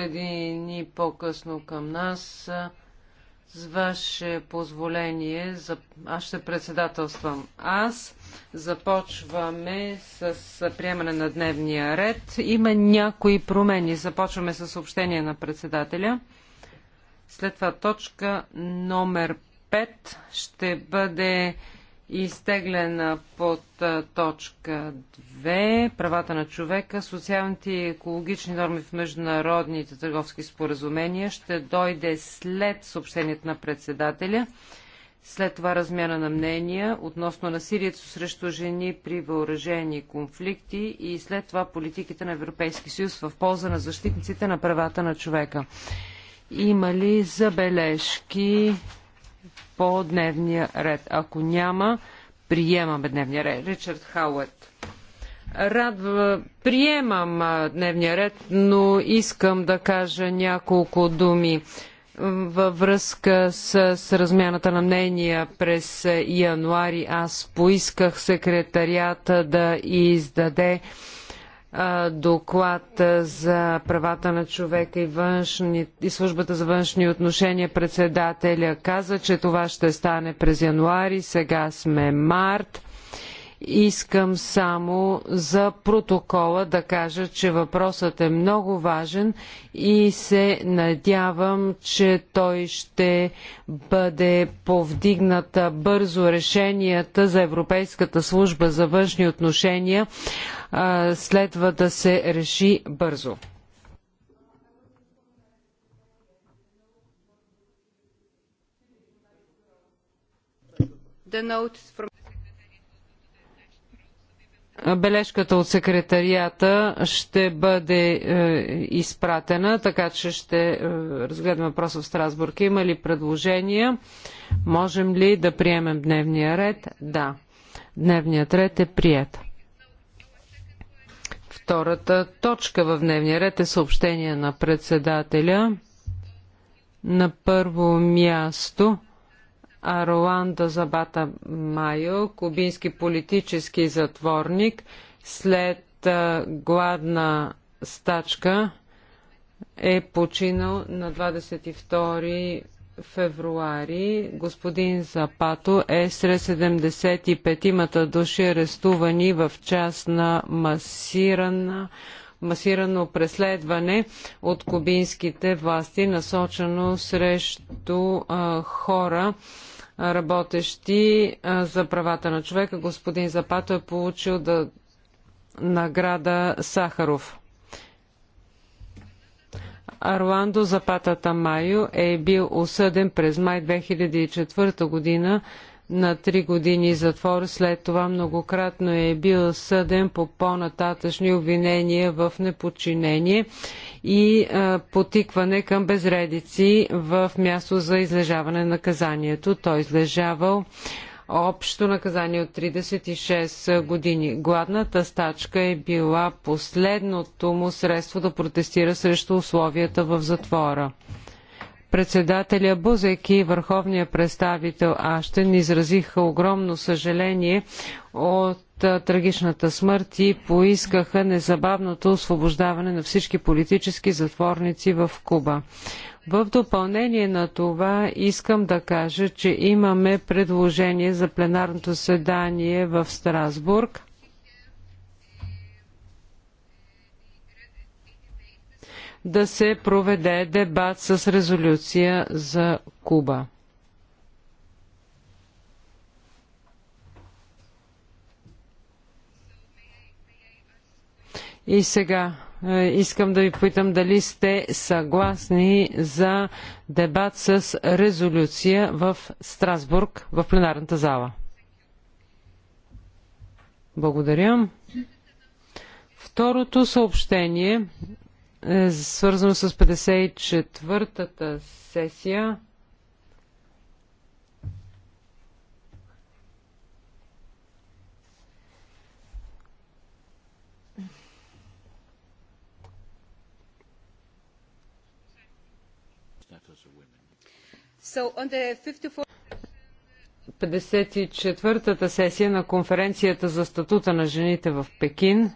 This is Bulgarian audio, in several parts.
седини по-късно към нас. С ваше позволение, за... аз ще председателствам аз. Започваме с приемане на дневния ред. Има някои промени. Започваме с съобщение на председателя. След това точка номер 5 ще бъде изтеглена под точка 2 правата на човека, социалните и екологични норми в международните търговски споразумения ще дойде след съобщението на председателя. След това размяна на мнения относно насилието срещу жени при въоръжени конфликти и след това политиките на Европейски съюз в полза на защитниците на правата на човека. Има ли забележки? по дневния ред. Ако няма, приемаме дневния ред. Ричард Хаует. Радва, приемам дневния ред, но искам да кажа няколко думи във връзка с, с размяната на мнения през януари. Аз поисках секретарията да издаде доклад за правата на човека и, външни, и службата за външни отношения председателя каза, че това ще стане през януари, сега сме март. Искам само за протокола да кажа, че въпросът е много важен и се надявам, че той ще бъде повдигната бързо решенията за Европейската служба за външни отношения следва да се реши бързо. Бележката от секретарията ще бъде е, изпратена, така че ще е, разгледаме въпроса в Страсбург. Има ли предложения? Можем ли да приемем дневния ред? Да. Дневният ред е прият. Втората точка в дневния ред е съобщение на председателя. На първо място Роландо Забата Майо, кубински политически затворник, след гладна стачка е починал на 22 февруари. Господин Запато е сред 75-мата души арестувани в част на масирана масирано преследване от кубинските власти, насочено срещу а, хора, работещи за правата на човека. Господин Запато е получил да награда Сахаров. Арландо Запата Майо е бил осъден през май 2004 година на три години затвор. След това многократно е бил съден по по-нататъчни обвинения в неподчинение и потикване към безредици в място за излежаване на наказанието. Той излежавал общо наказание от 36 години. Гладната стачка е била последното му средство да протестира срещу условията в затвора председателя Бузек и върховния представител Аштен изразиха огромно съжаление от трагичната смърт и поискаха незабавното освобождаване на всички политически затворници в Куба. В допълнение на това искам да кажа, че имаме предложение за пленарното седание в Страсбург да се проведе дебат с резолюция за Куба. И сега е, искам да ви попитам дали сте съгласни за дебат с резолюция в Страсбург, в пленарната зала. Благодаря. Второто съобщение е свързано с 54-та сесия. So 54-та сесия на конференцията за статута на жените в Пекин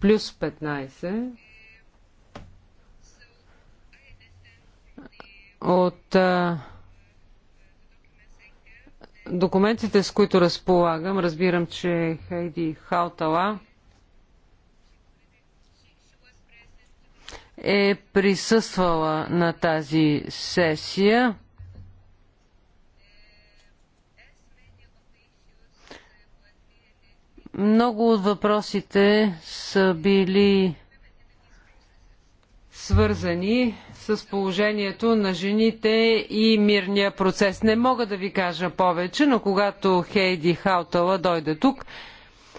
плюс 15 От документите, с които разполагам, разбирам, че Хайди Халтала е присъствала на тази сесия. Много от въпросите са били свързани с положението на жените и мирния процес. Не мога да ви кажа повече, но когато Хейди Хаутала дойде тук,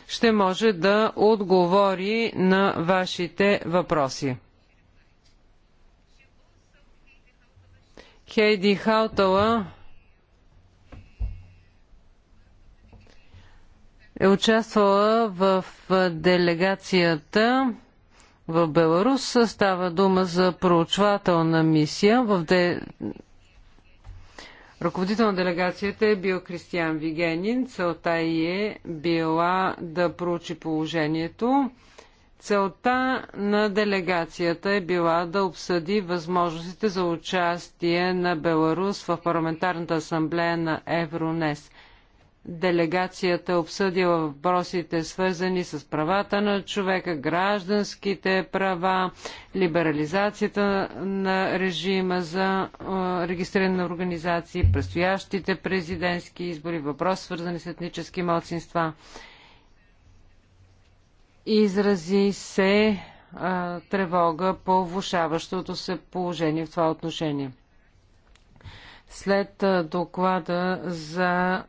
ще може да отговори на вашите въпроси. Хейди Хаутала е участвала в делегацията в Беларус. Става дума за проучвателна мисия. В де... Ръководител на делегацията е бил Кристиан Вигенин. Целта й е била да проучи положението. Целта на делегацията е била да обсъди възможностите за участие на Беларус в парламентарната асамблея на Евронес. Делегацията обсъдила въпросите свързани с правата на човека, гражданските права, либерализацията на режима за регистриране на организации, предстоящите президентски избори, въпрос свързани с етнически младсинства. Изрази се а, тревога по влушаващото се положение в това отношение. След доклада за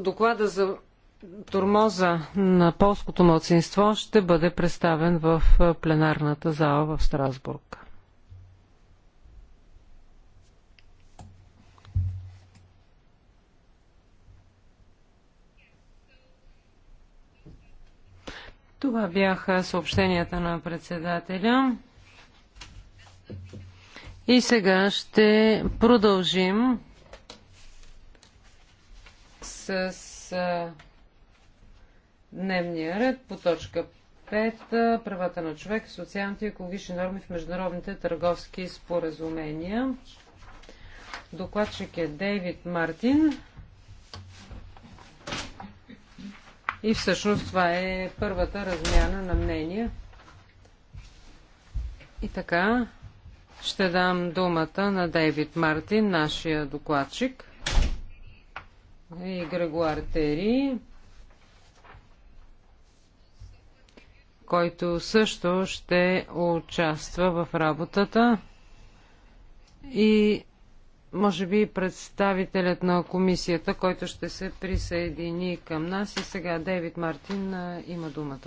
доклада за турмоза на полското младсинство ще бъде представен в пленарната зала в Страсбург. Това бяха съобщенията на председателя. И сега ще продължим с дневния ред по точка 5. Правата на човек, социалните и екологични норми в международните търговски споразумения. Докладчик е Дейвид Мартин. И всъщност това е първата размяна на мнения. И така, ще дам думата на Дейвид Мартин, нашия докладчик и Грегуар Тери, който също ще участва в работата и може би представителят на комисията, който ще се присъедини към нас. И сега Дейвид Мартин има думата.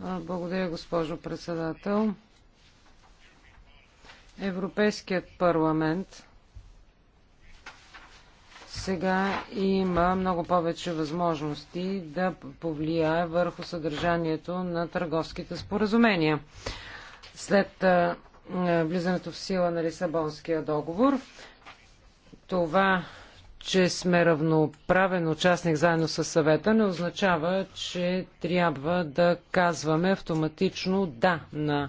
Благодаря, госпожо председател. Европейският парламент сега има много повече възможности да повлияе върху съдържанието на търговските споразумения. След влизането в сила на Лисабонския договор, това, че сме равноправен участник заедно с съвета, не означава, че трябва да казваме автоматично да на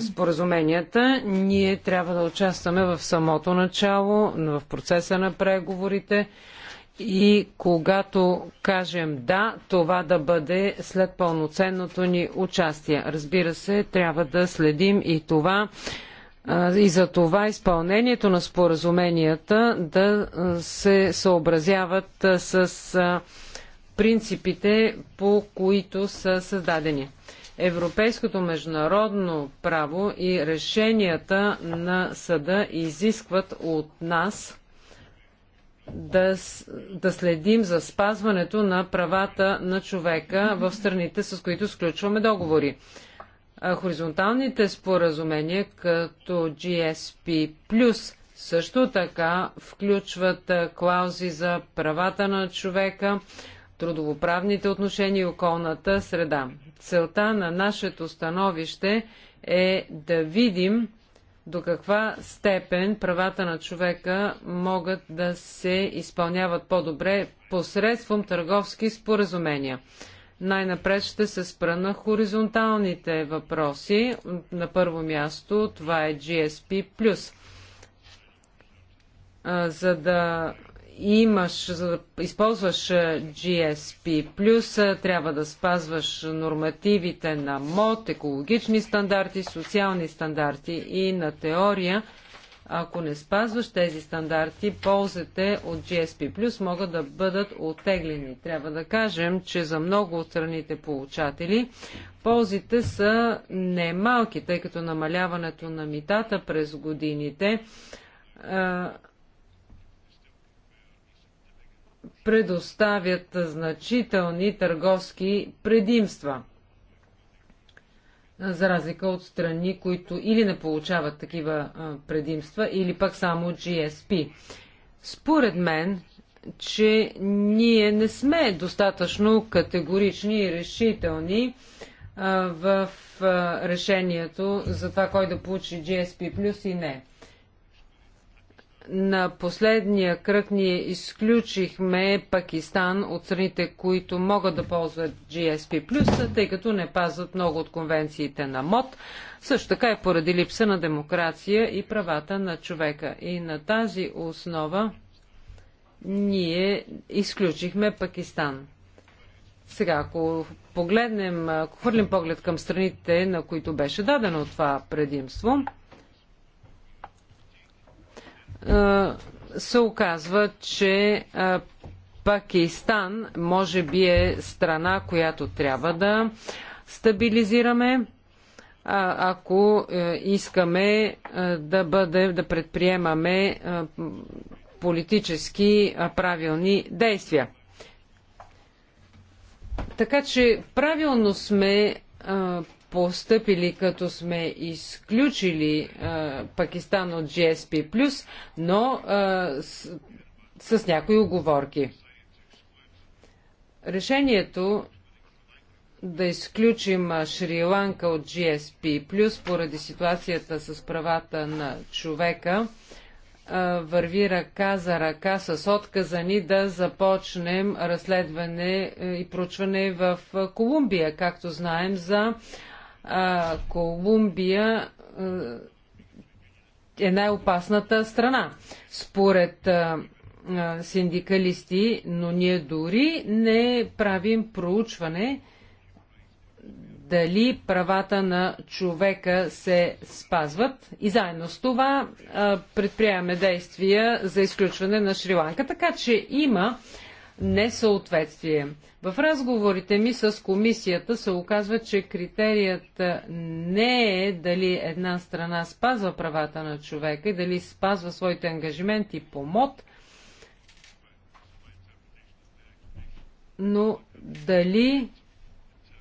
споразуменията. Ние трябва да участваме в самото начало, в процеса на преговорите и когато кажем да, това да бъде след пълноценното ни участие. Разбира се, трябва да следим и това и за това изпълнението на споразуменията да се съобразяват с принципите, по които са създадени. Европейското международно право и решенията на съда изискват от нас да, да следим за спазването на правата на човека в страните, с които сключваме договори. Хоризонталните споразумения като GSP също така включват клаузи за правата на човека, трудовоправните отношения и околната среда целта на нашето становище е да видим до каква степен правата на човека могат да се изпълняват по-добре посредством търговски споразумения. Най-напред ще се спра на хоризонталните въпроси. На първо място това е GSP+. За да имаш, за да използваш GSP+, трябва да спазваш нормативите на МОД, екологични стандарти, социални стандарти и на теория, ако не спазваш тези стандарти, ползите от GSP могат да бъдат оттеглени. Трябва да кажем, че за много от страните получатели ползите са немалки, тъй като намаляването на митата през годините предоставят значителни търговски предимства. За разлика от страни, които или не получават такива предимства, или пък само GSP. Според мен, че ние не сме достатъчно категорични и решителни в решението за това кой да получи GSP плюс и не на последния кръг ние изключихме Пакистан от страните, които могат да ползват GSP+, тъй като не пазват много от конвенциите на МОД. Също така е поради липса на демокрация и правата на човека. И на тази основа ние изключихме Пакистан. Сега, ако погледнем, ако хвърлим поглед към страните, на които беше дадено това предимство, е, се оказва, че е, Пакистан може би е страна, която трябва да стабилизираме, ако е, искаме да, бъде, да предприемаме политически правилни действия. Така че правилно сме постъпили, като сме изключили а, Пакистан от GSP+, но а, с, с някои оговорки. Решението да изключим Шри-Ланка от GSP+, поради ситуацията с правата на човека, върви ръка за ръка с отказа ни да започнем разследване е, и проучване в Колумбия, както знаем за а, Колумбия е най-опасната страна, според а, а, синдикалисти, но ние дори не правим проучване дали правата на човека се спазват. И заедно с това а, предприемаме действия за изключване на Шри-Ланка. Така че има несъответствие. В разговорите ми с комисията се оказва, че критерият не е дали една страна спазва правата на човека и дали спазва своите ангажименти по МОД, но дали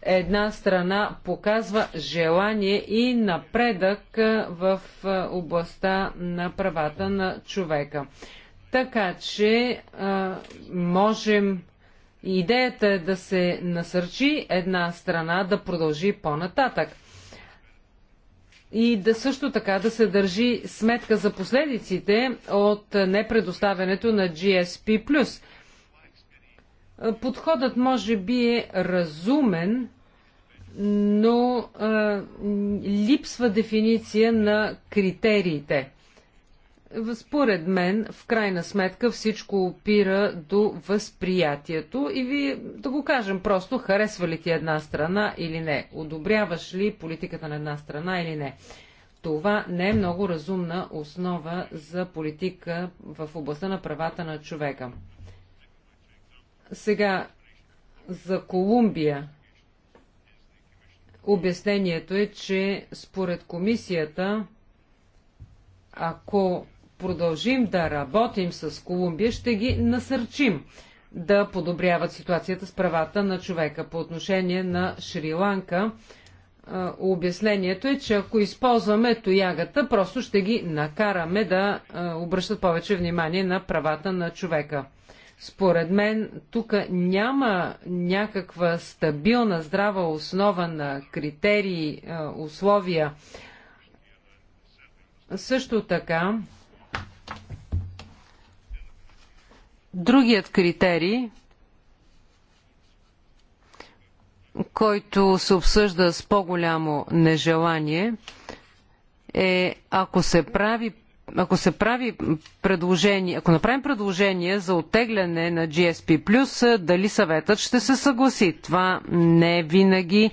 една страна показва желание и напредък в областта на правата на човека. Така че а, можем. Идеята е да се насърчи една страна да продължи по-нататък. И да също така да се държи сметка за последиците от непредоставянето на GSP. Подходът може би е разумен, но а, липсва дефиниция на критериите. Според мен, в крайна сметка, всичко опира до възприятието и ви, да го кажем просто, харесва ли ти една страна или не, одобряваш ли политиката на една страна или не. Това не е много разумна основа за политика в областта на правата на човека. Сега, за Колумбия. Обяснението е, че според комисията ако продължим да работим с Колумбия, ще ги насърчим да подобряват ситуацията с правата на човека. По отношение на Шри-Ланка, обяснението е, че ако използваме тоягата, просто ще ги накараме да обръщат повече внимание на правата на човека. Според мен тук няма някаква стабилна, здрава основа на критерии, условия. Също така, Другият критерий, който се обсъжда с по-голямо нежелание, е ако се прави ако се прави предложение, ако направим предложение за оттегляне на GSP+, дали съветът ще се съгласи? Това не е винаги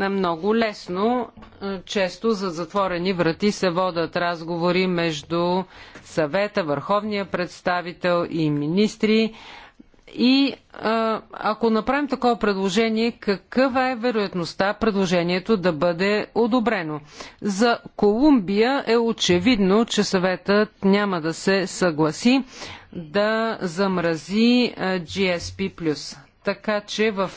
е много лесно. Е, често за затворени врати се водат разговори между съвета, върховния представител и министри. И е, ако направим такова предложение, какъва е вероятността предложението да бъде одобрено? За Колумбия е очевидно, че съветът няма да се съгласи да замрази GSP+. Така че в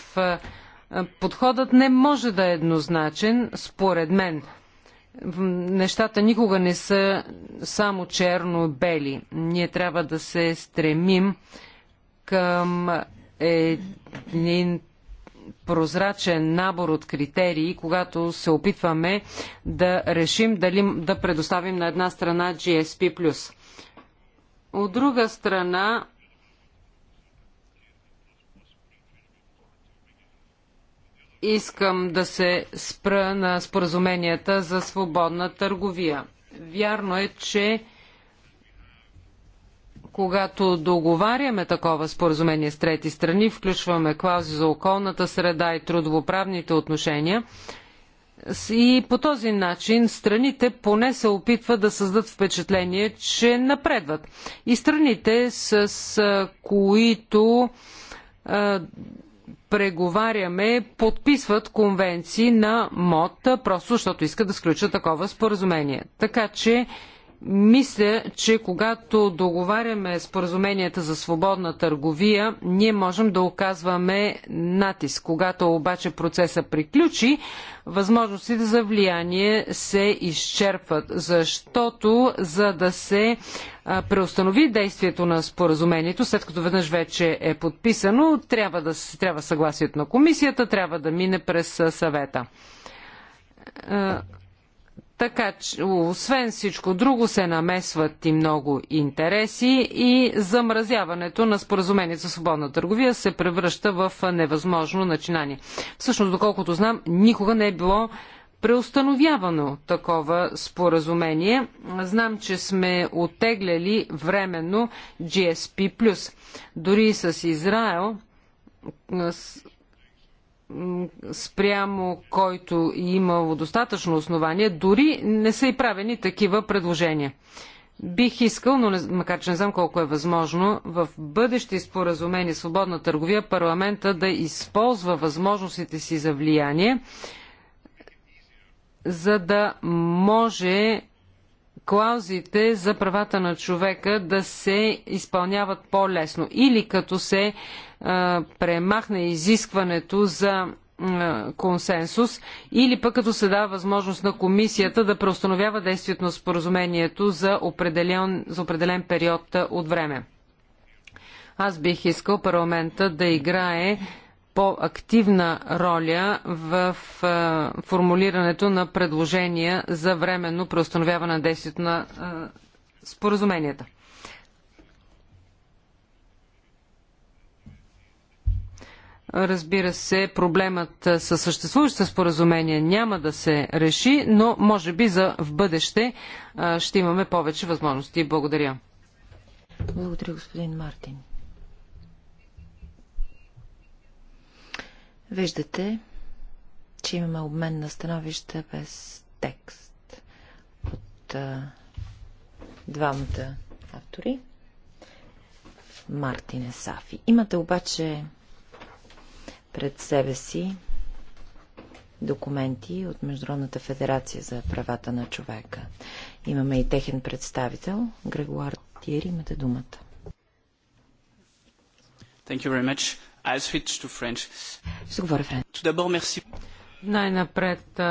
Подходът не може да е еднозначен, според мен. Нещата никога не са само черно-бели. Ние трябва да се стремим към един прозрачен набор от критерии, когато се опитваме да решим дали да предоставим на една страна GSP+. От друга страна, искам да се спра на споразуменията за свободна търговия. Вярно е, че когато договаряме такова споразумение с трети страни, включваме клаузи за околната среда и трудовоправните отношения. И по този начин страните поне се опитват да създадат впечатление, че напредват. И страните, с които преговаряме, подписват конвенции на МОД, просто защото искат да сключат такова споразумение. Така че мисля, че когато договаряме споразуменията за свободна търговия, ние можем да оказваме натиск. Когато обаче процеса приключи, възможностите за влияние се изчерпват, защото за да се преустанови действието на споразумението, след като веднъж вече е подписано, трябва, да, трябва съгласието на комисията, трябва да мине през съвета така че, освен всичко друго, се намесват и много интереси и замразяването на споразумение за свободна търговия се превръща в невъзможно начинание. Всъщност, доколкото знам, никога не е било преустановявано такова споразумение. Знам, че сме оттегляли временно GSP+. Дори с Израел спрямо който имало достатъчно основание, дори не са и правени такива предложения. Бих искал, но не, макар че не знам колко е възможно, в бъдещи споразумения свободна търговия парламента да използва възможностите си за влияние, за да може клаузите за правата на човека да се изпълняват по-лесно или като се а, премахне изискването за консенсус или пък като се дава възможност на комисията да преустановява действието на споразумението за определен, за определен период от време. Аз бих искал парламента да играе по-активна роля в формулирането на предложения за временно преустановяване на действието на споразуменията. Разбира се, проблемът със съществуващите споразумения няма да се реши, но може би за в бъдеще ще имаме повече възможности. Благодаря. Благодаря, господин Мартин. Виждате, че имаме обмен на становища без текст от а, двамата автори. Мартине Сафи. Имате обаче пред себе си документи от Международната федерация за правата на човека. Имаме и техен представител, Грегуар Тиери, имате думата. Thank you very much. I'll switch to French. Ще говоря френски. Най-напред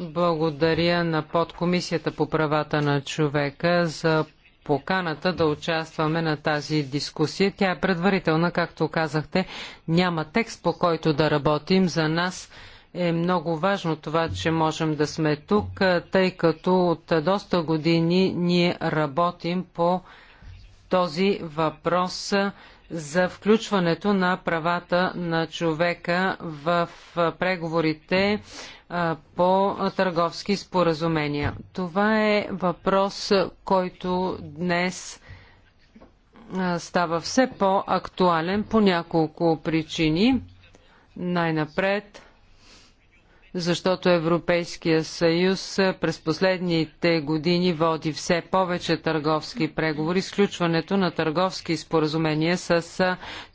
благодаря на подкомисията по правата на човека за поканата да участваме на тази дискусия. Тя е предварителна, както казахте. Няма текст по който да работим. За нас е много важно това, че можем да сме тук, тъй като от доста години ние работим по този въпрос за включването на правата на човека в преговорите по търговски споразумения. Това е въпрос, който днес става все по-актуален по няколко причини. Най-напред защото Европейския съюз през последните години води все повече търговски преговори, сключването на търговски споразумения с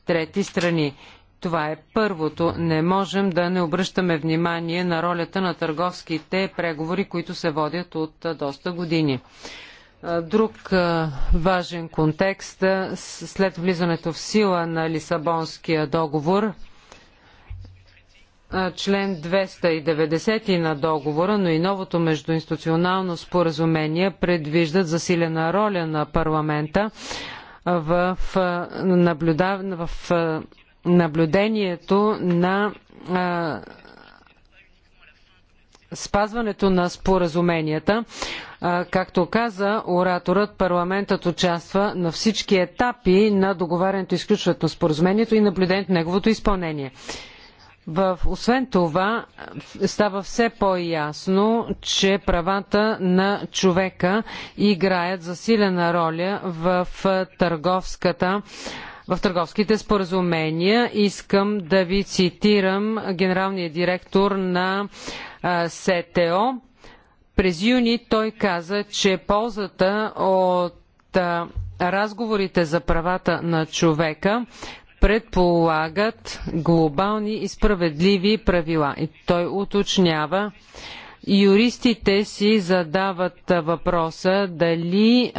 трети страни. Това е първото. Не можем да не обръщаме внимание на ролята на търговските преговори, които се водят от доста години. Друг важен контекст след влизането в сила на Лисабонския договор – член 290 на договора, но и новото междуинституционално споразумение предвиждат засилена роля на парламента в, в наблюдението на спазването на споразуменията. Както каза ораторът, парламентът участва на всички етапи на договарянето и изключването на споразумението и наблюдението на неговото изпълнение. В, освен това, става все по-ясно, че правата на човека играят засилена роля в търговската в търговските споразумения. Искам да ви цитирам генералния директор на СТО. През юни той каза, че ползата от разговорите за правата на човека предполагат глобални и справедливи правила. И той уточнява, юристите си задават въпроса дали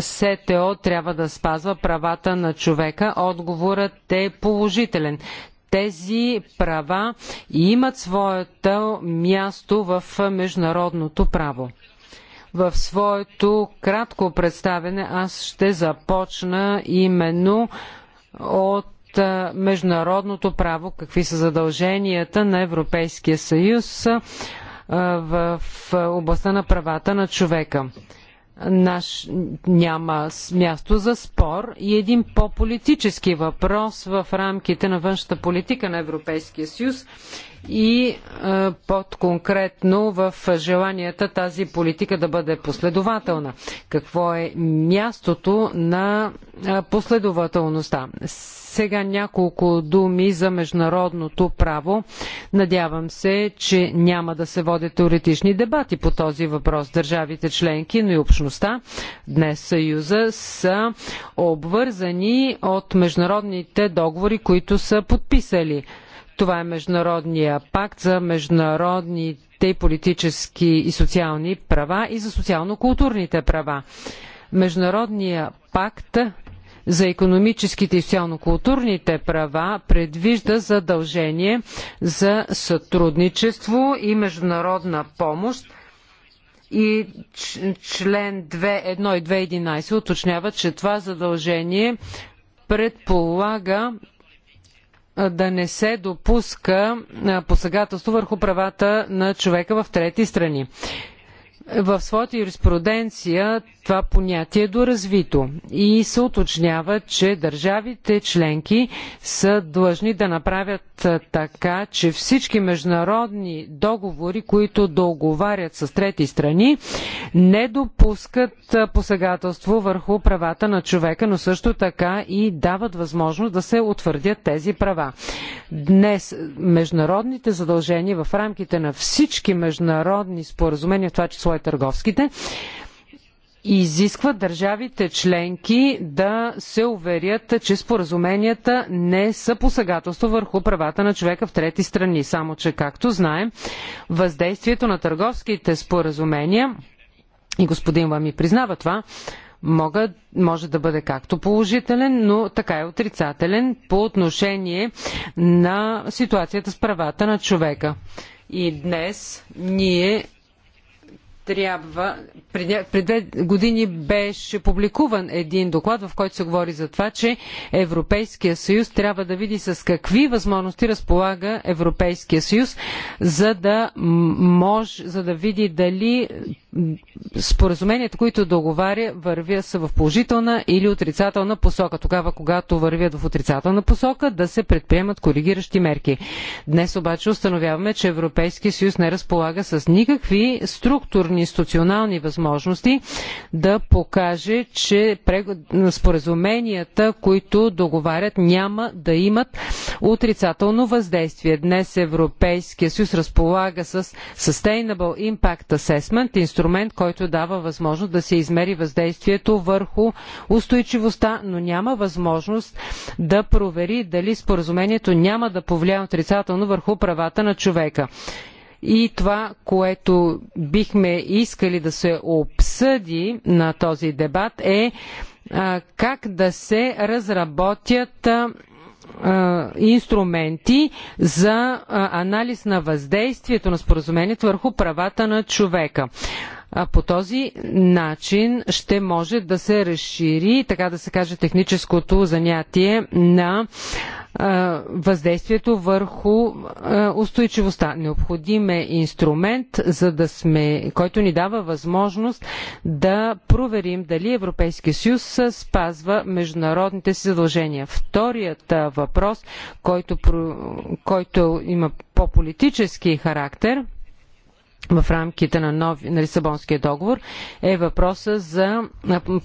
СТО трябва да спазва правата на човека. Отговорът е положителен. Тези права имат своето място в международното право. В своето кратко представене аз ще започна именно от от международното право, какви са задълженията на Европейския съюз в областта на правата на човека. Наш, няма място за спор и един по-политически въпрос в рамките на външната политика на Европейския съюз и по конкретно в желанията тази политика да бъде последователна. Какво е мястото на последователността? Сега няколко думи за международното право. Надявам се, че няма да се водят теоретични дебати по този въпрос. Държавите членки, но и общността, днес Съюза, са обвързани от международните договори, които са подписали. Това е Международния пакт за международните и политически и социални права и за социално-културните права. Международния пакт за економическите и социално-културните права предвижда задължение за сътрудничество и международна помощ и член 2.1 и 2.11 уточнява, че това задължение предполага да не се допуска посегателство върху правата на човека в трети страни. В своята юриспруденция това понятие е доразвито и се уточнява, че държавите членки са длъжни да направят така, че всички международни договори, които договарят с трети страни, не допускат посегателство върху правата на човека, но също така и дават възможност да се утвърдят тези права. Днес международните задължения в рамките на всички международни споразумения, в това число и търговските, изисква държавите членки да се уверят, че споразуменията не са посегателство върху правата на човека в трети страни. Само, че както знаем, въздействието на търговските споразумения, и господин Вами признава това, могат, може да бъде както положителен, но така и отрицателен по отношение на ситуацията с правата на човека. И днес ние трябва. Преди, пред две години беше публикуван един доклад, в който се говори за това, че Европейския съюз трябва да види с какви възможности разполага Европейския съюз, за да може, за да види дали споразуменията, които договаря, вървя са в положителна или отрицателна посока. Тогава, когато вървят в отрицателна посока, да се предприемат коригиращи мерки. Днес обаче установяваме, че Европейския съюз не разполага с никакви структурни институционални възможности да покаже, че споразуменията, които договарят, няма да имат отрицателно въздействие. Днес Европейския съюз разполага с Sustainable Impact Assessment, инструмент, който дава възможност да се измери въздействието върху устойчивостта, но няма възможност да провери дали споразумението няма да повлияе отрицателно върху правата на човека. И това, което бихме искали да се обсъди на този дебат е как да се разработят инструменти за анализ на въздействието на споразумението върху правата на човека по този начин ще може да се разшири, така да се каже, техническото занятие на въздействието върху устойчивостта. Необходим е инструмент, за да сме, който ни дава възможност да проверим дали Европейския съюз спазва международните си задължения. Вторият въпрос, който, който има по-политически характер, в рамките на, нов, на Лисабонския договор е въпроса за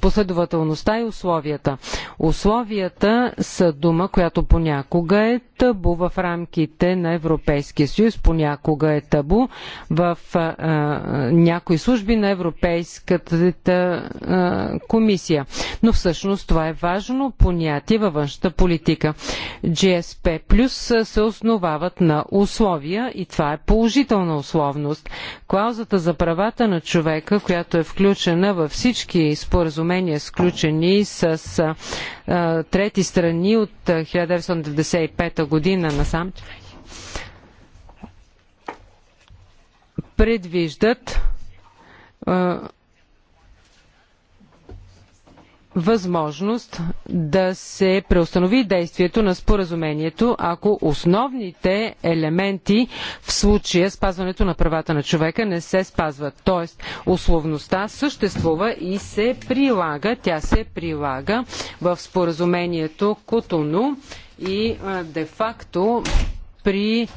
последователността и условията. Условията са дума, която понякога е табу в рамките на Европейския съюз, понякога е табу в а, някои служби на Европейската а, комисия. Но всъщност това е важно понятие във външната политика. GSP плюс се основават на условия и това е положителна условност. Клаузата за правата на човека, която е включена във всички споразумения, сключени с а, трети страни от 1995 година насам, предвиждат а, възможност да се преустанови действието на споразумението, ако основните елементи в случая спазването на правата на човека не се спазват. Тоест, условността съществува и се прилага. Тя се прилага в споразумението Котону и де-факто при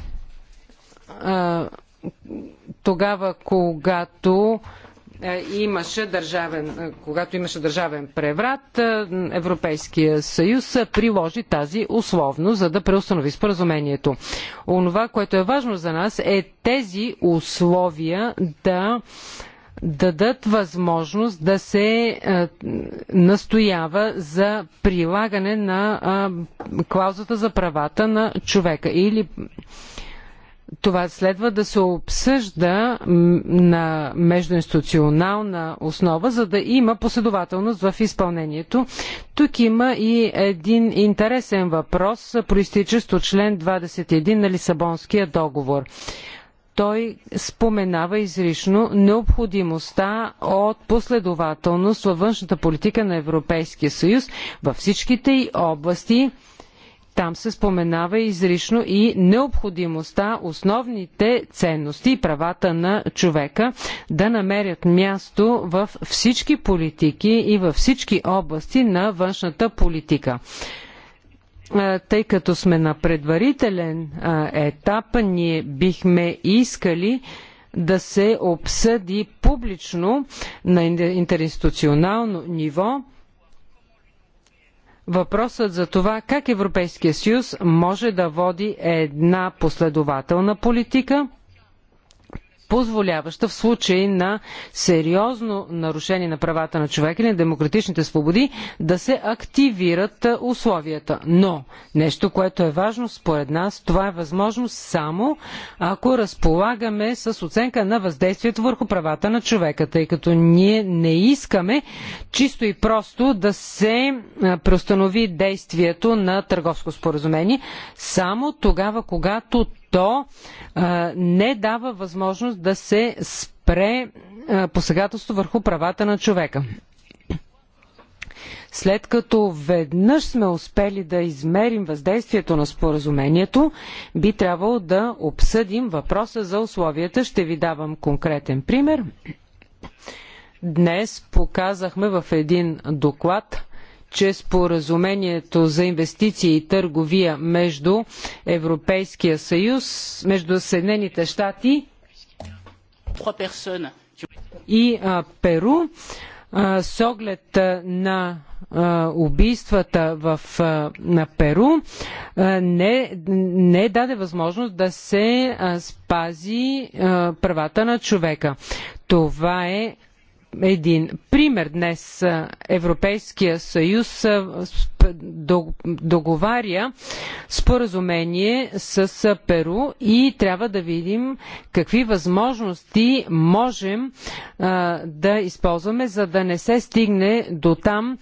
а, тогава, когато е, имаше държавен, е, когато имаше държавен преврат, е, Европейския съюз приложи тази условно, за да преустанови споразумението. Онова, което е важно за нас е тези условия да дадат възможност да се настоява за прилагане на клаузата за правата на човека или това следва да се обсъжда на междуинституционална основа, за да има последователност в изпълнението. Тук има и един интересен въпрос, проистичащ от член 21 на Лисабонския договор. Той споменава изрично необходимостта от последователност във външната политика на Европейския съюз във всичките й области – там се споменава изрично и необходимостта основните ценности и правата на човека да намерят място в всички политики и във всички области на външната политика тъй като сме на предварителен етап, ние бихме искали да се обсъди публично на интеринституционално ниво въпросът за това как Европейския съюз може да води една последователна политика, позволяваща в случай на сериозно нарушение на правата на човека и на демократичните свободи да се активират условията. Но нещо, което е важно според нас, това е възможно само ако разполагаме с оценка на въздействието върху правата на човека, тъй като ние не искаме чисто и просто да се преустанови действието на търговско споразумение, само тогава, когато то а, не дава възможност да се спре а, посегателство върху правата на човека. След като веднъж сме успели да измерим въздействието на споразумението, би трябвало да обсъдим въпроса за условията. Ще ви давам конкретен пример. Днес показахме в един доклад че споразумението за инвестиции и търговия между Европейския съюз, между Съединените щати и Перу, с оглед на убийствата в, на Перу, не, не даде възможност да се спази правата на човека. Това е един пример. Днес Европейския съюз договаря споразумение с Перу и трябва да видим какви възможности можем да използваме, за да не се стигне до там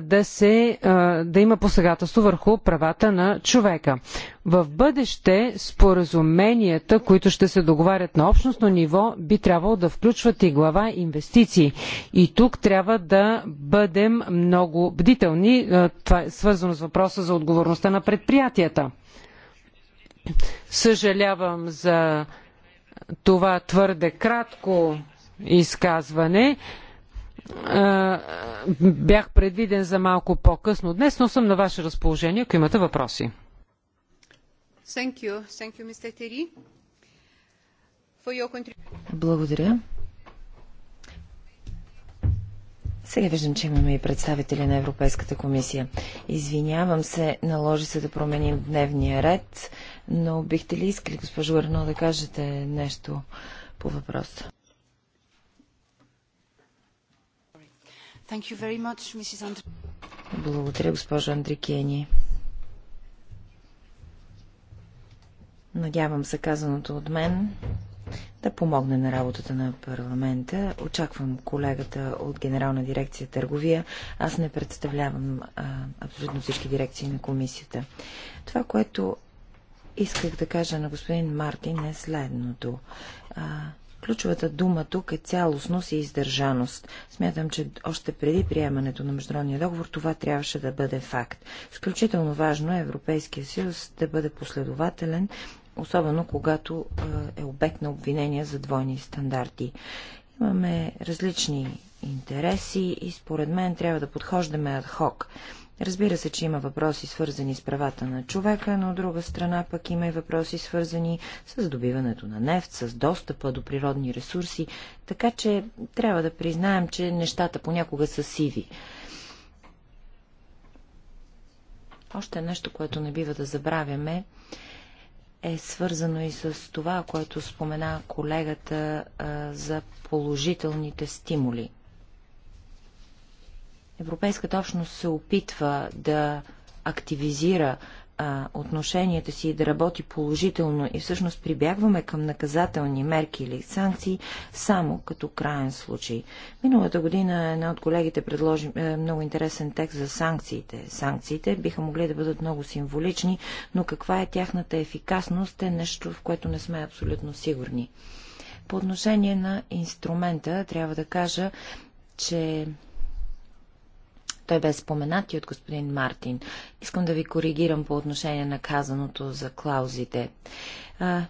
да, се, да има посегателство върху правата на човека. В бъдеще споразуменията, които ще се договарят на общностно ниво, би трябвало да включват и глава инвестиции. И тук трябва да бъдем много бдителни. Е, това е свързано с въпроса за отговорността на предприятията. Съжалявам за това твърде кратко изказване. Е, бях предвиден за малко по-късно днес, но съм на ваше разположение, ако имате въпроси. Thank you. Thank you, Mr. Terry, for your contribution. Благодаря. Сега виждам, че имаме и представители на Европейската комисия. Извинявам се, наложи се да променим дневния ред, но бихте ли искали, госпожо Арно, да кажете нещо по въпроса? Благодаря, госпожо Андрикени. Надявам се казаното от мен да помогне на работата на парламента. Очаквам колегата от Генерална дирекция търговия. Аз не представлявам а, абсолютно всички дирекции на комисията. Това, което исках да кажа на господин Мартин е следното. А, Ключовата дума тук е цялостност и издържаност. Смятам, че още преди приемането на международния договор това трябваше да бъде факт. Изключително важно е Европейския съюз да бъде последователен особено когато е обект на обвинения за двойни стандарти. Имаме различни интереси и според мен трябва да подхождаме адхок. Разбира се, че има въпроси свързани с правата на човека, но от друга страна пък има и въпроси свързани с добиването на нефт, с достъпа до природни ресурси, така че трябва да признаем, че нещата понякога са сиви. Още нещо, което не бива да забравяме, е свързано и с това, което спомена колегата за положителните стимули. Европейската общност се опитва да активизира а, отношенията си и да работи положително и всъщност прибягваме към наказателни мерки или санкции само като крайен случай. Миналата година една от колегите предложи е, много интересен текст за санкциите. Санкциите биха могли да бъдат много символични, но каква е тяхната ефикасност е нещо, в което не сме абсолютно сигурни. По отношение на инструмента трябва да кажа, че той бе споменат и от господин Мартин. Искам да ви коригирам по отношение на казаното за клаузите.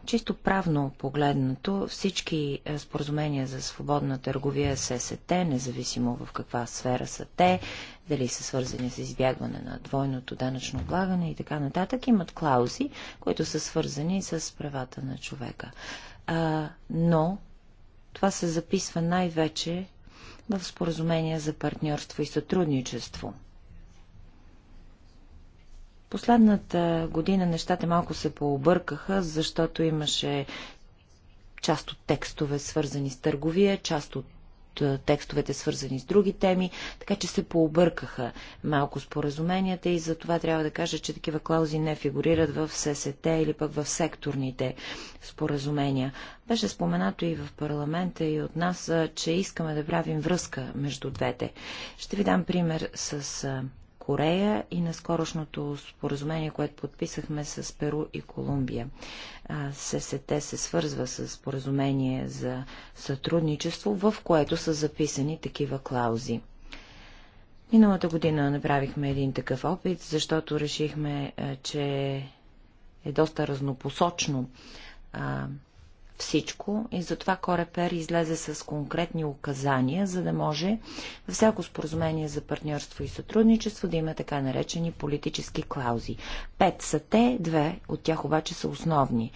Чисто правно погледнато, всички споразумения за свободна търговия с СТ, независимо в каква сфера са те, дали са свързани с избягване на двойното данъчно облагане и така нататък, имат клаузи, които са свързани с правата на човека. но това се записва най-вече в споразумения за партньорство и сътрудничество. Последната година нещата малко се пообъркаха, защото имаше част от текстове свързани с търговия, част от е, текстовете свързани с други теми, така че се пообъркаха малко споразуменията и за това трябва да кажа, че такива клаузи не фигурират в ССТ или пък в секторните споразумения. Беше споменато и в парламента и от нас, е, че искаме да правим връзка между двете. Ще ви дам пример с е, Корея и на скорошното споразумение, което подписахме с Перу и Колумбия. ССТ се свързва с споразумение за сътрудничество, в което са записани такива клаузи. Миналата година направихме един такъв опит, защото решихме, че е доста разнопосочно всичко и затова Корепер излезе с конкретни указания, за да може във всяко споразумение за партньорство и сътрудничество да има така наречени политически клаузи. Пет са те, две от тях обаче са основни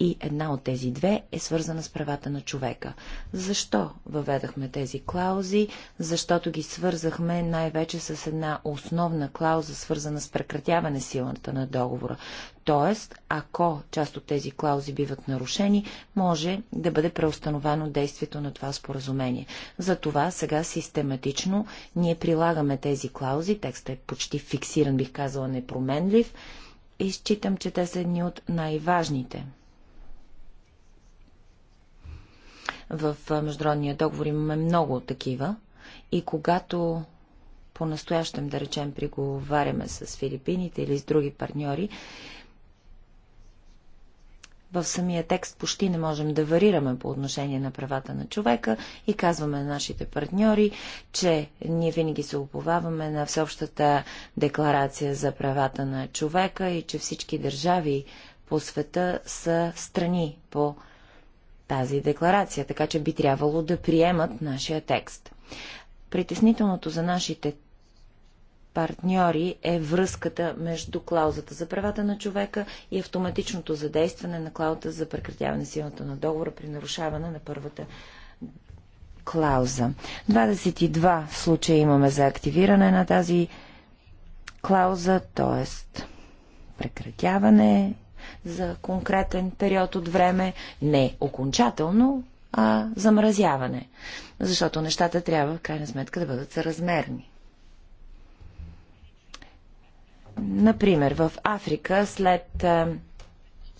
и една от тези две е свързана с правата на човека. Защо въведахме тези клаузи? Защото ги свързахме най-вече с една основна клауза, свързана с прекратяване силата на договора. Тоест, ако част от тези клаузи биват нарушени, може да бъде преустановено действието на това споразумение. Затова сега систематично ние прилагаме тези клаузи, текстът е почти фиксиран, бих казала непроменлив, и считам, че те са едни от най-важните. В международния договор имаме много такива и когато по-настоящем, да речем, приговаряме с филипините или с други партньори, в самия текст почти не можем да варираме по отношение на правата на човека и казваме на нашите партньори, че ние винаги се уповаваме на Всеобщата декларация за правата на човека и че всички държави по света са страни по тази декларация, така че би трябвало да приемат нашия текст. Притеснителното за нашите партньори е връзката между клаузата за правата на човека и автоматичното задействане на клаузата за прекратяване силата на договора при нарушаване на първата клауза. 22 случая имаме за активиране на тази клауза, т.е. прекратяване, за конкретен период от време, не окончателно, а замразяване. Защото нещата трябва, в крайна сметка, да бъдат съразмерни. Например, в Африка след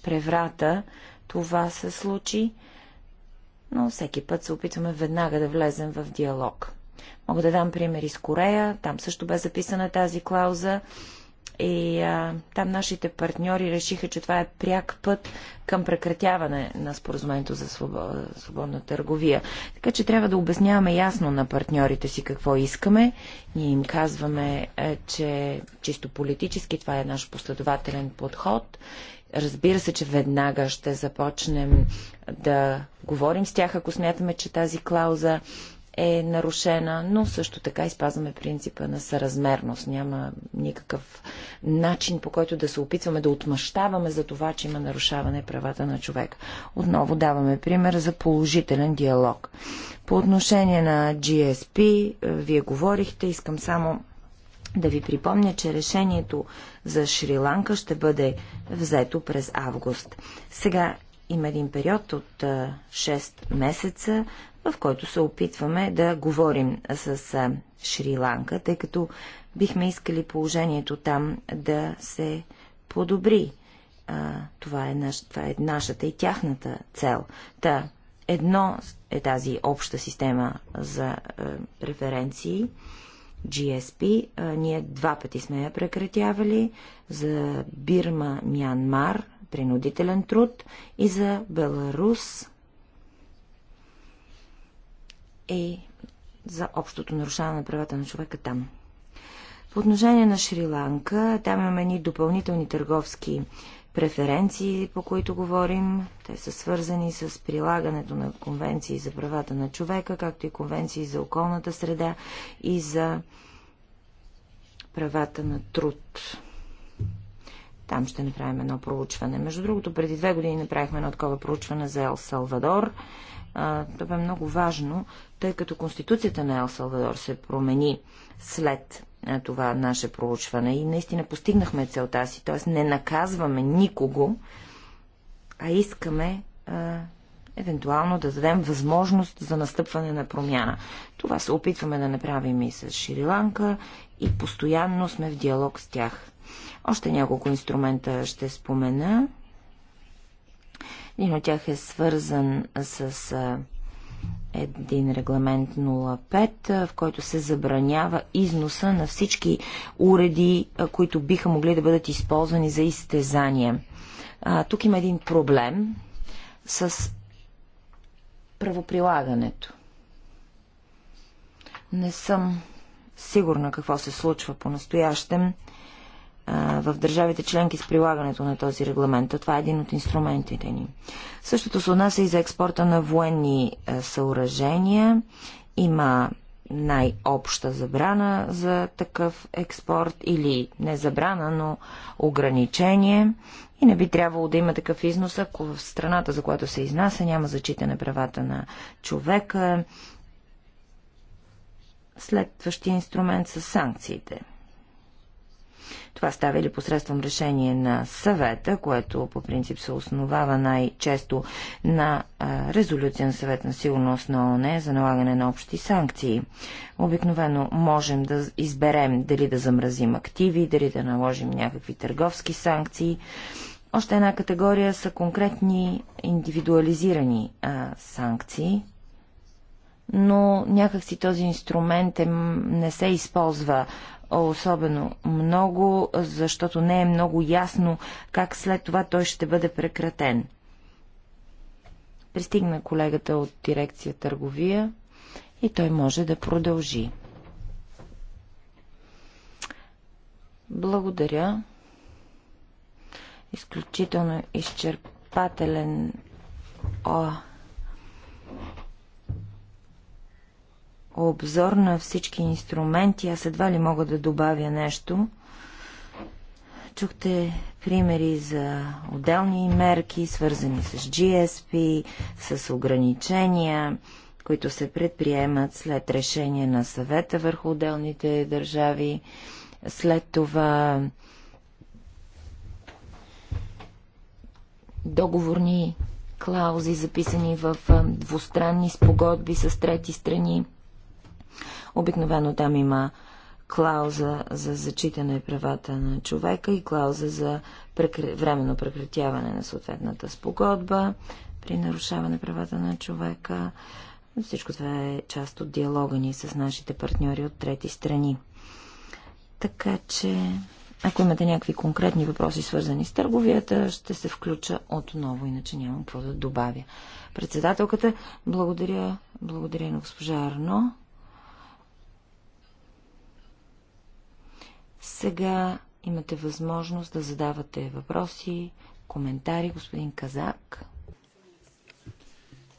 преврата това се случи, но всеки път се опитваме веднага да влезем в диалог. Мога да дам пример из Корея, там също бе записана тази клауза и а, там нашите партньори решиха, че това е пряк път към прекратяване на споразумението за свободна търговия. Така че трябва да обясняваме ясно на партньорите си какво искаме. Ние им казваме, е, че чисто политически това е наш последователен подход Разбира се, че веднага ще започнем да говорим с тях, ако смятаме, че тази клауза е нарушена, но също така изпазваме принципа на съразмерност. Няма никакъв начин по който да се опитваме да отмъщаваме за това, че има нарушаване правата на човек. Отново даваме пример за положителен диалог. По отношение на GSP, е, вие говорихте, искам само да ви припомня, че решението за Шри-Ланка ще бъде взето през август. Сега има един период от 6 е, месеца, в който се опитваме да говорим с Шри-Ланка, тъй като бихме искали положението там да се подобри. А, това, е наш, това е нашата и тяхната цел. Та, едно е тази обща система за е, преференции, GSP. А, ние два пъти сме я прекратявали за Бирма, Мянмар, принудителен труд и за Беларус, и е за общото нарушаване на правата на човека там. По отношение на Шри-Ланка, там имаме ни допълнителни търговски преференции, по които говорим. Те са свързани с прилагането на конвенции за правата на човека, както и конвенции за околната среда и за правата на труд. Там ще направим едно проучване. Между другото, преди две години направихме едно такова проучване за Ел Салвадор това е много важно, тъй като Конституцията на Ел Салвадор се промени след това наше проучване и наистина постигнахме целта си, т.е. не наказваме никого, а искаме а, евентуално да дадем възможност за настъпване на промяна. Това се опитваме да направим и с Шри-Ланка и постоянно сме в диалог с тях. Още няколко инструмента ще спомена. Един от тях е свързан с а, един регламент 05, в който се забранява износа на всички уреди, а, които биха могли да бъдат използвани за изтезания. А, тук има един проблем с правоприлагането. Не съм сигурна какво се случва по-настоящем в държавите членки с прилагането на този регламент. това е един от инструментите ни. Същото се отнася и за експорта на военни съоръжения. Има най-обща забрана за такъв експорт или не забрана, но ограничение. И не би трябвало да има такъв износ, ако в страната, за която се изнася, няма зачитане правата на човека. Следващия инструмент са санкциите – това става или посредством решение на съвета, което по принцип се основава най-често на резолюция на съвет на сигурност на ОНЕ за налагане на общи санкции. Обикновено можем да изберем дали да замразим активи, дали да наложим някакви търговски санкции. Още една категория са конкретни индивидуализирани а, санкции, но някакси този инструмент е, не се използва особено много, защото не е много ясно как след това той ще бъде прекратен. Пристигна колегата от дирекция търговия и той може да продължи. Благодаря. Изключително изчерпателен о, обзор на всички инструменти. Аз едва ли мога да добавя нещо. Чухте примери за отделни мерки, свързани с GSP, с ограничения, които се предприемат след решение на съвета върху отделните държави. След това договорни клаузи, записани в двустранни спогодби с трети страни. Обикновено там има клауза за зачитане правата на човека и клауза за прекр... временно прекратяване на съответната спогодба при нарушаване правата на човека. Всичко това е част от диалога ни с нашите партньори от трети страни. Така че, ако имате някакви конкретни въпроси, свързани с търговията, ще се включа отново, иначе нямам какво да добавя. Председателката, благодаря, благодаря на госпожа Арно. Сега имате възможност да задавате въпроси, коментари. Господин Казак.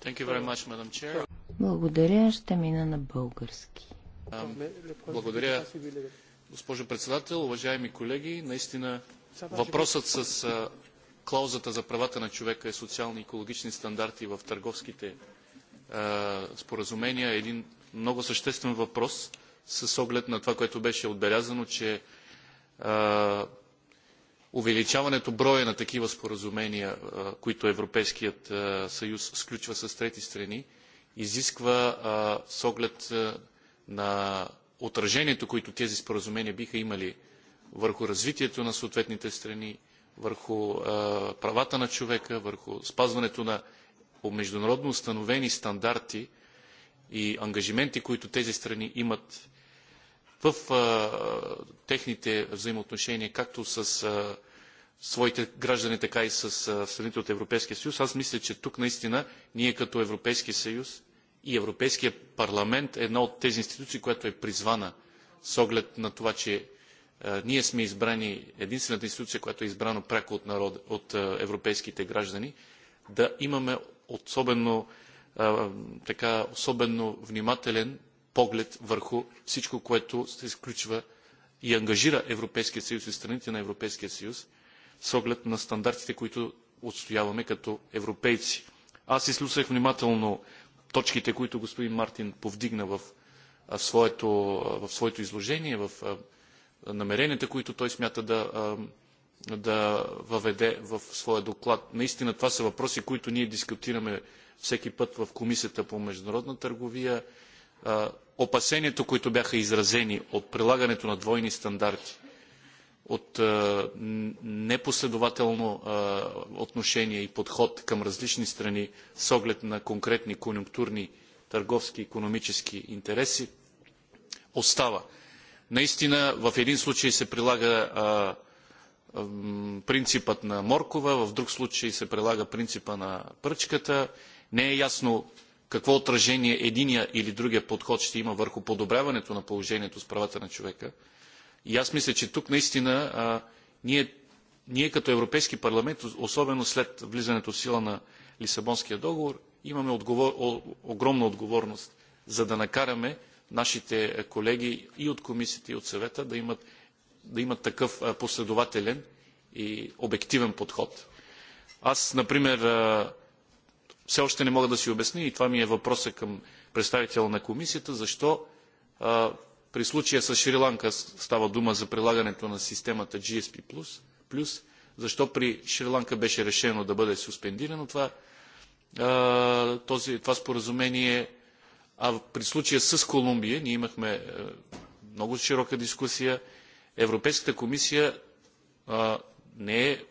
Much, Благодаря. Ще мина на български. Благодаря, госпожо председател, уважаеми колеги. Наистина въпросът с клаузата за правата на човека и е социални и екологични стандарти в търговските споразумения е един много съществен въпрос с оглед на това, което беше отбелязано, че увеличаването броя на такива споразумения, които Европейският съюз сключва с трети страни, изисква с оглед на отражението, което тези споразумения биха имали върху развитието на съответните страни, върху правата на човека, върху спазването на международно установени стандарти и ангажименти, които тези страни имат в техните взаимоотношения, както с своите граждани, така и с страните от Европейския съюз. Аз мисля, че тук наистина ние като Европейски съюз и Европейския парламент е една от тези институции, която е призвана с оглед на това, че ние сме избрани, единствената институция, която е избрана пряко от, народ, от европейските граждани, да имаме особено, така, особено внимателен поглед върху всичко, което се изключва и ангажира Европейския съюз и страните на Европейския съюз с оглед на стандартите, които отстояваме като европейци. Аз изслушах внимателно точките, които господин Мартин повдигна в, в, своето, в своето, изложение, в намеренията, които той смята да, да въведе в своя доклад. Наистина това са въпроси, които ние дискутираме всеки път в Комисията по международна търговия, опасенията, които бяха изразени от прилагането на двойни стандарти, от непоследователно отношение и подход към различни страни с оглед на конкретни конюнктурни търговски и економически интереси, остава. Наистина в един случай се прилага принципът на моркова, в друг случай се прилага принципа на пръчката. Не е ясно какво отражение единия или другия подход ще има върху подобряването на положението с правата на човека. И аз мисля, че тук наистина а, ние, ние като Европейски парламент, особено след влизането в сила на Лисабонския договор, имаме отговор, о, огромна отговорност, за да накараме нашите е, колеги и от комисията, и от съвета да имат, да имат такъв е, последователен и обективен подход. Аз, например, е, все още не мога да си обясня и това ми е въпросът към представителя на комисията, защо а, при случая с Шри-Ланка става дума за прилагането на системата GSP+, защо при Шри-Ланка беше решено да бъде суспендирано това, а, този, това споразумение, а при случая с Колумбия, ние имахме много широка дискусия, Европейската комисия а, не е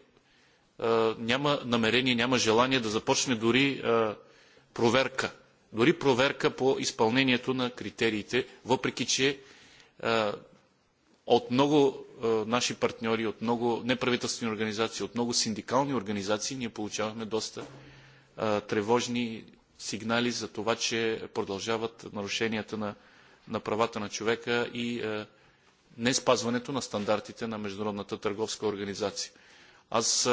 няма намерение, няма желание да започне дори проверка. Дори проверка по изпълнението на критериите, въпреки че от много наши партньори, от много неправителствени организации, от много синдикални организации ние получаваме доста тревожни сигнали за това, че продължават нарушенията на, на правата на човека и не спазването на стандартите на Международната търговска организация. Аз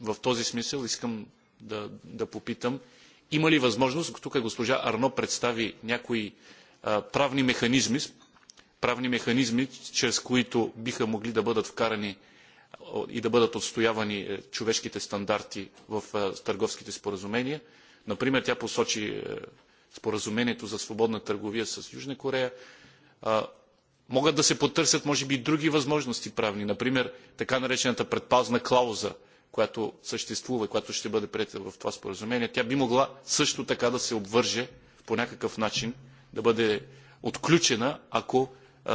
в този смисъл искам да, да попитам, има ли възможност, тук госпожа Арно представи някои правни механизми, правни механизми, чрез които биха могли да бъдат вкарани и да бъдат отстоявани е, човешките стандарти в търговските споразумения. Например, тя посочи е, споразумението за свободна търговия с Южна Корея. Могат да се потърсят, може би, други възможности правни, например така наречената предпазна клауза, която съществува, която ще бъде прията в това споразумение. Тя би могла също така да се обвърже по някакъв начин, да бъде отключена, ако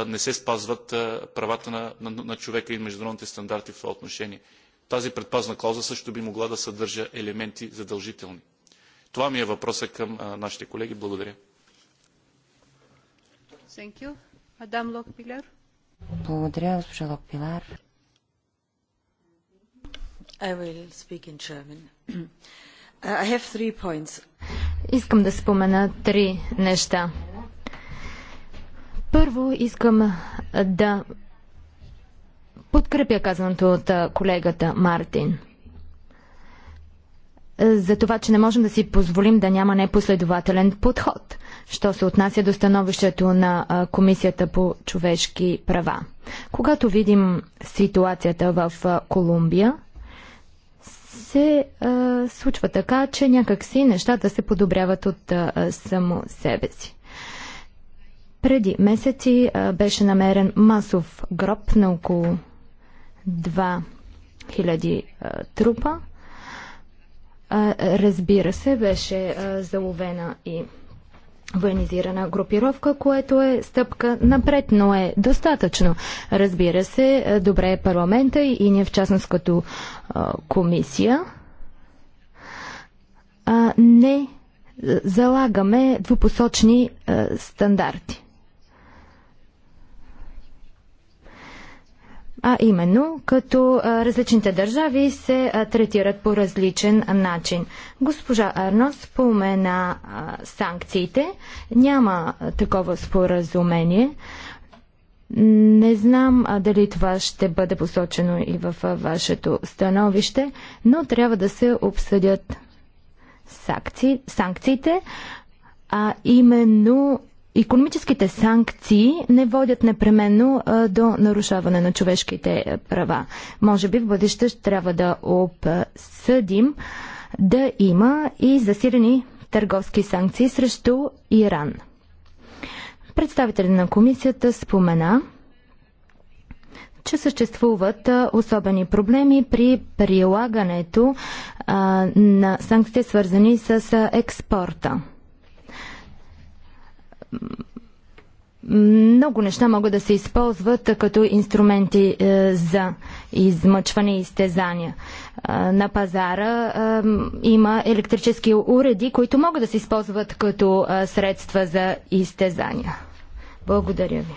не се спазват правата на, на, на човека и международните стандарти в това отношение. Тази предпазна клауза също би могла да съдържа елементи задължителни. Това ми е въпроса към нашите колеги. Благодаря. Thank you. Мадам Локпилер. Благодаря, госпожа Локпилер. I will speak in German. I have three points. Искам да спомена три неща. Първо искам да подкрепя казаното от колегата Мартин. За това, че не можем да си позволим да няма непоследователен подход – що се отнася до становището на Комисията по човешки права. Когато видим ситуацията в Колумбия, се е, случва така, че някакси нещата се подобряват от е, само себе си. Преди месеци е, беше намерен масов гроб на около 2000 е, трупа. Е, разбира се, беше е, заловена и военизирана групировка, което е стъпка напред, но е достатъчно. Разбира се, е, добре е парламента и ние в частност като е, комисия е, не залагаме двупосочни стандарти. А именно, като различните държави се третират по различен начин. Госпожа Арно спомена санкциите. Няма такова споразумение. Не знам а, дали това ще бъде посочено и в а, вашето становище, но трябва да се обсъдят санкци, санкциите, а именно Економическите санкции не водят непременно до нарушаване на човешките е, права. Може би в бъдеще ще трябва да обсъдим да има и засилени търговски санкции срещу Иран. Представителят на комисията спомена, че съществуват особени проблеми при прилагането на санкции, свързани с експорта много неща могат да се използват като инструменти е, за измъчване и изтезания. Е, на пазара е, има електрически уреди, които могат да се използват като средства за изтезания. Благодаря ви.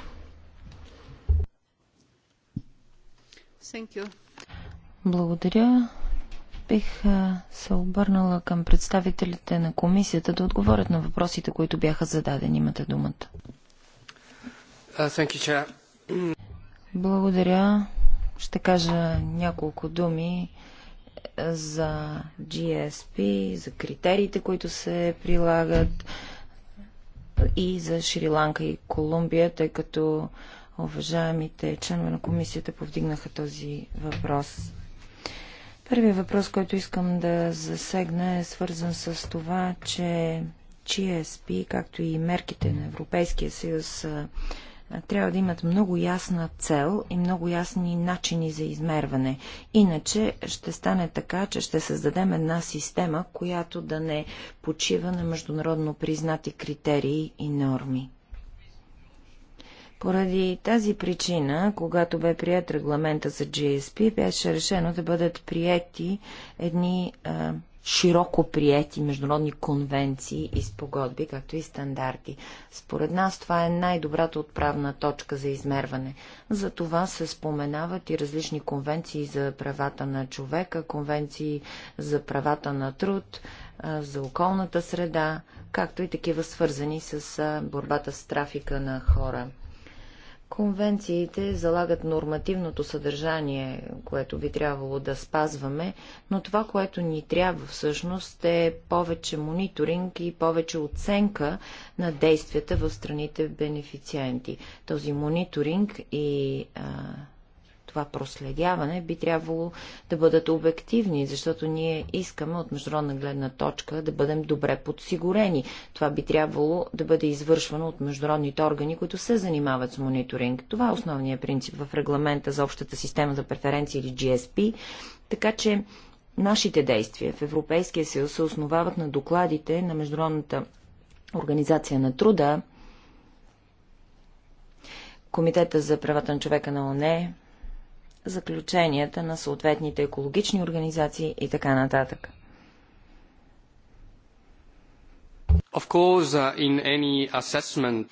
Благодаря бих се обърнала към представителите на комисията да отговорят на въпросите, които бяха зададени. Имате думата. Uh, Благодаря. Ще кажа няколко думи е, за GSP, за критериите, които се прилагат и за Шри-Ланка и Колумбия, тъй като уважаемите членове на комисията повдигнаха този въпрос. Първият въпрос, който искам да засегна е свързан с това, че GSP, както и мерките на Европейския съюз, трябва да имат много ясна цел и много ясни начини за измерване. Иначе ще стане така, че ще създадем една система, която да не почива на международно признати критерии и норми. Поради тази причина, когато бе прият регламента за GSP, беше решено да бъдат приети едни а, широко приети международни конвенции и спогодби, както и стандарти. Според нас това е най-добрата отправна точка за измерване. За това се споменават и различни конвенции за правата на човека, конвенции за правата на труд, за околната среда, както и такива свързани с борбата с трафика на хора. Конвенциите залагат нормативното съдържание, което би трябвало да спазваме, но това, което ни трябва всъщност е повече мониторинг и повече оценка на действията в страните бенефициенти. Този мониторинг и а, това проследяване, би трябвало да бъдат обективни, защото ние искаме от международна гледна точка да бъдем добре подсигурени. Това би трябвало да бъде извършвано от международните органи, които се занимават с мониторинг. Това е основният принцип в регламента за общата система за преференции или GSP. Така че нашите действия в Европейския съюз се основават на докладите на Международната организация на труда, Комитета за правата на човека на ОНЕ, заключенията на съответните екологични организации и така нататък. Course, uh,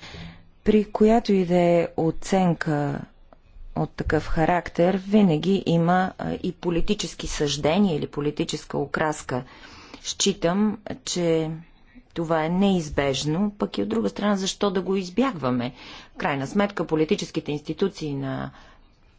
При която и да е оценка от такъв характер, винаги има и политически съждения или политическа окраска. Считам, че това е неизбежно, пък и от друга страна, защо да го избягваме? В крайна сметка, политическите институции на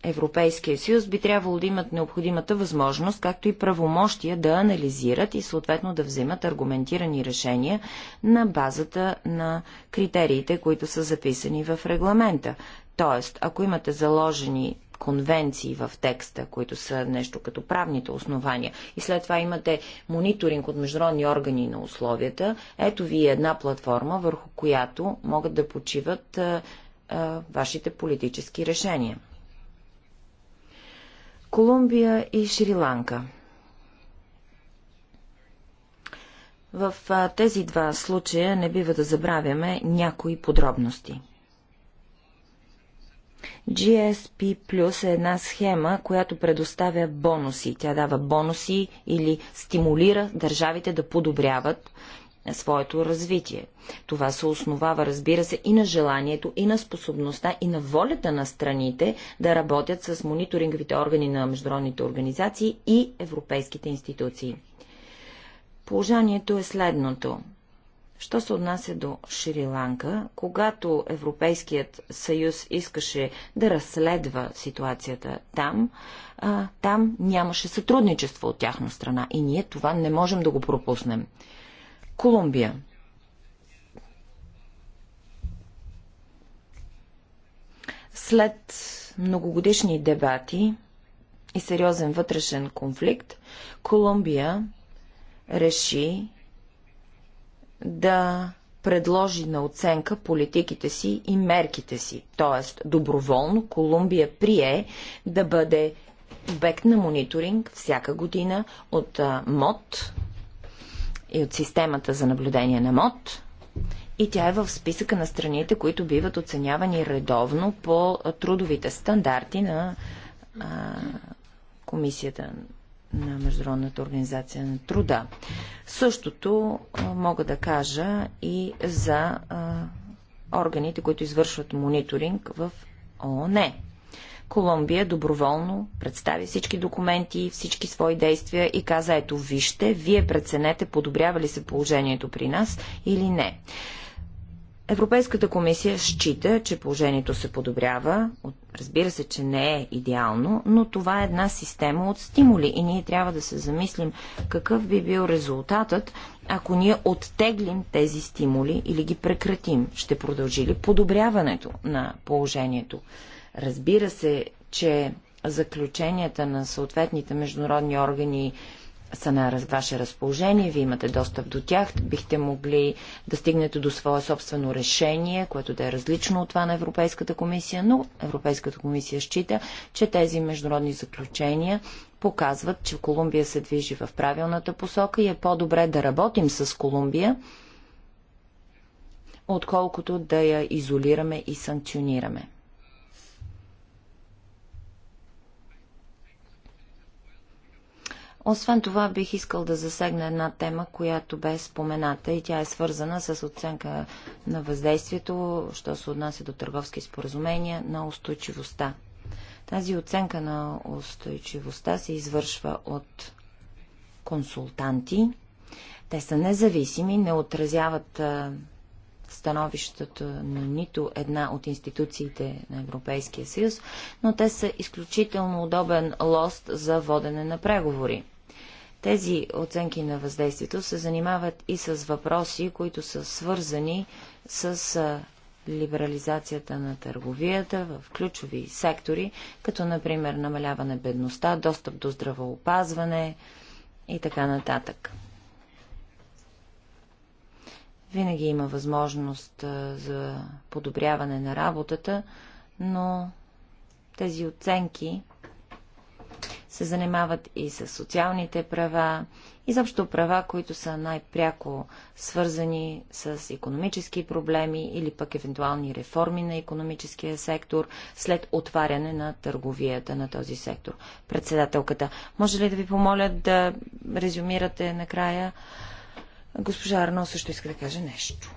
Европейския съюз би трябвало да имат необходимата възможност, както и правомощия да анализират и съответно да вземат аргументирани решения на базата на критериите, които са записани в регламента. Тоест, ако имате заложени конвенции в текста, които са нещо като правните основания, и след това имате мониторинг от международни органи на условията, ето ви е една платформа, върху която могат да почиват а, а, вашите политически решения. Колумбия и Шри-Ланка. В тези два случая не бива да забравяме някои подробности. GSP Plus е една схема, която предоставя бонуси. Тя дава бонуси или стимулира държавите да подобряват на своето развитие. Това се основава, разбира се, и на желанието, и на способността, и на волята на страните да работят с мониторинговите органи на международните организации и европейските институции. Положението е следното. Що се отнася до Шри-Ланка, когато Европейският съюз искаше да разследва ситуацията там, а, там нямаше сътрудничество от тяхна страна и ние това не можем да го пропуснем. Колумбия. След многогодишни дебати и сериозен вътрешен конфликт, Колумбия реши да предложи на оценка политиките си и мерките си. Тоест, доброволно Колумбия прие да бъде обект на мониторинг всяка година от МОД, и от системата за наблюдение на МОД. И тя е в списъка на страните, които биват оценявани редовно по трудовите стандарти на а, Комисията на Международната организация на труда. Същото а, мога да кажа и за а, органите, които извършват мониторинг в ООН. Колумбия доброволно представи всички документи, всички свои действия и каза, ето вижте, вие преценете подобрява ли се положението при нас или не. Европейската комисия счита, че положението се подобрява. Разбира се, че не е идеално, но това е една система от стимули и ние трябва да се замислим какъв би бил резултатът, ако ние оттеглим тези стимули или ги прекратим. Ще продължи ли подобряването на положението? Разбира се, че заключенията на съответните международни органи са на ваше разположение, вие имате достъп до тях, бихте могли да стигнете до свое собствено решение, което да е различно от това на Европейската комисия, но Европейската комисия счита, че тези международни заключения показват, че Колумбия се движи в правилната посока и е по-добре да работим с Колумбия, отколкото да я изолираме и санкционираме. Освен това, бих искал да засегна една тема, която бе спомената и тя е свързана с оценка на въздействието, що се отнася до търговски споразумения, на устойчивостта. Тази оценка на устойчивостта се извършва от консултанти. Те са независими, не отразяват становищата на нито една от институциите на Европейския съюз, но те са изключително удобен лост за водене на преговори. Тези оценки на въздействието се занимават и с въпроси, които са свързани с либерализацията на търговията в ключови сектори, като например намаляване бедността, достъп до здравоопазване и така нататък. Винаги има възможност за подобряване на работата, но тези оценки се занимават и с социалните права, и заобщо права, които са най-пряко свързани с економически проблеми или пък евентуални реформи на економическия сектор след отваряне на търговията на този сектор. Председателката, може ли да ви помоля да резюмирате накрая Госпожа Арно също иска да каже нещо.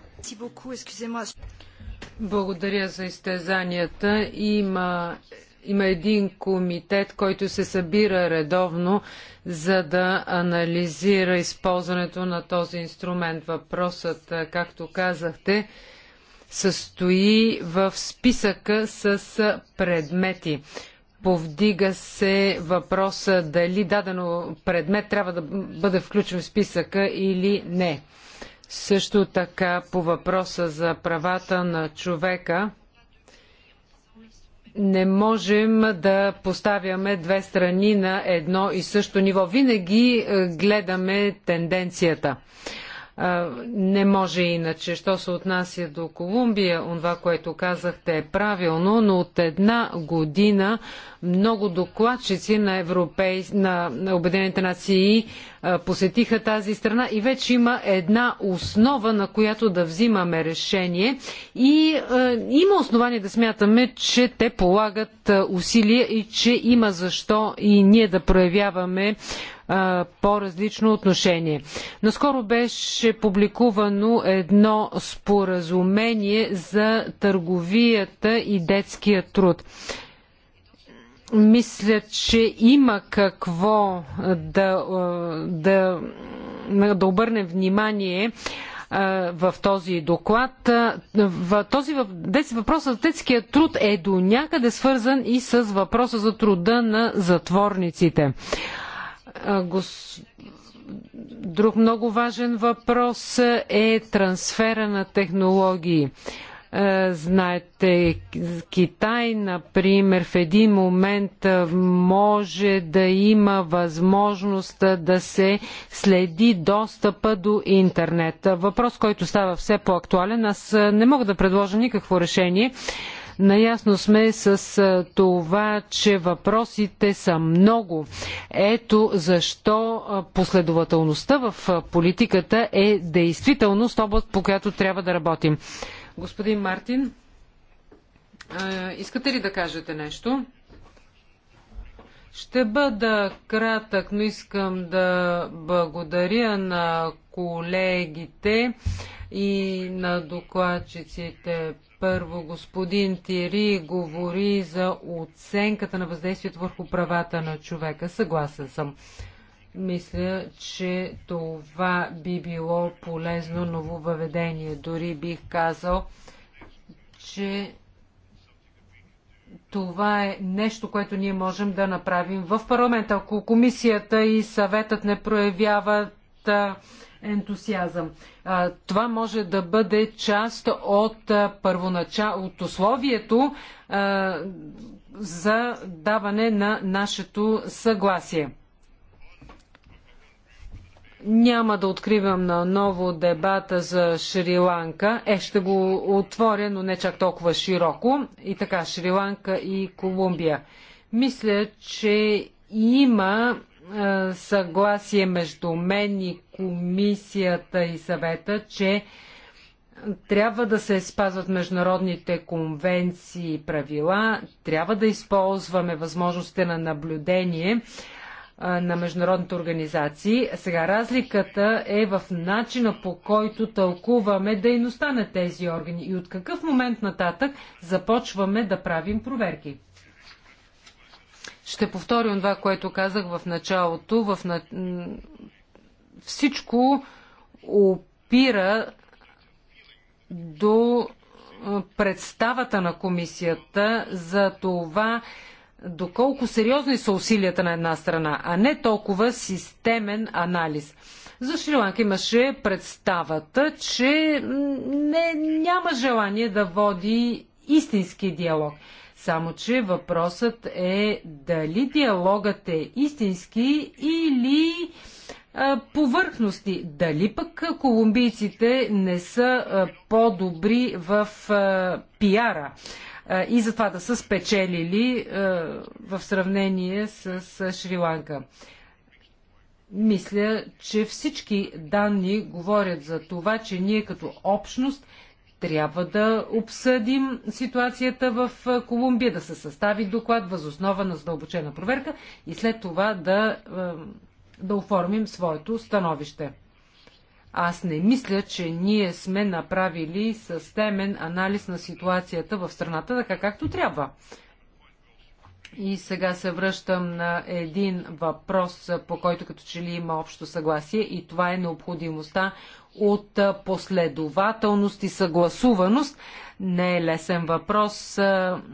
Благодаря за изтезанията. Има, има един комитет, който се събира редовно, за да анализира използването на този инструмент. Въпросът, както казахте, състои в списъка с предмети. Повдига се въпроса дали дадено предмет трябва да бъде включен в списъка или не. Също така по въпроса за правата на човека не можем да поставяме две страни на едно и също ниво. Винаги е, гледаме тенденцията не може иначе. Що се отнася до Колумбия, това, което казахте е правилно, но от една година много докладчици на, европей... на Обединените нации посетиха тази страна и вече има една основа, на която да взимаме решение и е, има основание да смятаме, че те полагат усилия и че има защо и ние да проявяваме по-различно отношение. Наскоро беше публикувано едно споразумение за търговията и детския труд. Мисля, че има какво да, да, да обърнем внимание в този доклад. В този въпрос за детския труд е до някъде свързан и с въпроса за труда на затворниците. Гос... Друг много важен въпрос е трансфера на технологии. Знаете, Китай, например, в един момент може да има възможност да се следи достъпа до интернет. Въпрос, който става все по-актуален. Аз не мога да предложа никакво решение Наясно сме с това, че въпросите са много. Ето защо последователността в политиката е действителност, област по която трябва да работим. Господин Мартин, искате ли да кажете нещо? Ще бъда кратък, но искам да благодаря на колегите и на докладчиците първо, господин Тири говори за оценката на въздействието върху правата на човека. Съгласен съм. Мисля, че това би било полезно нововъведение. Дори бих казал, че това е нещо, което ние можем да направим в парламента. Ако комисията и съветът не проявяват ентусиазъм. Това може да бъде част от, първоначал... от условието за даване на нашето съгласие. Няма да откривам на ново дебата за Шри-Ланка. Е, ще го отворя, но не чак толкова широко. И така, Шри-Ланка и Колумбия. Мисля, че има е, съгласие между мен и комисията и съвета, че трябва да се спазват международните конвенции и правила, трябва да използваме възможностите на наблюдение е, на международните организации. Сега разликата е в начина по който тълкуваме дейността на тези органи и от какъв момент нататък започваме да правим проверки. Ще повторя това, което казах в началото. В на... Всичко опира до представата на комисията за това, доколко сериозни са усилията на една страна, а не толкова системен анализ. За Шри-Ланка имаше представата, че не, няма желание да води истински диалог. Само, че въпросът е дали диалогът е истински или а, повърхности. Дали пък колумбийците не са по-добри в а, пиара а, и затова да са спечелили в сравнение с, с Шри-Ланка. Мисля, че всички данни говорят за това, че ние като общност – трябва да обсъдим ситуацията в Колумбия, да се състави доклад възоснова на задълбочена проверка и след това да, да оформим своето становище. Аз не мисля, че ние сме направили системен анализ на ситуацията в страната така както трябва. И сега се връщам на един въпрос, по който като че ли има общо съгласие и това е необходимостта от последователност и съгласуваност. Не е лесен въпрос.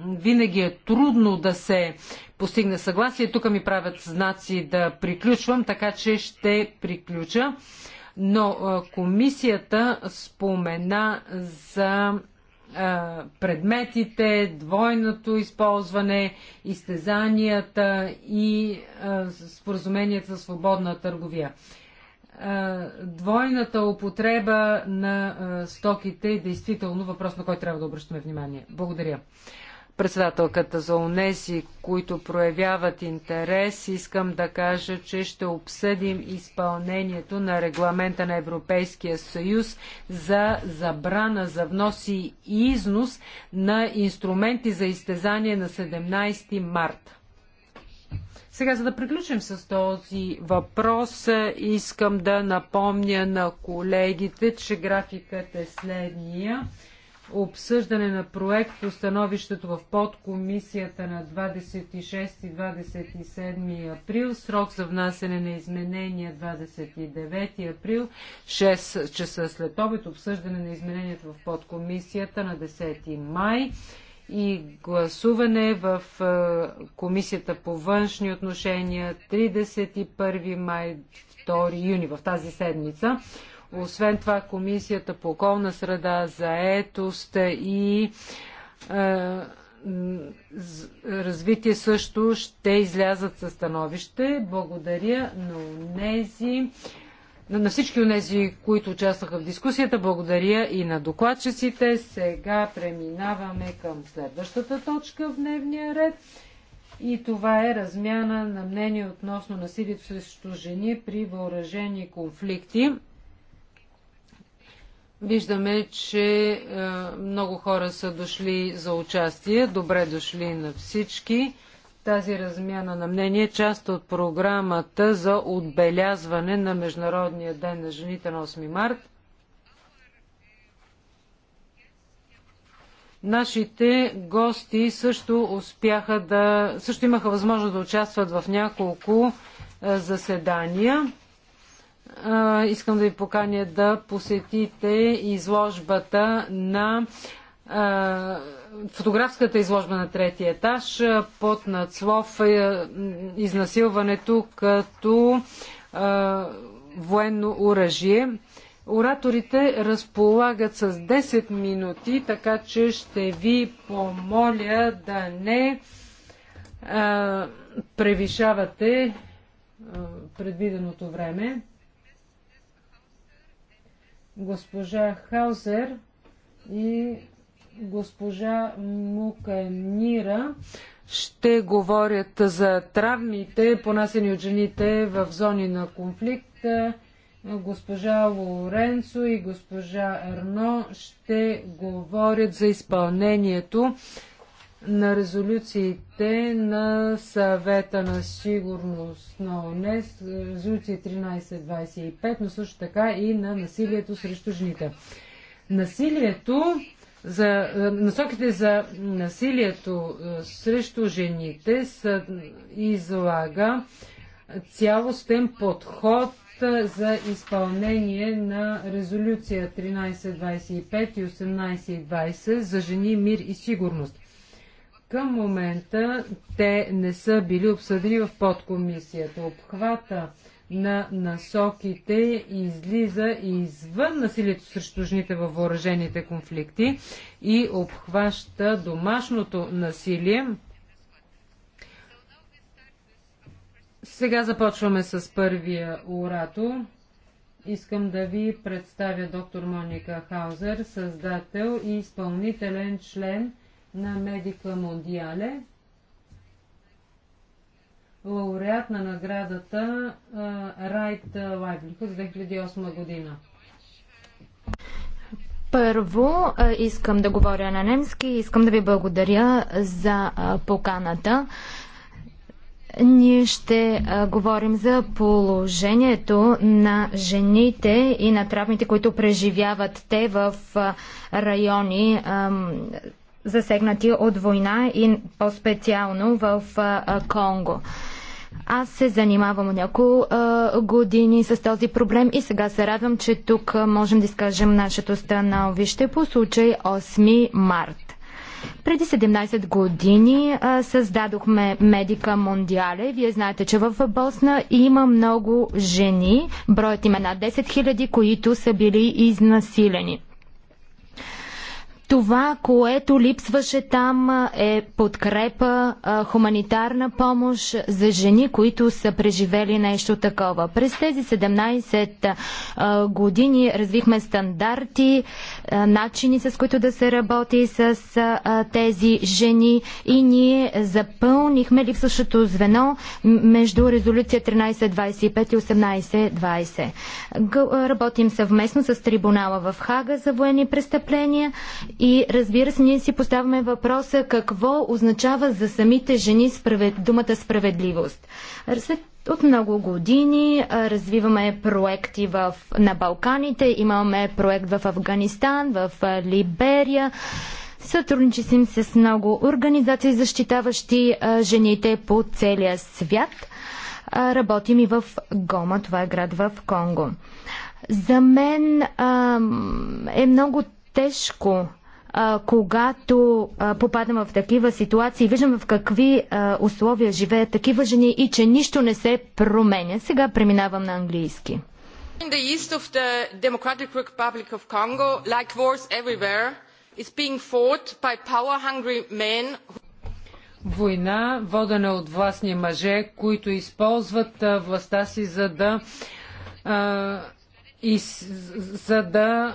Винаги е трудно да се постигне съгласие. Тук ми правят знаци да приключвам, така че ще приключа. Но комисията спомена за предметите, двойното използване, изтезанията и споразуменията за свободна търговия двойната употреба на стоките е действително въпрос, на който трябва да обръщаме внимание. Благодаря. Председателката за унези, които проявяват интерес, искам да кажа, че ще обсъдим изпълнението на регламента на Европейския съюз за забрана за внос и износ на инструменти за изтезание на 17 марта. Сега, за да приключим с този въпрос, е, искам да напомня на колегите, че графикът е следния. Обсъждане на проект, становището в подкомисията на 26 и 27 април, срок за внасене на изменения 29 април, 6 часа след обед, обсъждане на изменението в подкомисията на 10 май и гласуване в е, Комисията по външни отношения 31 май 2 юни в тази седмица. Освен това, Комисията по околна среда, заетост и е, развитие също ще излязат със становище. Благодаря на тези на всички от тези, които участваха в дискусията. Благодаря и на докладчиците. Сега преминаваме към следващата точка в дневния ред. И това е размяна на мнение относно насилието срещу жени при въоръжени конфликти. Виждаме, че е, много хора са дошли за участие. Добре дошли на всички. Тази размяна на мнение е част от програмата за отбелязване на Международния ден на жените на 8 март. Нашите гости също успяха да, също имаха възможност да участват в няколко е, заседания. Е, искам да ви поканя да посетите изложбата на е, фотографската изложба на третия етаж е, под надслов е, изнасилването като е, военно оръжие. Ораторите разполагат с 10 минути, така че ще ви помоля да не превишавате предвиденото време. Госпожа Хаузер и госпожа Муканира ще говорят за травмите, понасени от жените в зони на конфликт. Госпожа Лоренцо и госпожа Ерно ще говорят за изпълнението на резолюциите на съвета на сигурност на ОНЕ, резолюция 1325, но също така и на насилието срещу жените. Насилието за е, насоките за насилието е, срещу жените са, е, излага цялостен подход за изпълнение на резолюция 1325 и 1820 за жени, мир и сигурност. Към момента те не са били обсъдени в подкомисията. Обхвата на насоките излиза извън насилието срещу жените във въоръжените конфликти и обхваща домашното насилие. Сега започваме с първия урато. Искам да ви представя доктор Моника Хаузер, създател и изпълнителен член на Медика Мондиале лауреат на наградата Райт Livelihood за 2008 година. Първо искам да говоря на немски и искам да ви благодаря за поканата. Ние ще говорим за положението на жените и на травмите, които преживяват те в райони, засегнати от война и по-специално в Конго. Аз се занимавам няколко години с този проблем и сега се радвам, че тук можем да изкажем нашето становище по случай 8 март. Преди 17 години а, създадохме Медика Мондиале. Вие знаете, че в Босна има много жени, броят им е над 10 000, които са били изнасилени. Това, което липсваше там е подкрепа, хуманитарна помощ за жени, които са преживели нещо такова. През тези 17 години развихме стандарти, начини с които да се работи с тези жени и ние запълнихме липсващото звено между резолюция 1325 и 1820. Работим съвместно с трибунала в Хага за военни престъпления и разбира се, ние си поставяме въпроса какво означава за самите жени справед... думата справедливост. След от много години развиваме проекти в, на Балканите, имаме проект в Афганистан, в Либерия. Сътрудничим се с много организации, защитаващи жените по целия свят. Работим и в Гома, това е град в Конго. За мен е много тежко а, когато а, попадам в такива ситуации, виждам в какви а, условия живеят такива жени и че нищо не се променя. Сега преминавам на английски. In the east of the Democratic Republic of Congo, like wars everywhere, is being fought by power-hungry men. Война, водена от властни мъже, които използват властта си за да, а, и, за да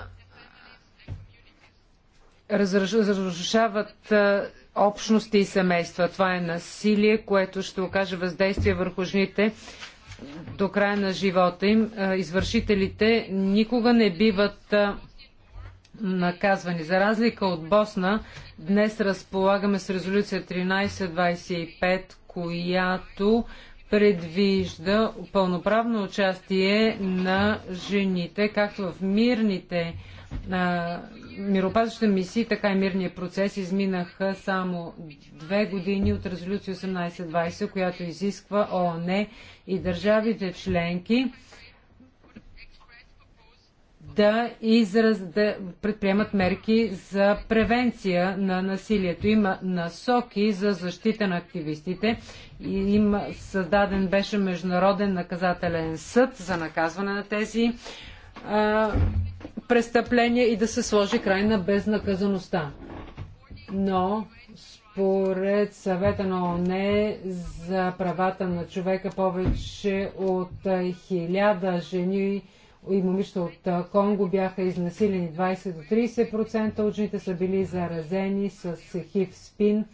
разрушават общности и семейства. Това е насилие, което ще окаже въздействие върху жените до края на живота им. Извършителите никога не биват наказвани. За разлика от Босна, днес разполагаме с резолюция 1325, която предвижда пълноправно участие на жените, както в мирните миропазващите мисии, така и мирния процес изминаха само две години от резолюция 1820, която изисква ООН и държавите членки да, израз, да предприемат мерки за превенция на насилието. Има насоки за защита на активистите. Им създаден беше Международен наказателен съд за наказване на тези а, престъпления и да се сложи край на безнаказаността. Но според съвета на ОНЕ за правата на човека повече от хиляда жени и момичета от Конго бяха изнасилени. 20 до 30% от жените са били заразени с хив спин.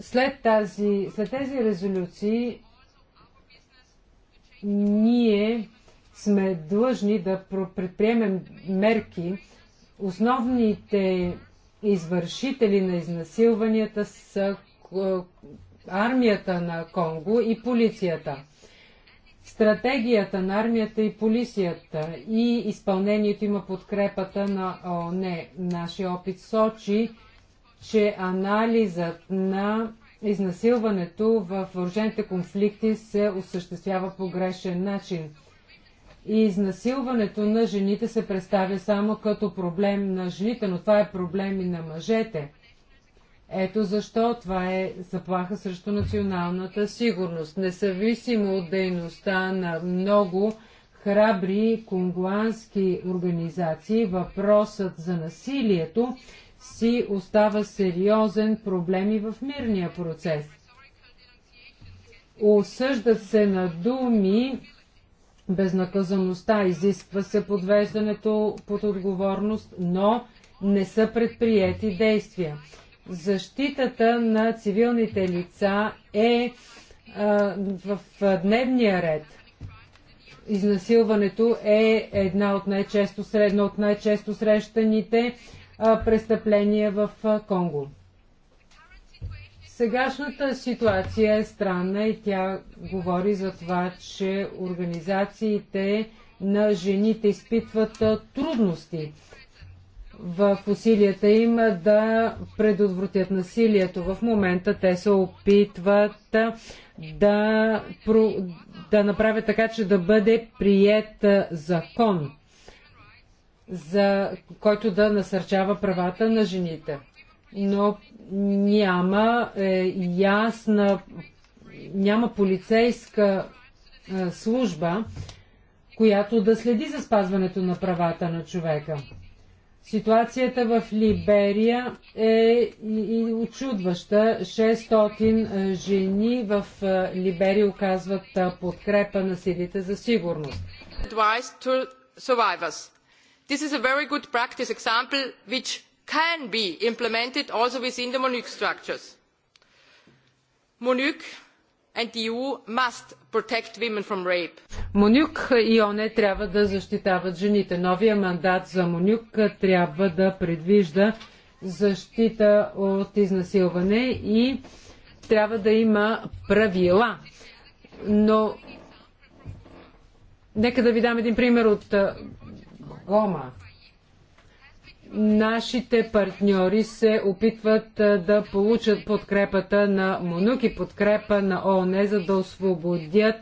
След, тази, след тези резолюции ние сме длъжни да предприемем мерки. Основните извършители на изнасилванията са е, армията на Конго и полицията. Стратегията на армията и полицията и изпълнението има подкрепата на ООН. Нашия опит сочи, че анализът на изнасилването в въоръжените конфликти се осъществява по грешен начин. И изнасилването на жените се представя само като проблем на жените, но това е проблем и на мъжете. Ето защо това е заплаха срещу националната сигурност. Независимо от дейността на много храбри конгуански организации, въпросът за насилието си остава сериозен проблем и в мирния процес. Осъждат се на думи безнаказаността, изисква се подвеждането под отговорност, но не са предприяти действия. Защитата на цивилните лица е а, в дневния ред. Изнасилването е една от най-често, едно от най-често срещаните а, престъпления в а, Конго. Сегашната ситуация е странна и тя говори за това, че организациите на жените изпитват трудности в усилията им да предотвратят насилието. В момента те се опитват да, да направят така, че да бъде прият закон, за който да насърчава правата на жените но няма е, ясна, няма полицейска е, служба, която да следи за спазването на правата на човека. Ситуацията в Либерия е очудваща. 600 е, жени в е, Либерия оказват е, подкрепа на силите за сигурност. This is a very good practice example which can be implemented also within the MONUC structures. MONUC and the EU must protect women from rape. Монюк и ОНЕ трябва да защитават жените. Новия мандат за Монюк трябва да предвижда защита от изнасилване и трябва да има правила. Но нека да ви дам един пример от Гома нашите партньори се опитват да получат подкрепата на МОНУК и подкрепа на ООН, за да освободят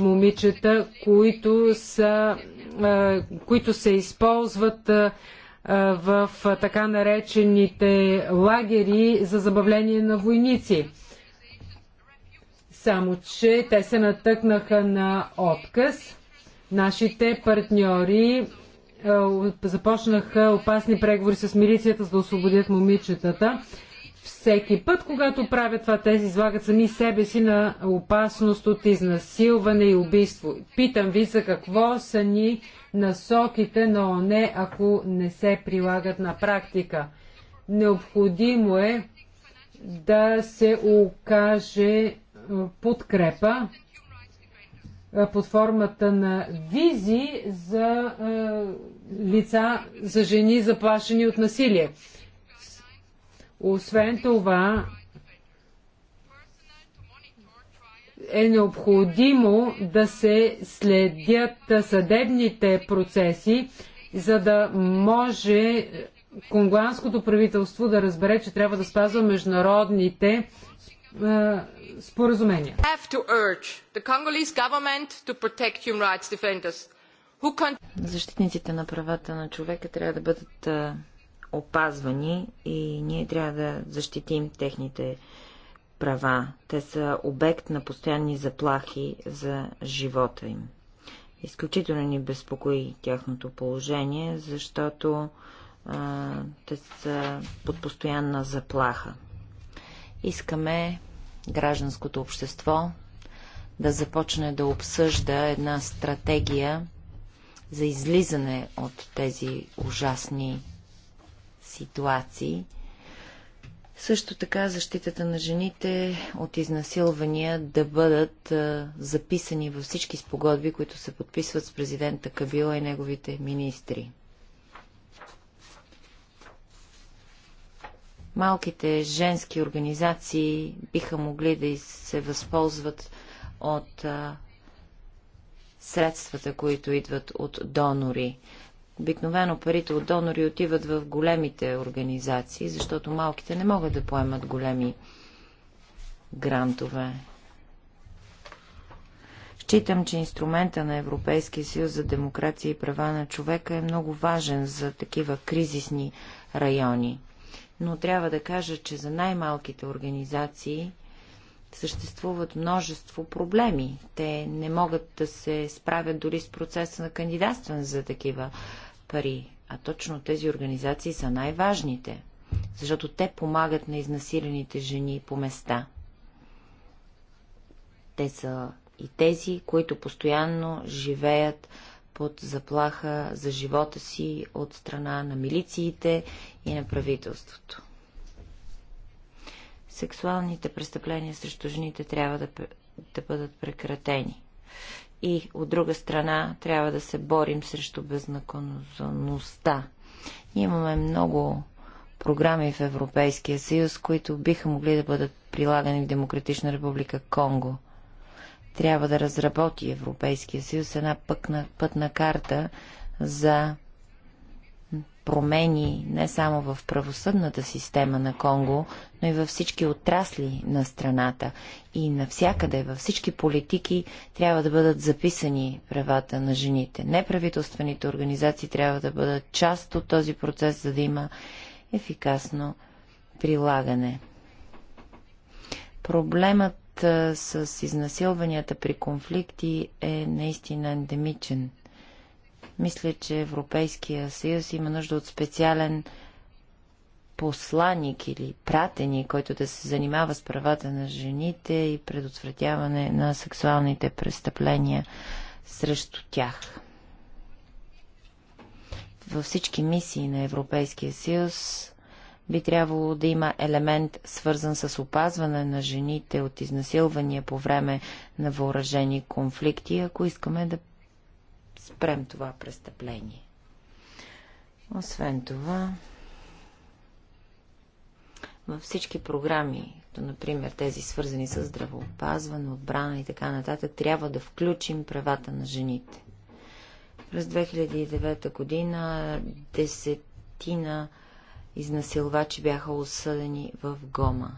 момичета, които, са, които се използват в така наречените лагери за забавление на войници. Само, че те се натъкнаха на отказ. Нашите партньори е, започнаха опасни преговори с милицията, за да освободят момичетата. Всеки път, когато правят това, те излагат сами себе си на опасност от изнасилване и убийство. Питам ви за какво са ни насоките на ОНЕ, ако не се прилагат на практика. Необходимо е да се окаже е, подкрепа е, под формата на визи за лица за жени заплашени от насилие. Освен това, е необходимо да се следят съдебните процеси, за да може конгуанското правителство да разбере, че трябва да спазва международните е, споразумения. Защитниците на правата на човека трябва да бъдат опазвани и ние трябва да защитим техните права. Те са обект на постоянни заплахи за живота им. Изключително ни безпокои тяхното положение, защото а, те са под постоянна заплаха. Искаме гражданското общество да започне да обсъжда една стратегия за излизане от тези ужасни ситуации. Също така защитата на жените от изнасилвания да бъдат а, записани във всички спогодби, които се подписват с президента Кабила и неговите министри. Малките женски организации биха могли да се възползват от а, средствата, които идват от донори. Обикновено парите от донори отиват в големите организации, защото малките не могат да поемат големи грантове. Считам, че инструмента на Европейския съюз за демокрация и права на човека е много важен за такива кризисни райони. Но трябва да кажа, че за най-малките организации съществуват множество проблеми. Те не могат да се справят дори с процеса на кандидатстване за такива пари. А точно тези организации са най-важните, защото те помагат на изнасилените жени по места. Те са и тези, които постоянно живеят под заплаха за живота си от страна на милициите и на правителството сексуалните престъпления срещу жените трябва да, да бъдат прекратени. И от друга страна трябва да се борим срещу безнаказаността. Имаме много програми в Европейския съюз, които биха могли да бъдат прилагани в Демократична република Конго. Трябва да разработи Европейския съюз една пътна, пътна карта за промени не само в правосъдната система на Конго, но и във всички отрасли на страната. И навсякъде, във всички политики, трябва да бъдат записани правата на жените. Неправителствените организации трябва да бъдат част от този процес, за да има ефикасно прилагане. Проблемът с изнасилванията при конфликти е наистина ендемичен – мисля, че Европейския съюз има нужда от специален посланик или пратени, който да се занимава с правата на жените и предотвратяване на сексуалните престъпления срещу тях. Във всички мисии на Европейския съюз би трябвало да има елемент, свързан с опазване на жените от изнасилвания по време на въоръжени конфликти, ако искаме да спрем това престъпление. Освен това, във всички програми, като например тези свързани с здравоопазване, отбрана и така нататък, трябва да включим правата на жените. През 2009 година десетина изнасилвачи бяха осъдени в Гома.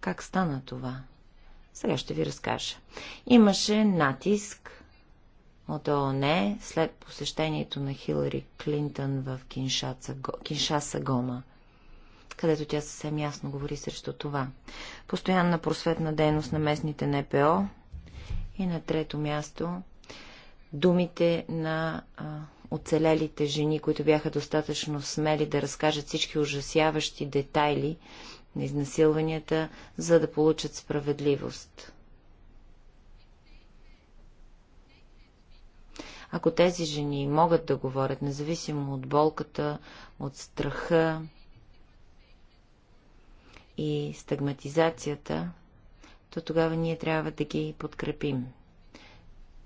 Как стана това? Сега ще ви разкажа. Имаше натиск от ООН е след посещението на Хилари Клинтън в Киншаса, Киншаса Гома, където тя съвсем ясно говори срещу това. Постоянна просветна дейност на местните НПО и на трето място думите на а, оцелелите жени, които бяха достатъчно смели да разкажат всички ужасяващи детайли на изнасилванията, за да получат справедливост. Ако тези жени могат да говорят, независимо от болката, от страха и стагматизацията, то тогава ние трябва да ги подкрепим.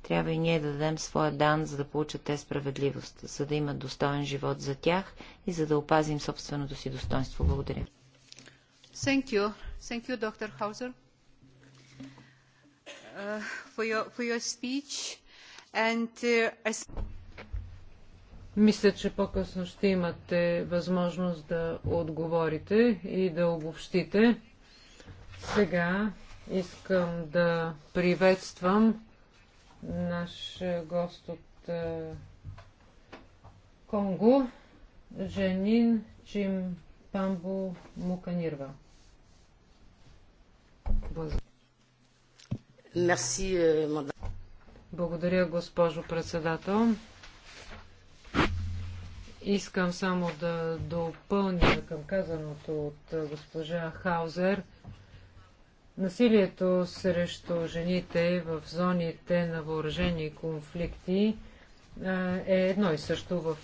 Трябва и ние да дадем своя дан, за да получат те справедливост, за да имат достоен живот за тях и за да опазим собственото си достоинство. Благодаря. Thank you. Thank you, Dr. Hauser, uh, for your, for your speech. Uh, Мисля, че по-късно ще имате възможност да отговорите и да обобщите. Сега искам да приветствам наш гост от е, Конго, Женин Чим Памбо Муканирва. Благодаря. Е, благодаря, госпожо председател. Искам само да допълня към казаното от госпожа Хаузер. Насилието срещу жените в зоните на въоръжени конфликти е едно и също в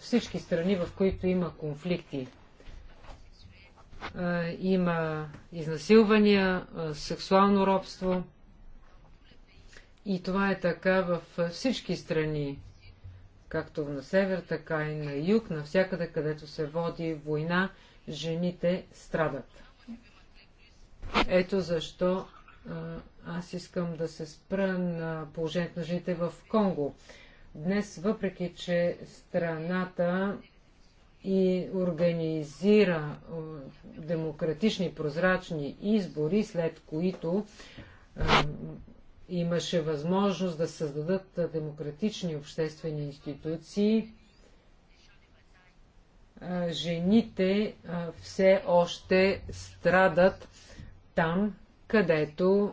всички страни, в които има конфликти. Има изнасилвания, сексуално робство – и това е така във всички страни, както на север, така и на юг, навсякъде, където се води война, жените страдат. Ето защо аз искам да се спра на положението на жените в Конго. Днес, въпреки че страната и организира демократични, прозрачни избори, след които имаше възможност да създадат демократични обществени институции, жените все още страдат там, където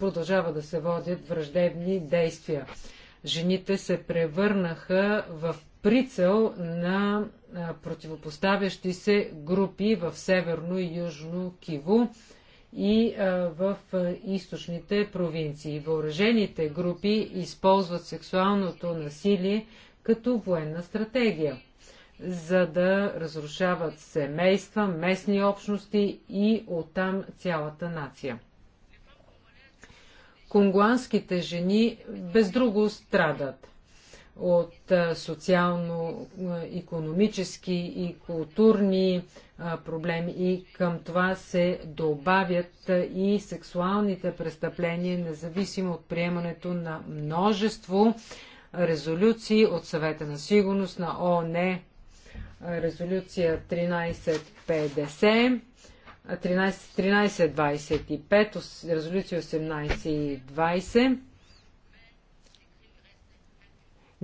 продължава да се водят враждебни действия. Жените се превърнаха в прицел на противопоставящи се групи в Северно и Южно Киво и в източните провинции. Въоръжените групи използват сексуалното насилие като военна стратегия, за да разрушават семейства, местни общности и оттам цялата нация. Конгуанските жени без друго страдат от социално-економически и културни проблеми и към това се добавят и сексуалните престъпления, независимо от приемането на множество резолюции от съвета на сигурност на ООН, резолюция 1350, 1325, резолюция 1820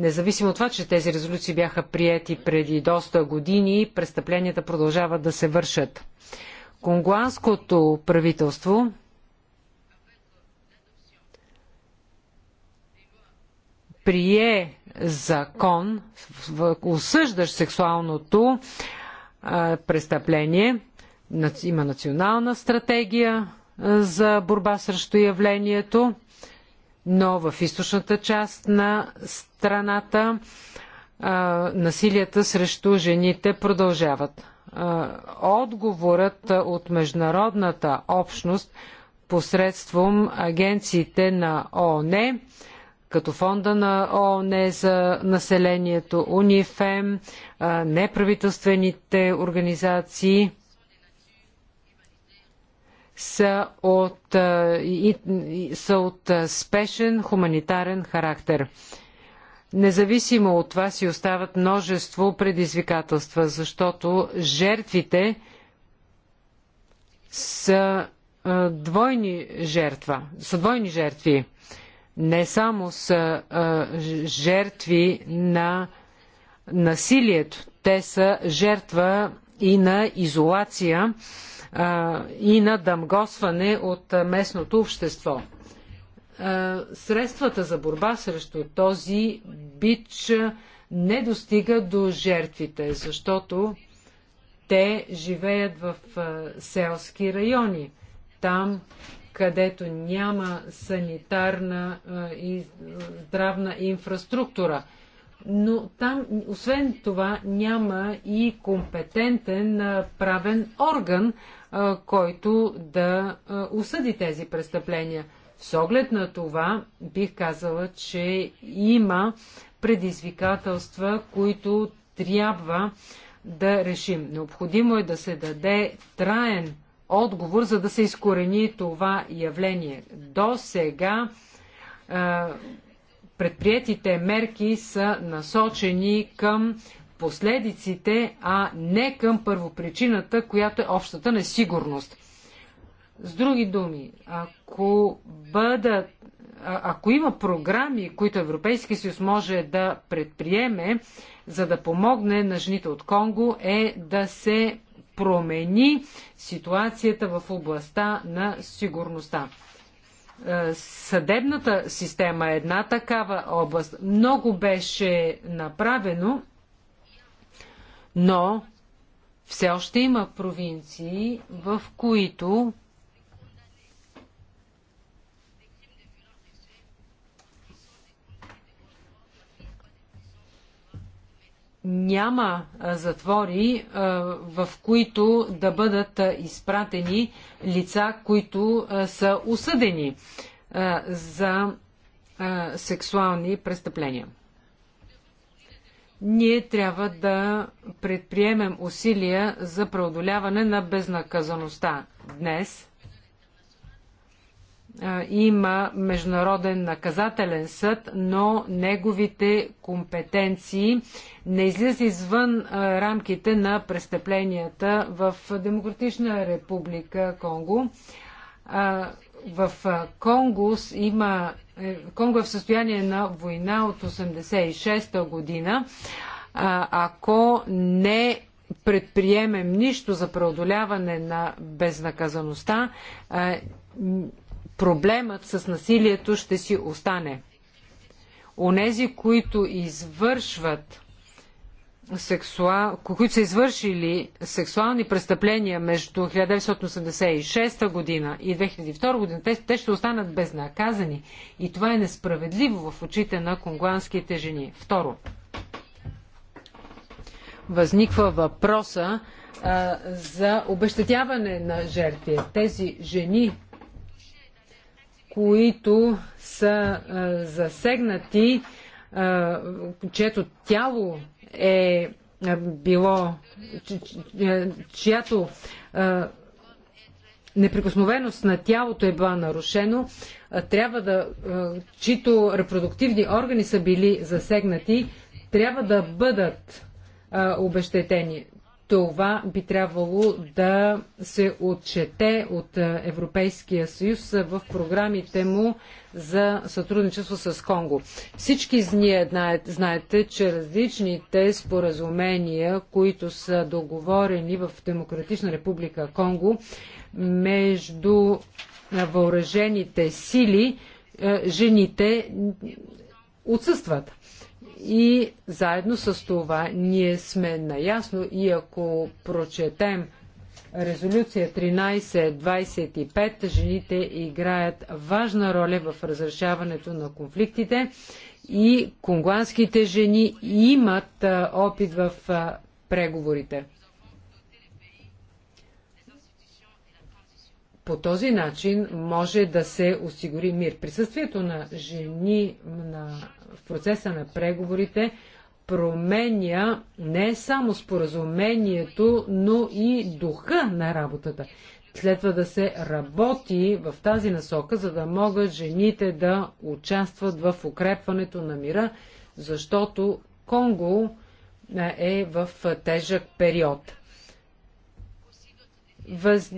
Независимо от това, че тези резолюции бяха приети преди доста години, престъпленията продължават да се вършат. Конгуанското правителство прие закон, осъждащ сексуалното престъпление. Има национална стратегия за борба срещу явлението но в източната част на страната насилията срещу жените продължават. Отговорът от международната общност посредством агенциите на ООН, като фонда на ООН за населението, УНИФЕМ, неправителствените организации – са от, и, и, са от спешен хуманитарен характер. Независимо от това си остават множество предизвикателства, защото жертвите са а, двойни жертва, са двойни жертви. Не само са а, жертви на насилието, те са жертва и на изолация, и на дамгосване от местното общество. Средствата за борба срещу този бич не достига до жертвите, защото те живеят в селски райони, там където няма санитарна и здравна инфраструктура. Но там, освен това, няма и компетентен правен орган, който да осъди тези престъпления. С оглед на това, бих казала, че има предизвикателства, които трябва да решим. Необходимо е да се даде траен отговор, за да се изкорени това явление. До сега предприетите мерки са насочени към последиците, а не към първопричината, която е общата несигурност. С други думи, ако бъдат ако има програми, които Европейски съюз може да предприеме, за да помогне на жените от Конго, е да се промени ситуацията в областта на сигурността. Съдебната система е една такава област. Много беше направено, но все още има провинции, в които няма затвори, в които да бъдат изпратени лица, които са осъдени за сексуални престъпления ние трябва да предприемем усилия за преодоляване на безнаказаността. Днес има Международен наказателен съд, но неговите компетенции не излиза извън рамките на престъпленията в Демократична република Конго. В Конго има е, Конго е в състояние на война от 86-та година. Ако не предприемем нищо за преодоляване на безнаказаността, е, проблемът с насилието ще си остане. Онези, които извършват сексуал, които са извършили сексуални престъпления между 1986 година и 2002 година, те, те ще останат безнаказани. И това е несправедливо в очите на конгуанските жени. Второ, възниква въпроса а, за обещетяване на жертви. Тези жени, които са а, засегнати, а, чието тяло е, е било, е, чиято е, неприкосновеност на тялото е била нарушено, трябва да, чието репродуктивни органи са били засегнати, трябва да бъдат обещетени това би трябвало да се отчете от Европейския съюз в програмите му за сътрудничество с Конго. Всички ние знаете, че различните споразумения, които са договорени в Демократична република Конго между въоръжените сили, жените отсъстват. И заедно с това ние сме наясно и ако прочетем резолюция 1325, жените играят важна роля в разрешаването на конфликтите и конгуанските жени имат опит в преговорите. По този начин може да се осигури мир. Присъствието на жени на, в процеса на преговорите променя не само споразумението, но и духа на работата. Следва да се работи в тази насока, за да могат жените да участват в укрепването на мира, защото Конго е, е в тежък период. Въз...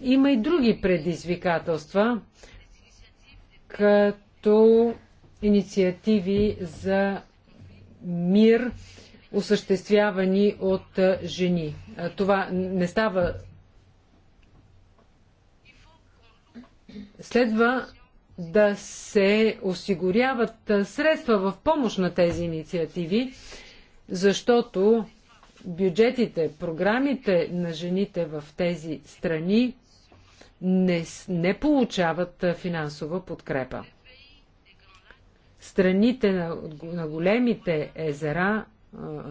Има и други предизвикателства, като инициативи за мир, осъществявани от жени. Това не става. Следва да се осигуряват средства в помощ на тези инициативи, защото бюджетите, програмите на жените в тези страни не, не получават финансова подкрепа. Страните на, на големите езера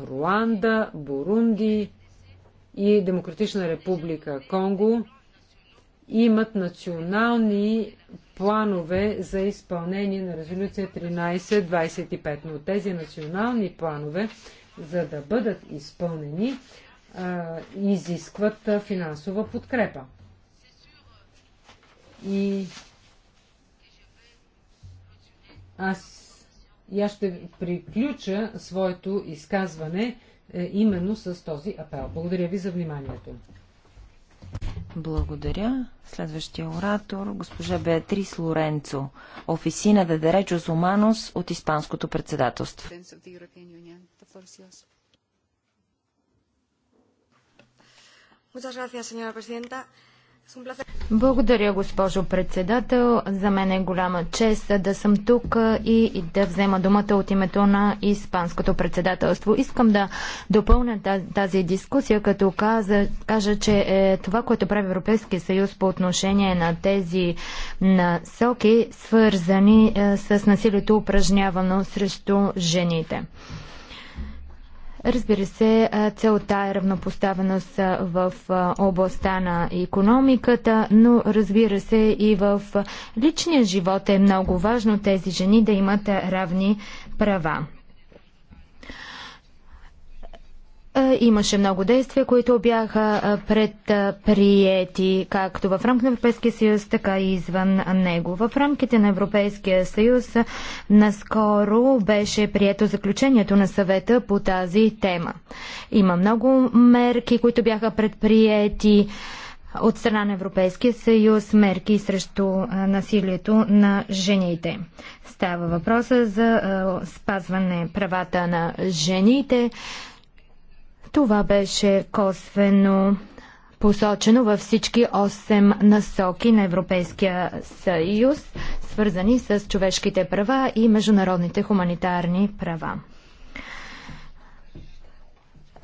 Руанда, Бурунди и Демократична република Конго имат национални планове за изпълнение на резолюция 1325. Но тези национални планове за да бъдат изпълнени, изискват финансова подкрепа. И аз и аз ще приключа своето изказване е, именно с този апел. Благодаря ви за вниманието. Благодаря. Следващия оратор, госпожа Беатрис Лоренцо, офисина Дедеречос Зуманос от Испанското председателство floor Благодаря, госпожо председател. За мен е голяма чест да съм тук и да взема думата от името на Испанското председателство. Искам да допълня тази дискусия, като каза, кажа, че е това, което прави Европейския съюз по отношение на тези насоки, свързани е, с насилието упражнявано срещу жените. Разбира се, целта е равнопоставеност в областта на економиката, но разбира се и в личния живот е много важно тези жени да имат равни права. Е, имаше много действия, които бяха е, предприети както в рамките на Европейския съюз, така и извън него. В рамките на Европейския съюз е, наскоро беше прието заключението на съвета по тази тема. Има много мерки, които бяха предприети от страна на Европейския съюз мерки срещу насилието на жените. Става въпроса за спазване правата на жените, това беше косвено посочено във всички 8 насоки на Европейския съюз, свързани с човешките права и международните хуманитарни права.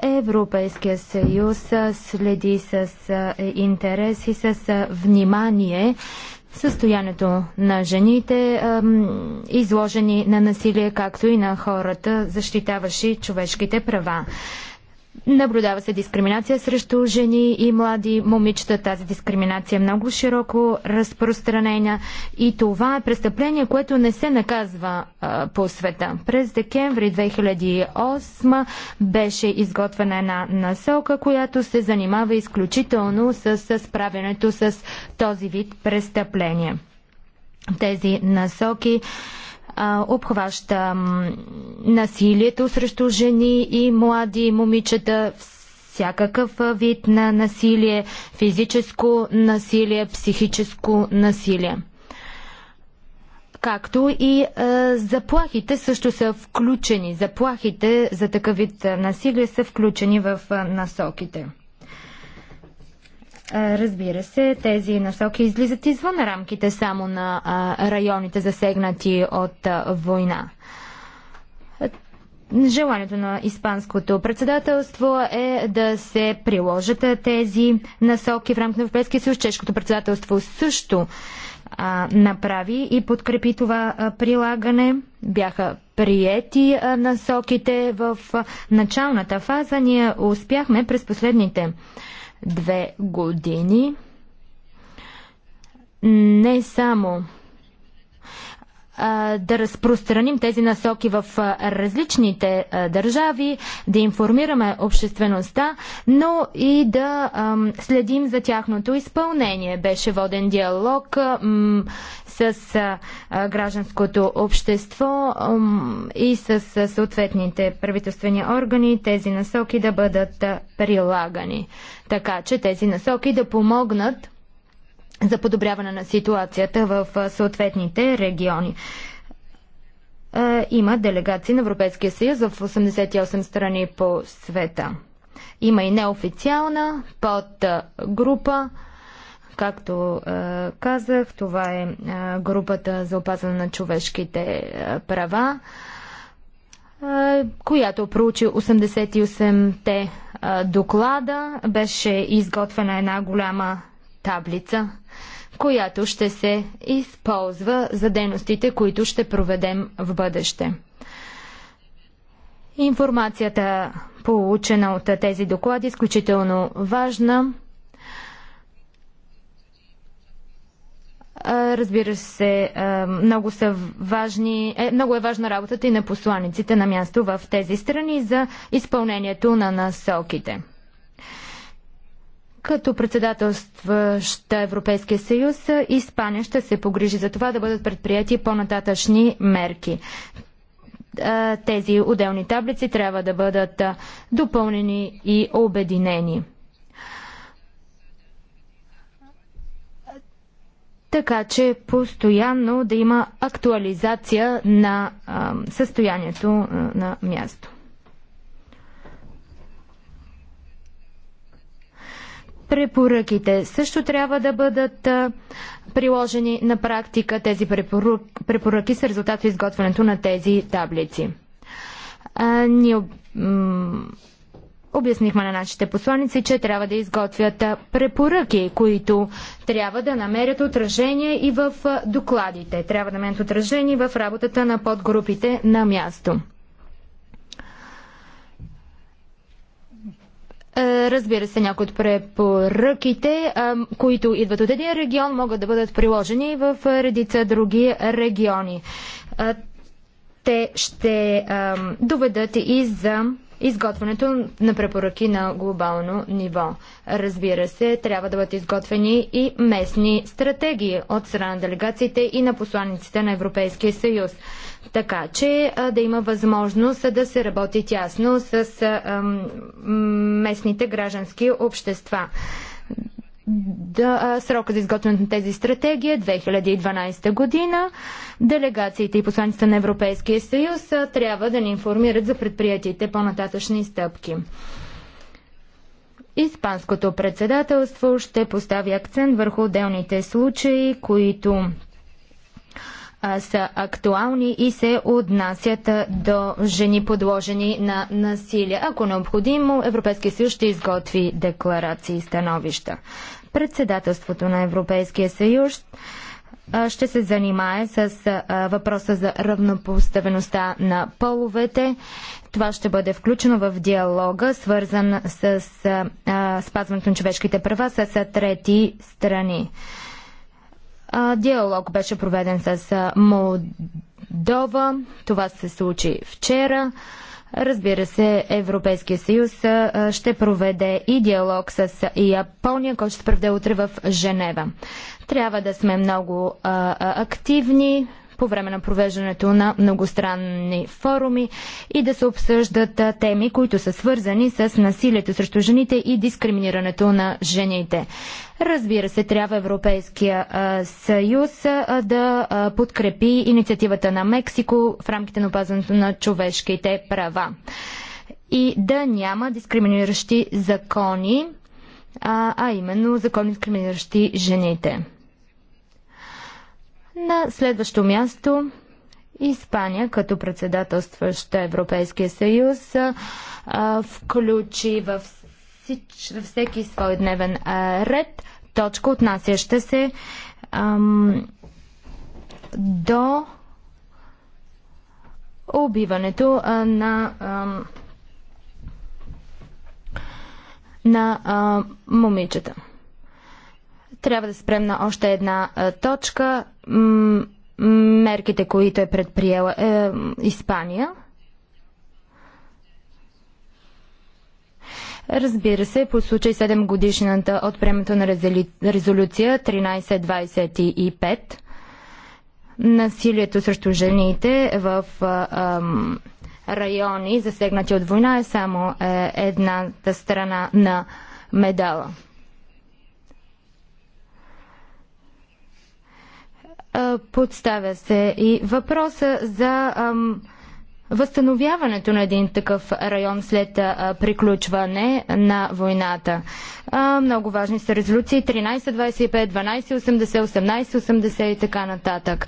Европейския съюз следи с интерес и с внимание състоянието на жените, изложени на насилие, както и на хората, защитаващи човешките права. Наблюдава се дискриминация срещу жени и млади момичета. Тази дискриминация е много широко разпространена и това е престъпление, което не се наказва а, по света. През декември 2008 беше изготвена една населка, която се занимава изключително с справянето с този вид престъпление. Тези насоки а, обхваща насилието срещу жени и млади момичета, всякакъв вид на насилие, физическо насилие, психическо насилие. Както и а, заплахите също са включени. Заплахите за такъв вид насилие са включени в а, насоките. Разбира се, тези насоки излизат извън рамките само на районите засегнати от война. Желанието на Испанското председателство е да се приложат тези насоки в рамките на Европейския съюз. Чешкото председателство също а, направи и подкрепи това прилагане. Бяха приети насоките в началната фаза. Ние успяхме през последните две години. Не само да разпространим тези насоки в различните държави, да информираме обществеността, но и да следим за тяхното изпълнение. Беше воден диалог с гражданското общество и с съответните правителствени органи тези насоки да бъдат прилагани. Така че тези насоки да помогнат за подобряване на ситуацията в съответните региони. Има делегации на Европейския съюз в 88 страни по света. Има и неофициална подгрупа група Както е, казах, това е, е групата за опазване на човешките е, права, която проучи 88-те доклада. Беше изготвена една голяма таблица, която ще се използва за дейностите, които ще проведем в бъдеще. Информацията, получена от тези доклади, е изключително важна. Разбира се, много, са важни, е, много е важна работата и на посланиците на място в тези страни за изпълнението на насоките. Като председателстваща Европейския съюз, Испания ще се погрижи за това да бъдат предприяти по-нататъчни мерки. Тези отделни таблици трябва да бъдат допълнени и обединени. така че постоянно да има актуализация на а, състоянието а, на място. Препоръките също трябва да бъдат а, приложени на практика. Тези препорък, препоръки са резултат от изготвянето на тези таблици. А, ние Обяснихме на нашите посланици, че трябва да изготвят препоръки, които трябва да намерят отражение и в докладите. Трябва да намерят отражение в работата на подгрупите на място. Е, разбира се, някои от препоръките, които идват от един регион, могат да бъдат приложени и в редица други региони. Те ще доведат и за изготвянето на препоръки на глобално ниво. Разбира се, трябва да бъдат изготвени и местни стратегии от страна на делегациите и на посланиците на Европейския съюз. Така че да има възможност да се работи тясно с местните граждански общества да, срока за изготвянето на тези стратегия е 2012 година. Делегациите и посланците на Европейския съюз трябва да ни информират за предприятите по-нататъчни стъпки. Испанското председателство ще постави акцент върху отделните случаи, които а, са актуални и се отнасят до жени подложени на насилие. Ако е необходимо, Европейския съюз ще изготви декларации и становища. Председателството на Европейския съюз ще се занимае с въпроса за равнопоставеността на половете. Това ще бъде включено в диалога, свързан с спазването на човешките права с трети страни. Диалог беше проведен с Молдова. Това се случи вчера. Разбира се, Европейския съюз ще проведе и диалог с Япония, който ще проведе утре в Женева. Трябва да сме много а, активни по време на провеждането на многостранни форуми и да се обсъждат теми, които са свързани с насилието срещу жените и дискриминирането на жените. Разбира се, трябва Европейския съюз да подкрепи инициативата на Мексико в рамките на опазването на човешките права и да няма дискриминиращи закони, а, а именно закони дискриминиращи жените. На следващо място Испания като председателстваща Европейския съюз включи във, всич, във всеки свой дневен ред точка, отнасяща се ам, до убиването а, на ам, на а, момичета. Трябва да спрем на още една точка. Мерките, които е предприела е, Испания. Разбира се, по случай 7 годишната от приемането на резолюция 1325 насилието срещу жените в а, а, райони, засегнати от война, е само е, едната страна на медала. подставя се и въпроса за ам, възстановяването на един такъв район след а, приключване на войната. А, много важни са резолюции 1325, 1280, 1880 и така нататък,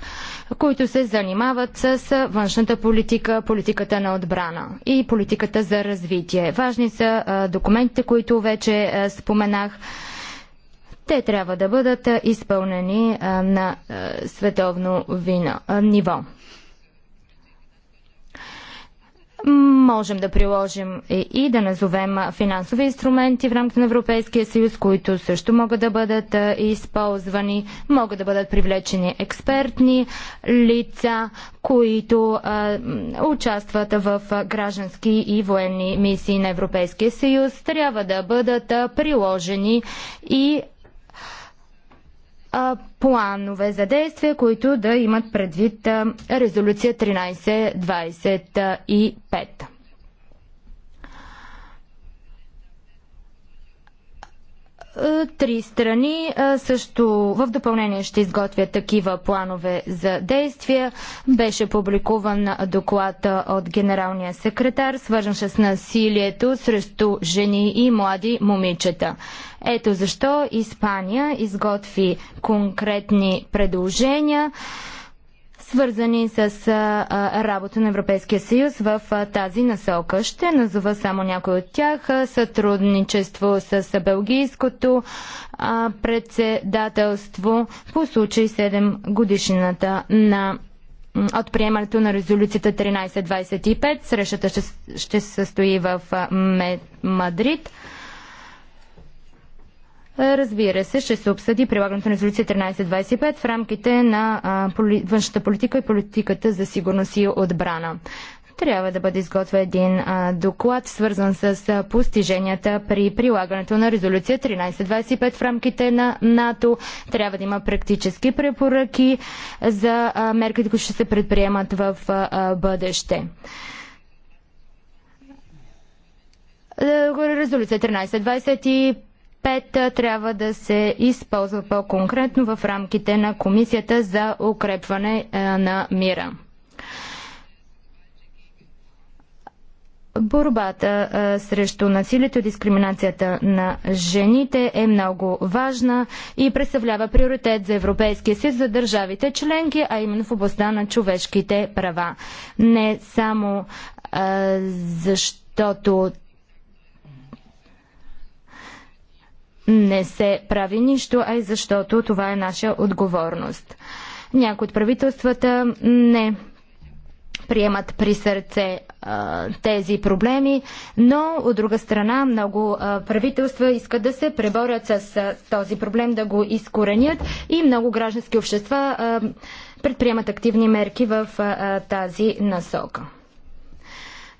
които се занимават с външната политика, политиката на отбрана и политиката за развитие. Важни са а, документите, които вече споменах те трябва да бъдат изпълнени на световно вино, ниво. Можем да приложим и да назовем финансови инструменти в рамките на Европейския съюз, които също могат да бъдат използвани. Могат да бъдат привлечени експертни лица, които а, участват в граждански и военни мисии на Европейския съюз. Трябва да бъдат приложени и а, планове за действие, които да имат предвид а, резолюция 1325. Е, три страни е, също в допълнение ще изготвят такива планове за действия. Беше публикуван доклад е, от генералния секретар, свържен с насилието срещу жени и млади момичета. Ето защо Испания изготви конкретни предложения свързани с работа на Европейския съюз в тази насока. Ще назова само някой от тях. Сътрудничество с Белгийското председателство по случай 7 годишната на от приемането на резолюцията 1325. Срещата ще, ще се състои в Мадрид. Е, разбира се, ще се обсъди прилагането на резолюция 1325 в рамките на външната политика и политиката за сигурност и отбрана. Трябва да бъде изготвен един доклад, свързан с постиженията при прилагането на резолюция 1325 в рамките на НАТО. Трябва да има практически препоръки за мерките, които ще се предприемат в бъдеще. Е, резолюция 1325 5 трябва да се използва по-конкретно в рамките на Комисията за укрепване е, на мира. Борбата а, е, срещу насилието и дискриминацията на жените е много важна и представлява приоритет за Европейския съюз за държавите членки, а именно в областта на човешките права. Не само а, е, защото не се прави нищо, а и защото това е наша отговорност. Някои от правителствата не приемат при сърце а, тези проблеми, но от друга страна много а, правителства искат да се преборят с а, този проблем, да го изкоренят и много граждански общества а, предприемат активни мерки в а, тази насока.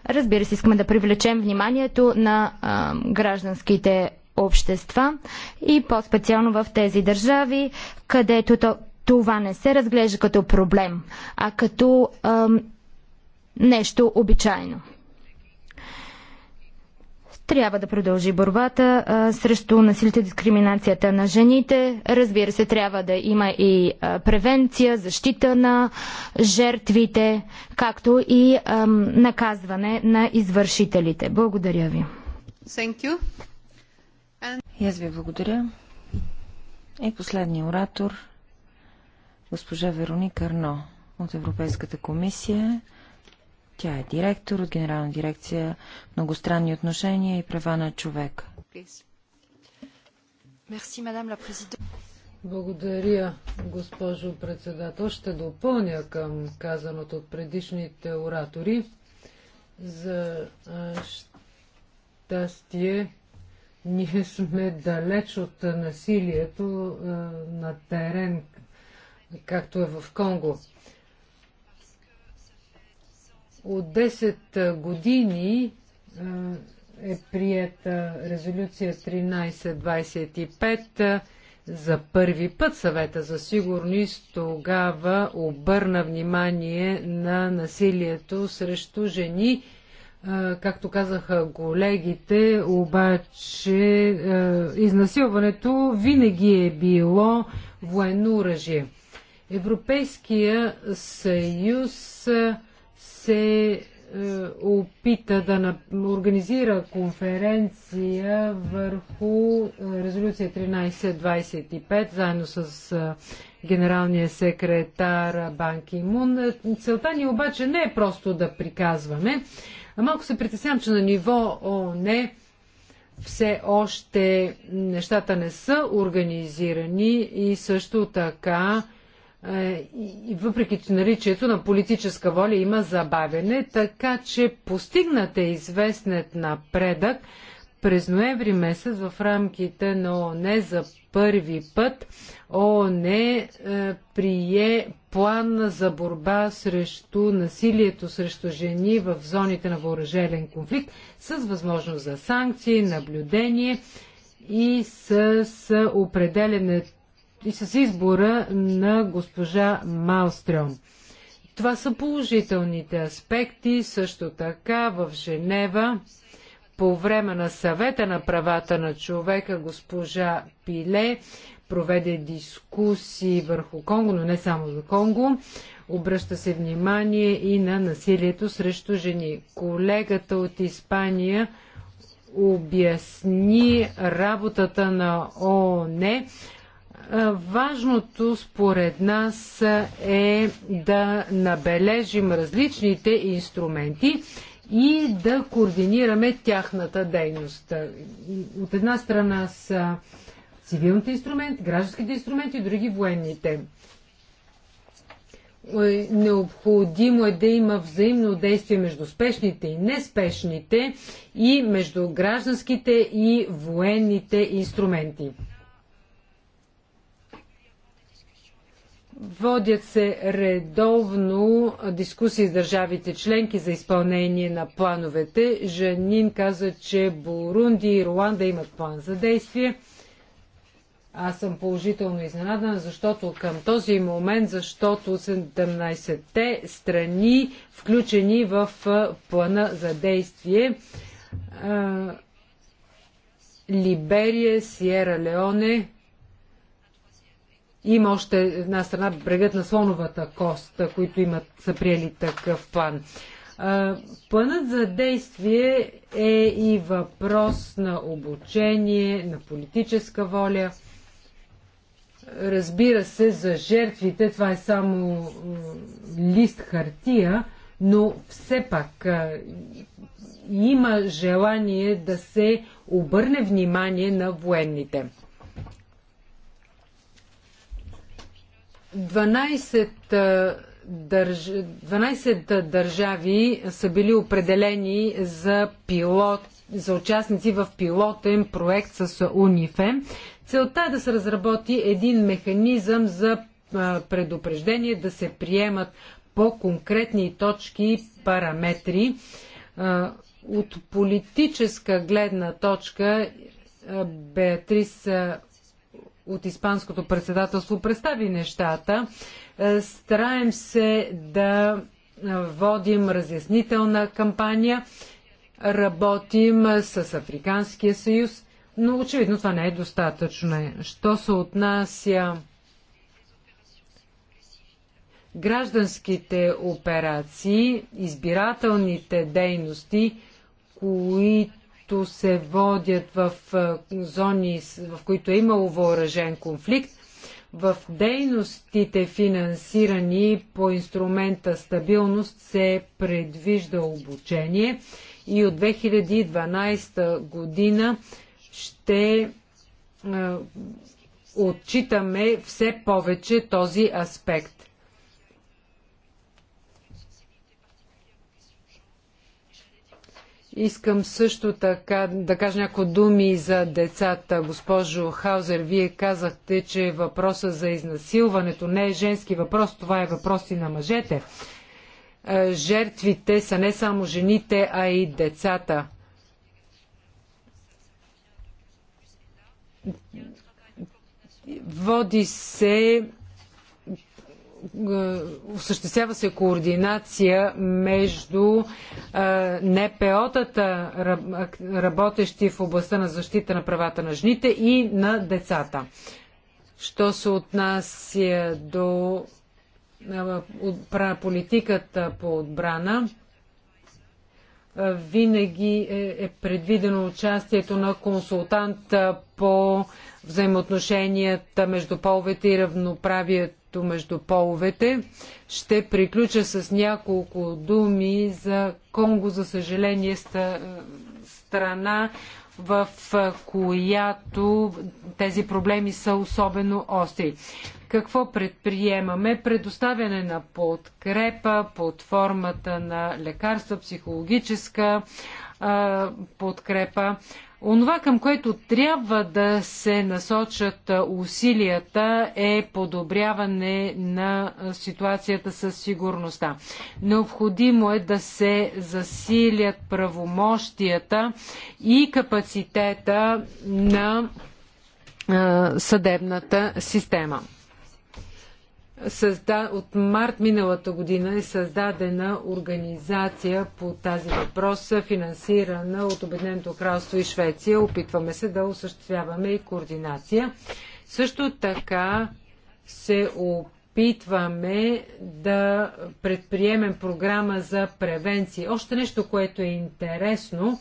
Разбира се, искаме да привлечем вниманието на а, гражданските общества и по-специално в тези държави, където то, това не се разглежда като проблем, а като ам, нещо обичайно. Трябва да продължи борбата а, срещу насилието и дискриминацията на жените. Разбира се, трябва да има и а, превенция, защита на жертвите, както и а, наказване на извършителите. Благодаря ви. Thank you. И аз ви благодаря. И последния оратор, госпожа Вероника Арно от Европейската комисия. Тя е директор от Генерална дирекция Многостранни отношения и права на човека. Благодаря, госпожо председател. Ще допълня към казаното от предишните оратори. За щастие ние сме далеч от насилието е, на терен, както е в Конго. От 10 години е, е приета резолюция 1325 е, за първи път съвета за сигурност тогава обърна внимание на насилието срещу жени както казаха колегите, обаче изнасилването винаги е било военно оръжие. Европейския съюз се опита да организира конференция върху резолюция 1325, заедно с генералния секретар Банки Мун. Целта ни обаче не е просто да приказваме, Малко се притеснявам, че на ниво ООН все още нещата не са организирани и също така е, и въпреки наричието на политическа воля има забавене, така че постигнат е известен напредък през ноември месец в рамките на ООН за първи път ООН е, прие план за борба срещу насилието срещу жени в зоните на въоръжелен конфликт с възможност за санкции, наблюдение и с, с определене и с избора на госпожа Малстрем. Това са положителните аспекти. Също така в Женева по време на съвета на правата на човека госпожа Пиле проведе дискусии върху Конго, но не само за Конго. Обръща се внимание и на насилието срещу жени. Колегата от Испания обясни работата на ООН. Важното според нас е да набележим различните инструменти и да координираме тяхната дейност. От една страна са цивилните инструменти, гражданските инструменти и други военните. Е, необходимо е да има взаимно действие между спешните и неспешните и между гражданските и военните инструменти. Водят се редовно дискусии с държавите членки за изпълнение на плановете. Жанин каза, че Бурунди и Руанда имат план за действие. Аз съм положително изненадана, защото към този момент, защото 17-те страни, включени в плана за действие, Либерия, Сиера Леоне, има още една страна, брегът на слоновата кост, които имат, са приели такъв план. Планът за действие е и въпрос на обучение, на политическа воля. Разбира се, за жертвите това е само лист хартия, но все пак има желание да се обърне внимание на военните. 12 държ... 12 държави са били определени за, пилот, за участници в пилотен проект с УНИФЕМ. Целта е да се разработи един механизъм за предупреждение, да се приемат по-конкретни точки и параметри. От политическа гледна точка Беатрис от Испанското председателство представи нещата. Е, стараем се да е, водим разяснителна кампания, работим е, с Африканския съюз, но очевидно това не е достатъчно. Що се отнася гражданските операции, избирателните дейности, които които се водят в зони, в които е имало въоръжен конфликт, в дейностите финансирани по инструмента стабилност се предвижда обучение и от 2012 година ще отчитаме все повече този аспект. Искам също така да кажа някои думи за децата. Госпожо Хаузер, вие казахте, че въпроса за изнасилването не е женски въпрос, това е въпрос и на мъжете. Е, жертвите са не само жените, а и децата. Води се е, осъществява се координация между е, НПО-тата, работещи в областта на защита на правата на жените и на децата. Що се отнася до е, политиката по отбрана, винаги е предвидено участието на консултант по взаимоотношенията между половете и равноправието равенството между половете. Ще приключа с няколко думи за Конго, за съжаление, страна, в която тези проблеми са особено остри. Какво предприемаме? Предоставяне на подкрепа под формата на лекарства, психологическа подкрепа. Онова, към което трябва да се насочат усилията е подобряване на ситуацията със сигурността. Необходимо е да се засилят правомощията и капацитета на съдебната система създа... от март миналата година е създадена организация по тази въпрос, финансирана от Обединеното кралство и Швеция. Опитваме се да осъществяваме и координация. Също така се опитваме да предприемем програма за превенция. Още нещо, което е интересно,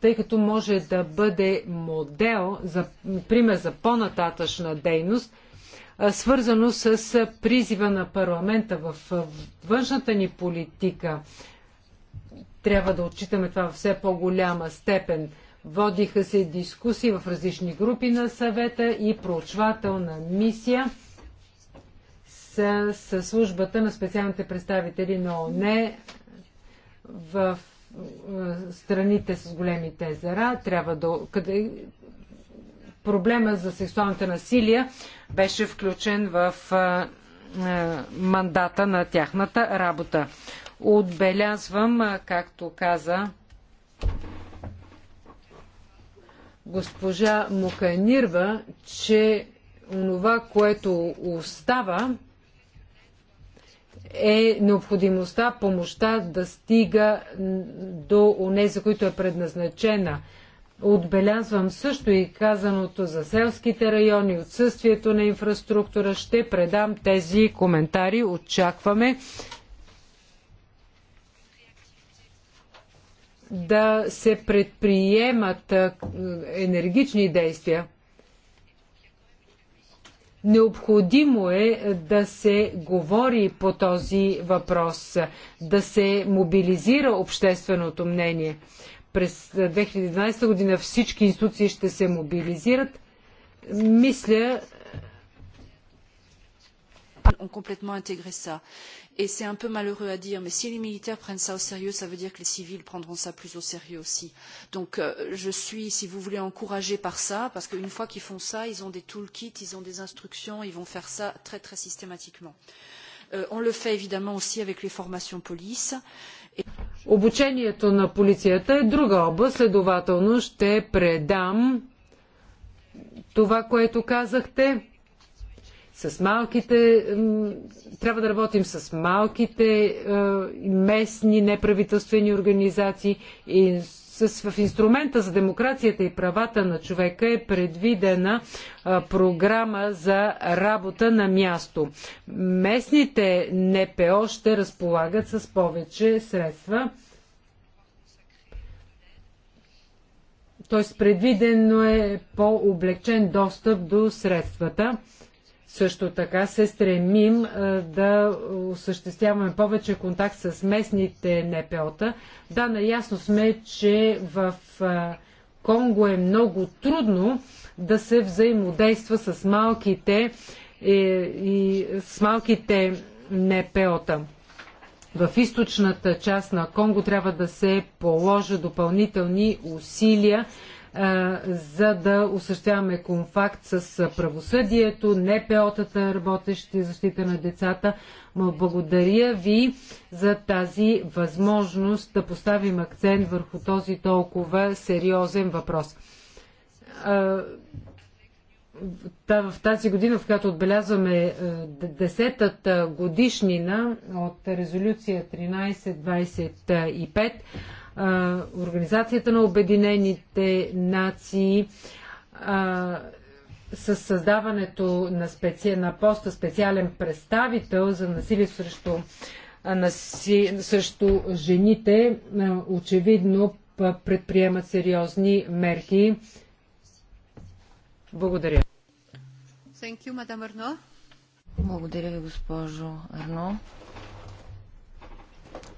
тъй като може да бъде модел, за, пример за по-нататъчна дейност – свързано с призива на парламента в външната ни политика. Трябва да отчитаме това в все по-голяма степен. Водиха се дискусии в различни групи на съвета и проучвателна мисия с, с службата на специалните представители на ОНЕ в страните с големите езера, трябва да, къде, проблема за сексуалните насилия беше включен в мандата на тяхната работа. Отбелязвам, както каза госпожа Муканирва, че онова, което остава, е необходимостта помощта да стига до онези, които е предназначена – Отбелязвам също и казаното за селските райони, отсъствието на инфраструктура. Ще предам тези коментари. Очакваме да се предприемат енергични действия. Необходимо е да се говори по този въпрос, да се мобилизира общественото мнение през 2012 година всички институции ще се мобилизират. Мисля, On complètement intégré ça. Et c'est un peu malheureux à dire, mais si les militaires prennent ça au sérieux, ça veut dire que les civils prendront ça plus au sérieux aussi. Donc je suis, si vous voulez, encouragée par ça, parce qu'une fois qu'ils font ça, ils ont des toolkits, ils ont des instructions, ils vont faire ça très très systématiquement. on le fait évidemment aussi avec les formations police. Euh, Обучението на полицията е друга област, следователно ще предам това, което казахте. С малките, трябва да работим с малките е, местни неправителствени организации, и в инструмента за демокрацията и правата на човека е предвидена програма за работа на място. Местните НПО ще разполагат с повече средства. Т.е. предвидено е по-облегчен достъп до средствата. Също така се стремим да осъществяваме повече контакт с местните НПО-та. Да, наясно сме, че в Конго е много трудно да се взаимодейства с малките е, и, с малките НПО-та. В източната част на Конго трябва да се положат допълнителни усилия за да осъществяваме конфакт с правосъдието, НПО-тата, работещи защита на децата. Благодаря ви за тази възможност да поставим акцент върху този толкова сериозен въпрос. В тази година, в която отбелязваме 10-та годишнина от резолюция 1325, Организацията на Обединените нации, а, с създаването на, специ... на поста специален представител за насилие срещу, наси... срещу жените, очевидно предприемат сериозни мерки. Благодаря. Thank you, Благодаря ви, госпожо Арно.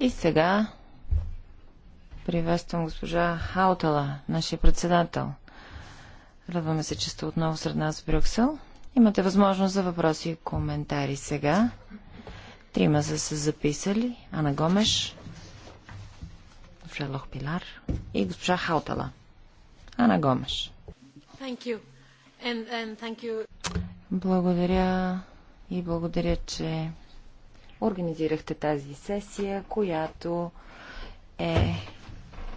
И сега Приветствам госпожа Хаутала, нашия председател. Радваме се, че сте отново сред нас в Брюксел. Имате възможност за въпроси и коментари сега. Трима са се записали. Ана Гомеш, госпожа Лохпилар и госпожа Хаутала. Ана Гомеш. And, and благодаря и благодаря, че организирахте тази сесия, която е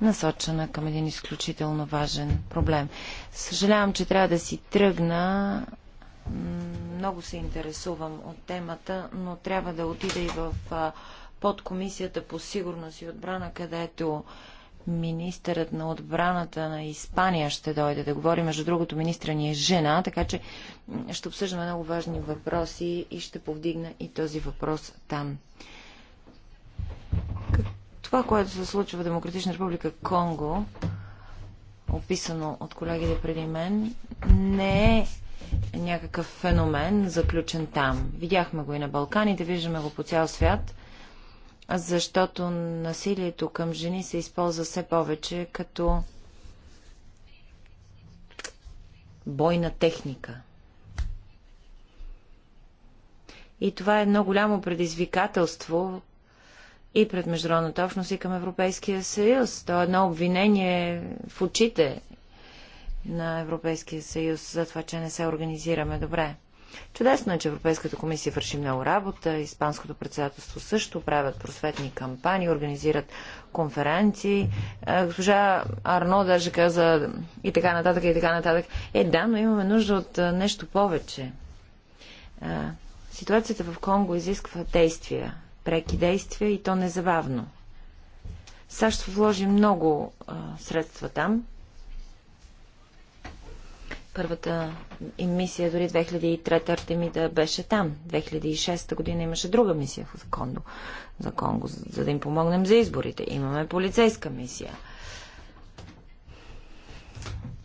насочена към един изключително важен проблем. Съжалявам, че трябва да си тръгна. Много се интересувам от темата, но трябва да отида и в подкомисията по сигурност и отбрана, където министърът на отбраната на Испания ще дойде да говори. Между другото, министра ни е жена, така че ще обсъждаме много важни въпроси и ще повдигна и този въпрос там. Това, което се случва в Демократична република Конго, описано от колегите преди мен, не е някакъв феномен, заключен там. Видяхме го и на Балканите, виждаме го по цял свят, защото насилието към жени се използва все повече като бойна техника. И това е едно голямо предизвикателство и пред международната общност и към Европейския съюз. То е едно обвинение в очите на Европейския съюз за това, че не се организираме добре. Чудесно е, че Европейската комисия върши много работа, Испанското председателство също правят просветни кампании, организират конференции. Госпожа Арно даже каза и така нататък, и така нататък. Е, да, но имаме нужда от нещо повече. Ситуацията в Конго изисква действия преки действия и то незабавно. САЩ вложи много а, средства там. Първата им мисия дори 2003 Артемида беше там. 2006 година имаше друга мисия в Кондо, за Конго, за да им помогнем за изборите. Имаме полицейска мисия.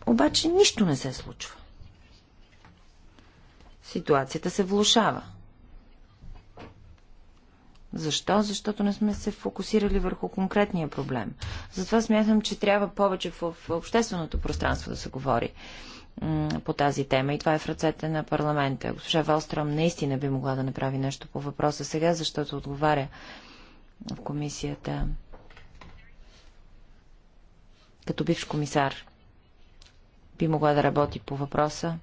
Обаче нищо не се случва. Ситуацията се влушава. Защо? Защото не сме се фокусирали върху конкретния проблем. Затова смятам, че трябва повече в общественото пространство да се говори по тази тема и това е в ръцете на парламента. Госпожа Валстром наистина би могла да направи нещо по въпроса сега, защото отговаря в комисията като бивш комисар. Би могла да работи по въпроса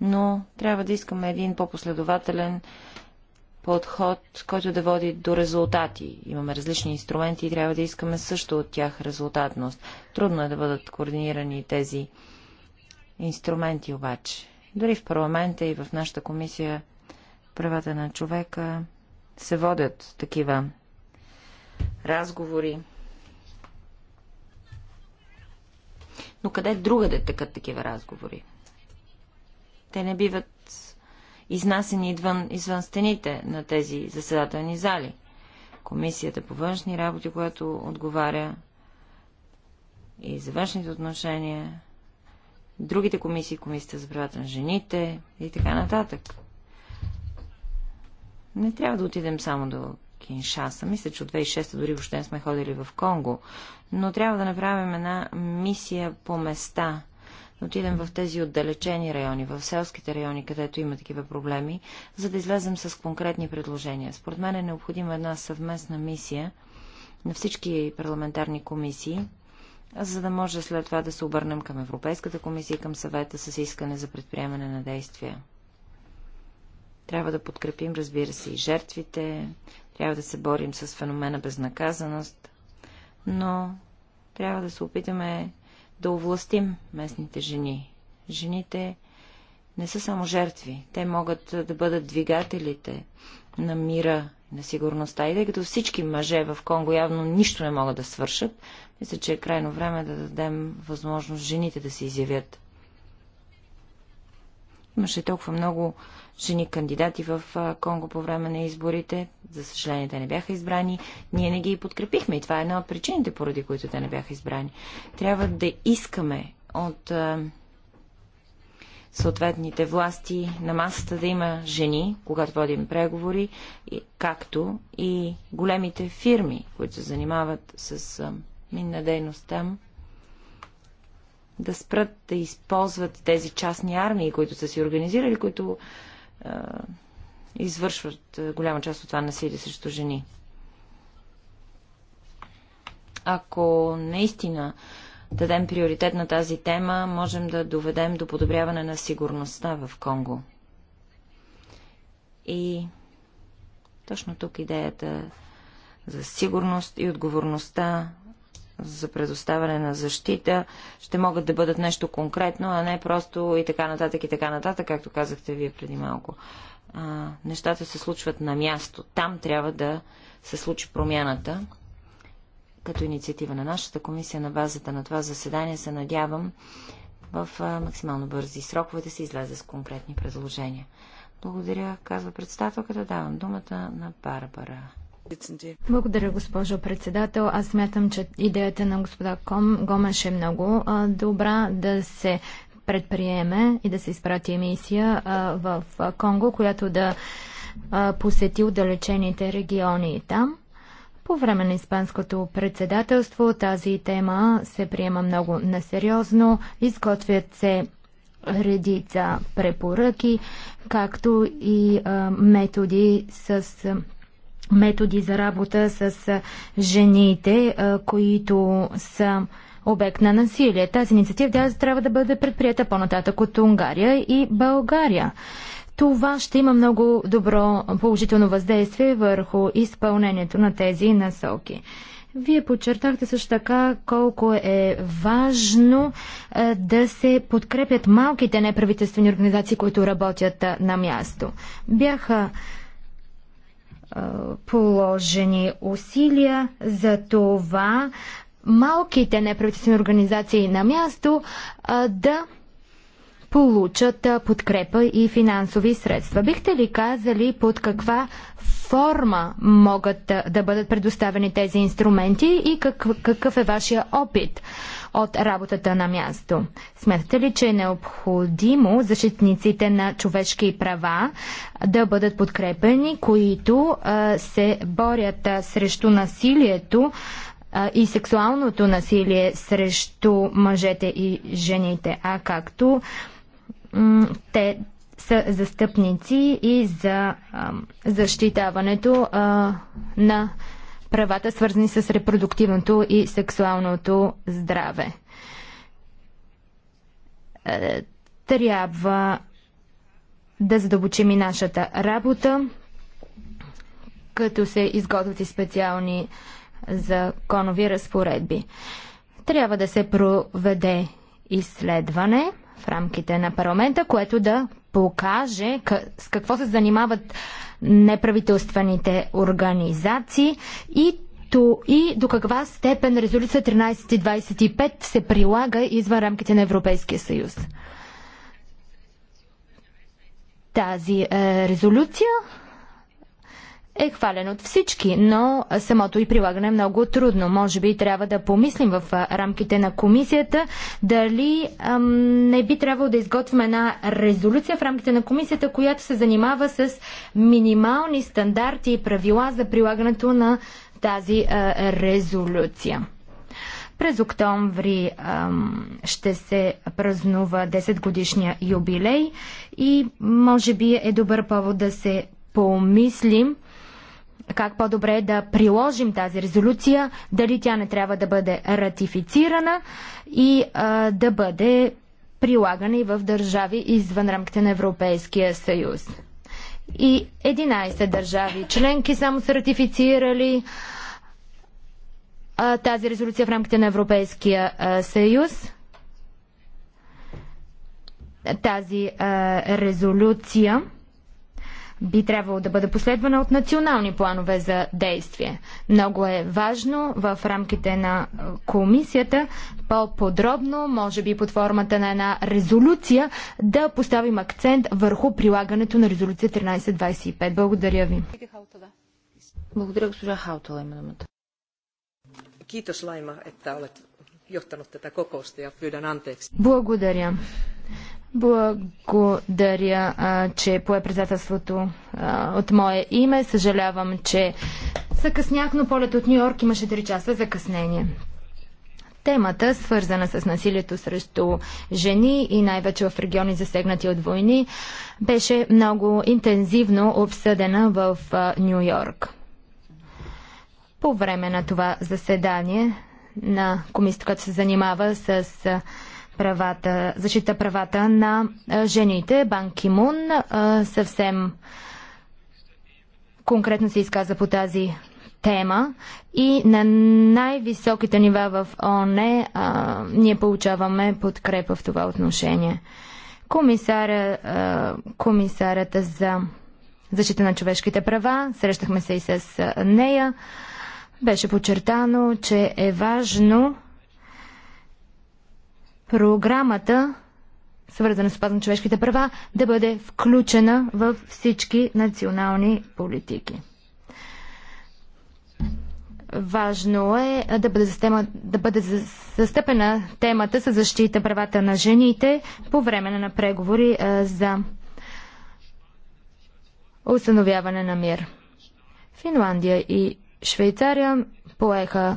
но трябва да искаме един по-последователен подход, който да води до резултати. Имаме различни инструменти и трябва да искаме също от тях резултатност. Трудно е да бъдат координирани тези инструменти обаче. Дори в парламента и в нашата комисия правата на човека се водят такива разговори. Но къде другаде такат такива разговори? Те не биват изнасени извън, извън стените на тези заседателни зали. Комисията по външни работи, която отговаря и за външните отношения, другите комисии, комисията за правата на жените и така нататък. Не трябва да отидем само до Киншаса. Мисля, че от 2006 дори въобще не сме ходили в Конго. Но трябва да направим една мисия по места отидем в тези отдалечени райони, в селските райони, където има такива проблеми, за да излезем с конкретни предложения. Според мен е необходима една съвместна мисия на всички парламентарни комисии, за да може след това да се обърнем към Европейската комисия и към съвета с искане за предприемане на действия. Трябва да подкрепим, разбира се, и жертвите, трябва да се борим с феномена безнаказаност, но трябва да се опитаме да овластим местните жени. Жените не са само жертви. Те могат да бъдат двигателите на мира, на сигурността. И тъй като всички мъже в Конго явно нищо не могат да свършат, мисля, че е крайно време да дадем възможност жените да се изявят. Имаше толкова много жени кандидати в Конго по време на изборите. За съжаление, те не бяха избрани. Ние не ги подкрепихме и това е една от причините, поради които те не бяха избрани. Трябва да искаме от съответните власти на масата да има жени, когато водим преговори, както и големите фирми, които се занимават с минна дейност там, да спрат да използват тези частни армии, които са си организирали, които А, извършват е, голяма част от това насилие срещу жени. Ако наистина дадем приоритет на тази тема, можем да доведем до подобряване на сигурността в Конго. И точно тук идеята за сигурност и отговорността за предоставяне на защита ще могат да бъдат нещо конкретно, а не просто и така нататък и така нататък, както казахте вие преди малко а, нещата се случват на място. Там трябва да се случи промяната. Като инициатива на нашата комисия на базата на това заседание се надявам в а, максимално бързи срокове да се излезе с конкретни предложения. Благодаря, казва председателката. Давам думата на Барбара. Благодаря, госпожо председател. Аз смятам, че идеята на господа Ком, Гомеш е много а, добра да се предприеме и да се изпрати мисия в Конго, която да посети отдалечените региони там. По време на испанското председателство тази тема се приема много насериозно. Изготвят се редица препоръки, както и методи с методи за работа с жените, които са обект на насилие. Тази инициатива да, трябва да бъде предприята по-нататък от Унгария и България. Това ще има много добро положително въздействие върху изпълнението на тези насоки. Вие подчертахте също така колко е важно е, да се подкрепят малките неправителствени организации, които работят е, на място. Бяха е, положени усилия за това малките неправителствени организации на място а, да получат а, подкрепа и финансови средства. Бихте ли казали под каква форма могат а, да бъдат предоставени тези инструменти и как, какъв е вашия опит от работата на място? Смятате ли, че е необходимо защитниците на човешки права да бъдат подкрепени, които а, се борят а, срещу насилието? а, и сексуалното насилие срещу мъжете и жените, а както те са застъпници и за а, защитаването а, на правата, свързани с репродуктивното и сексуалното здраве. Е, трябва да задълбочим и нашата работа, като се изготвят и специални а, законови разпоредби. Трябва да се проведе изследване в рамките на парламента, което да покаже с какво се занимават неправителствените организации и то и до каква степен резолюция 1325 се прилага извън рамките на Европейския съюз. Тази е, резолюция е хвален от всички, но самото и прилагане е много трудно. Може би трябва да помислим в рамките на комисията дали ам, не би трябвало да изготвим една резолюция в рамките на комисията, която се занимава с минимални стандарти и правила за прилагането на тази а, резолюция. През октомври ам, ще се празнува 10 годишния юбилей и може би е добър повод да се помислим как по-добре да приложим тази резолюция, дали тя не трябва да бъде ратифицирана и а, да бъде прилагана и в държави извън рамките на Европейския съюз. И 11 държави членки само са ратифицирали а, тази резолюция в рамките на Европейския а, съюз. Тази а, резолюция би трябвало да бъде последвана от национални планове за действие. Много е важно в рамките на комисията по-подробно, може би под формата на една резолюция, да поставим акцент върху прилагането на резолюция 1325. Благодаря ви. Благодаря, госпожа Хаутала, има думата. Благодаря. Благодаря, че пое председателството от мое име. Съжалявам, че закъснях, но полет от Нью Йорк имаше 3 часа закъснение. Темата, свързана с насилието срещу жени и най-вече в региони засегнати от войни, беше много интензивно обсъдена в Нью Йорк. По време на това заседание на комисията, която се занимава с правата, защита правата на жените. Бан Кимун съвсем конкретно се изказа по тази тема и на най-високите нива в ООН ние получаваме подкрепа в това отношение. Комисаря, а, комисарята за защита на човешките права, срещахме се и с нея, беше подчертано, че е важно програмата, свързана с опазване на човешките права, да бъде включена в всички национални политики. Важно е да бъде, застема, да бъде застъпена темата за защита правата на жените по време на преговори за установяване на мир. Финландия и Швейцария поеха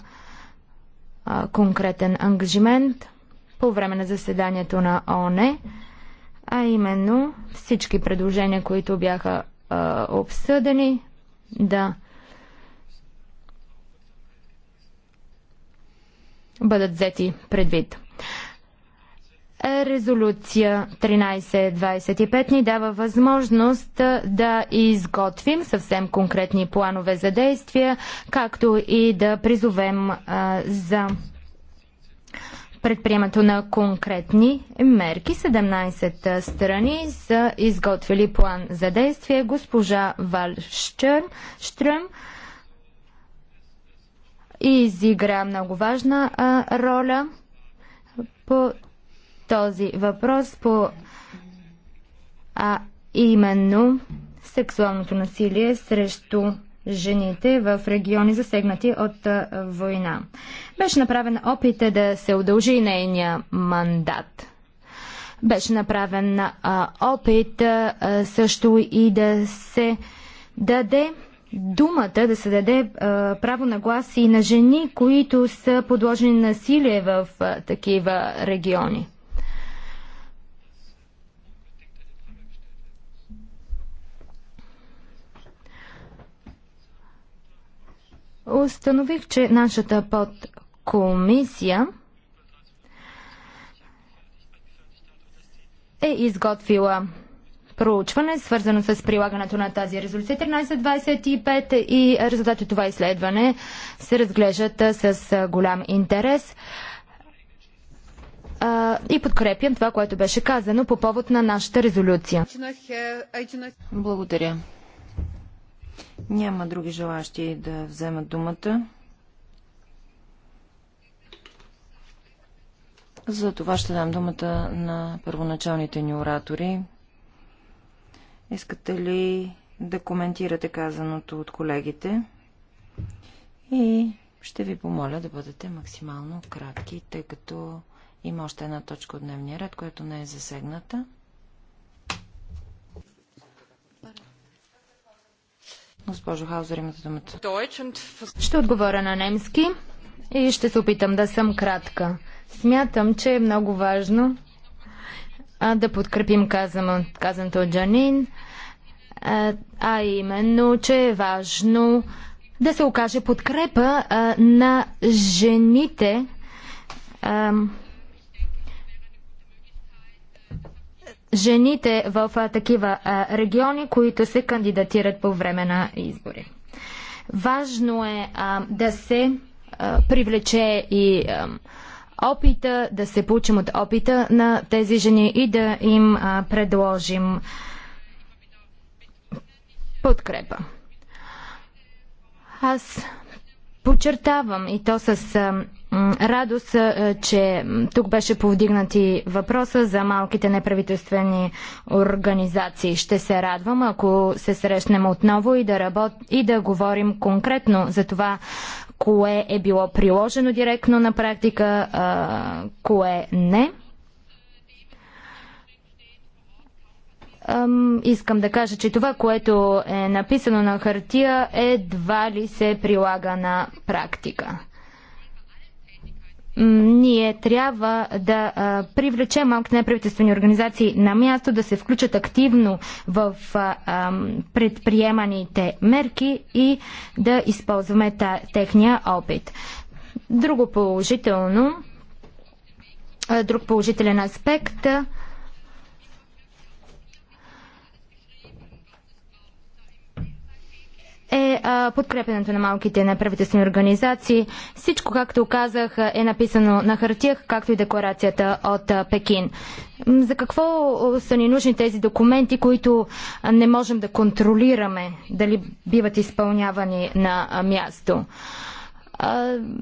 конкретен ангажимент по време на заседанието на ОНЕ, а именно всички предложения, които бяха а, обсъдени, да бъдат взети предвид. Резолюция 1325 ни дава възможност да изготвим съвсем конкретни планове за действия, както и да призовем а, за предприемането на конкретни мерки. 17 страни са изготвили план за действие. Госпожа Штръм изигра много важна а, роля по този въпрос, по а именно сексуалното насилие срещу жените в региони засегнати от война. Беше направен опит е да се удължи нейния мандат. Беше направен а, опит а, също и да се даде думата, да се даде а, право на глас и на жени, които са подложени насилие в а, такива региони. Установих, че нашата подкомисия е изготвила проучване, свързано с прилагането на тази резолюция 1325 и резултати от това изследване се разглеждат с голям интерес. И подкрепям това, което беше казано по повод на нашата резолюция. Благодаря. Няма други желащи да вземат думата. За това ще дам думата на първоначалните ни оратори. Искате ли да коментирате казаното от колегите? И ще ви помоля да бъдете максимално кратки, тъй като има още една точка от дневния ред, която не е засегната. Госпожо Хаузер, имате думата. Ще отговоря на немски и ще се опитам да съм кратка. Смятам, че е много важно а, да подкрепим казано, казаното от Джанин, а, а именно, че е важно да се окаже подкрепа а, на жените. А, жените в такива региони, които се кандидатират по време на избори. Важно е да се привлече и опита, да се получим от опита на тези жени и да им предложим подкрепа. Аз подчертавам и то с радост, е, че тук беше повдигнати въпроса за малките неправителствени организации. Ще се радвам, ако се срещнем отново и да, работ... и да говорим конкретно за това, кое е било приложено директно на практика, а, кое не. искам да кажа, че това, което е написано на хартия, едва ли се прилага на практика ние трябва да а, привлечем малките неправителствени организации на място, да се включат активно в а, а, предприеманите мерки и да използваме та, техния опит. Друго положително, друг положителен аспект – е а, подкрепенето на малките неправителствени организации. Всичко, както казах, е написано на хартия, както и декларацията от а, Пекин. За какво са ни нужни тези документи, които не можем да контролираме дали биват изпълнявани на място?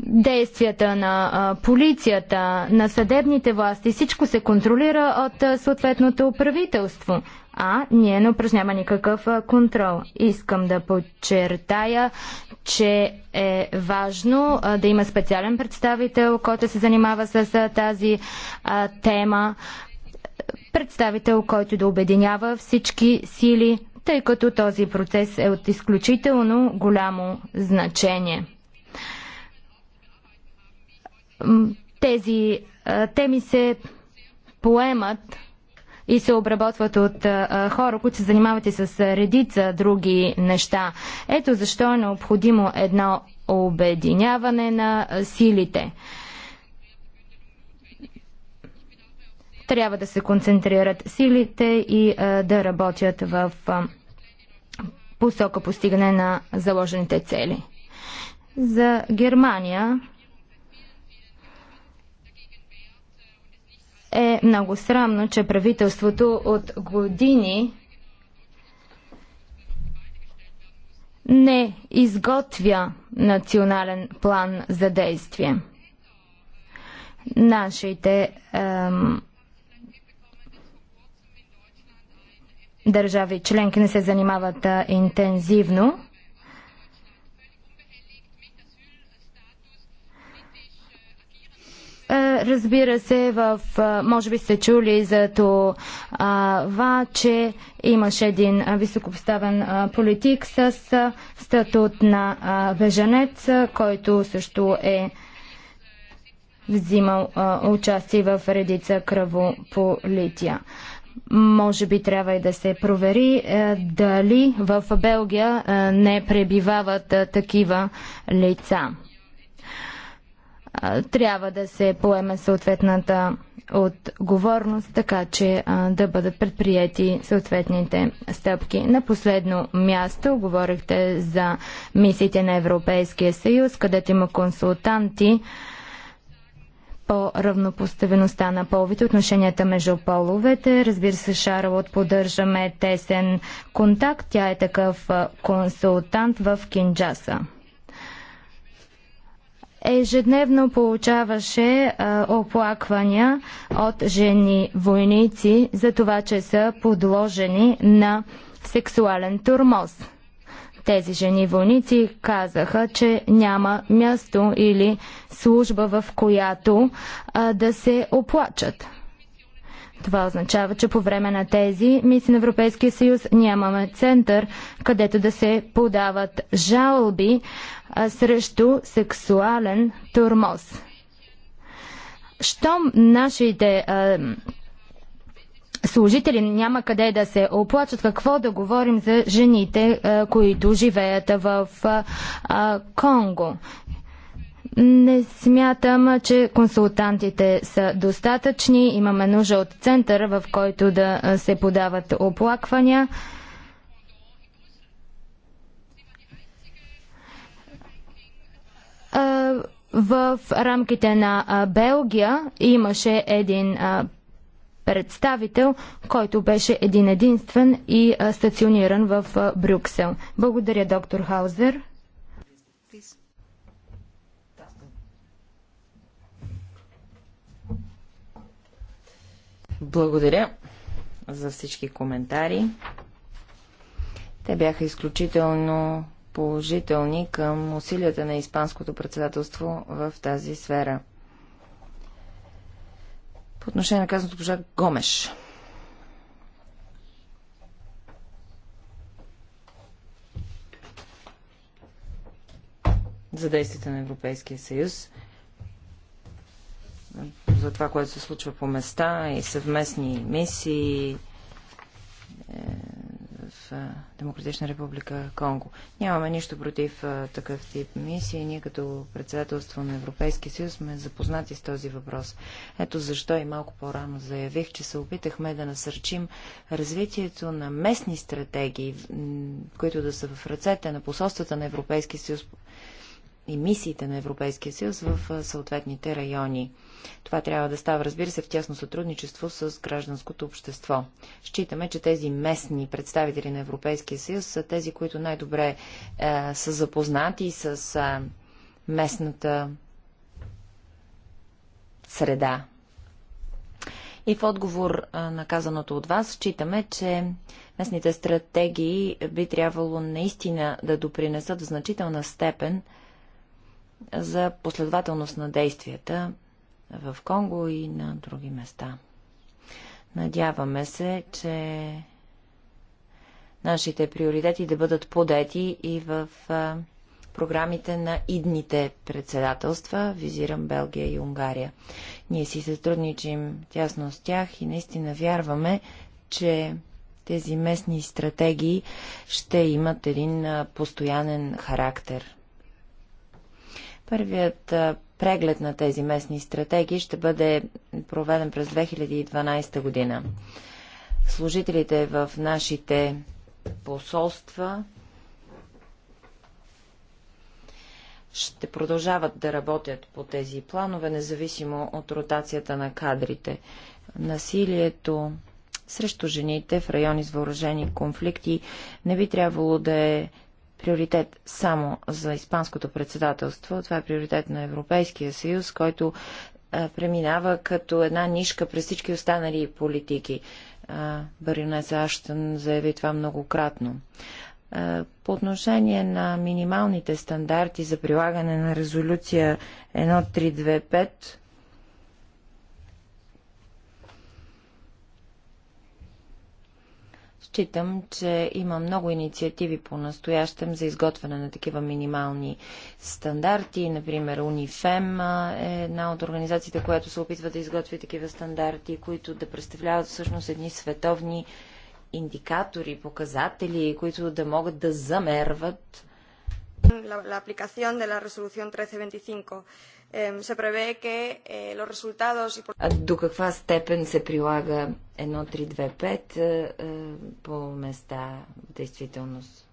действията на полицията, на съдебните власти, всичко се контролира от съответното правителство, а ние не упражняваме никакъв контрол. Искам да подчертая, че е важно да има специален представител, който се занимава с тази тема, представител, който да обединява всички сили, тъй като този процес е от изключително голямо значение. Тези теми се поемат и се обработват от хора, които се занимават и с редица други неща. Ето защо е необходимо едно обединяване на силите. Трябва да се концентрират силите и да работят в посока постигане на заложените цели. За Германия е много срамно, че правителството от години не изготвя национален план за действие. Нашите ем, държави членки не се занимават а, интензивно Разбира се, в, може би сте чули за това, че имаше един високопоставен политик с статут на беженец, който също е взимал участие в редица кръвополития. Може би трябва и да се провери е, дали в Белгия е, не пребивават е, такива лица трябва да се поеме съответната отговорност, така че а, да бъдат предприяти съответните стъпки. На последно място говорихте за мисиите на Европейския съюз, където има консултанти по равнопоставеността на половите, отношенията между половете. Разбира се, Шарлот поддържаме тесен контакт. Тя е такъв консултант в Кинджаса. Ежедневно получаваше а, оплаквания от жени войници за това, че са подложени на сексуален турмоз. Тези жени войници казаха, че няма място или служба, в която а, да се оплачат. Това означава, че по време на тези мисии на Европейския съюз нямаме център, където да се подават жалби а, срещу сексуален турмоз. Щом нашите а, служители няма къде да се оплачат, какво да говорим за жените, които живеят в Конго. Не смятам, че консултантите са достатъчни. Имаме нужда от център, в който да се подават оплаквания. В рамките на Белгия имаше един представител, който беше един единствен и стациониран в Брюксел. Благодаря, доктор Хаузер. Благодаря за всички коментари. Те бяха изключително положителни към усилията на Испанското председателство в тази сфера. По отношение на казаното госпожа Гомеш. за действията на Европейския съюз за това, което се случва по места и съвместни мисии е, в Демократична република Конго. Нямаме нищо против такъв тип мисии. Ние като председателство на Европейския съюз сме запознати с този въпрос. Ето защо и малко по-рано заявих, че се опитахме да насърчим развитието на местни стратегии, които да са в ръцете на посолствата на Европейския съюз и мисиите на Европейския съюз в съответните райони. Това трябва да става, разбира се, в тясно сътрудничество с гражданското общество. Считаме, че тези местни представители на Европейския съюз са тези, които най-добре е, са запознати с е, местната среда. И в отговор е, на казаното от вас, считаме, че местните стратегии би трябвало наистина да допринесат в значителна степен за последователност на действията в Конго и на други места. Надяваме се, че нашите приоритети да бъдат подети и в програмите на идните председателства, визирам Белгия и Унгария. Ние си сътрудничим тясно с тях и наистина вярваме, че тези местни стратегии ще имат един постоянен характер. Първият Преглед на тези местни стратегии ще бъде проведен през 2012 година. Служителите в нашите посолства ще продължават да работят по тези планове, независимо от ротацията на кадрите. Насилието срещу жените в райони с въоръжени конфликти не би трябвало да е приоритет само за Испанското председателство, това е приоритет на Европейския съюз, който преминава като една нишка през всички останали политики. Баринеса Аштън заяви това многократно. По отношение на минималните стандарти за прилагане на резолюция 1325, Считам, че има много инициативи по настоящем за изготвяне на такива минимални стандарти. Например, Унифем е една от организациите, която се опитва да изготви такива стандарти, които да представляват всъщност едни световни индикатори, показатели, които да могат да замерват la, la aplicación de la resolución 1325 се преве que eh, los resultados и... До каква степен се прилага 1325 е, е, по места в действителност?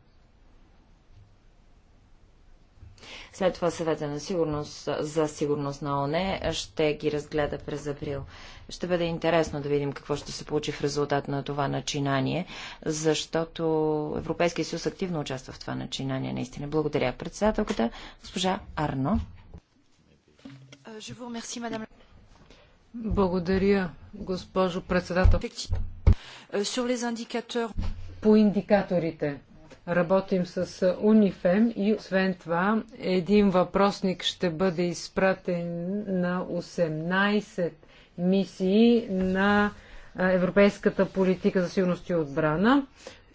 След това съвета на сигурност, за сигурност на ОНЕ ще ги разгледа през април. Ще бъде интересно да видим какво ще се получи в резултат на това начинание, защото Европейския съюз активно участва в това начинание, наистина. Благодаря председателката, госпожа Арно. Благодаря, госпожо председател. По индикаторите работим с Унифем и освен това един въпросник ще бъде изпратен на 18 мисии на Европейската политика за сигурност и отбрана.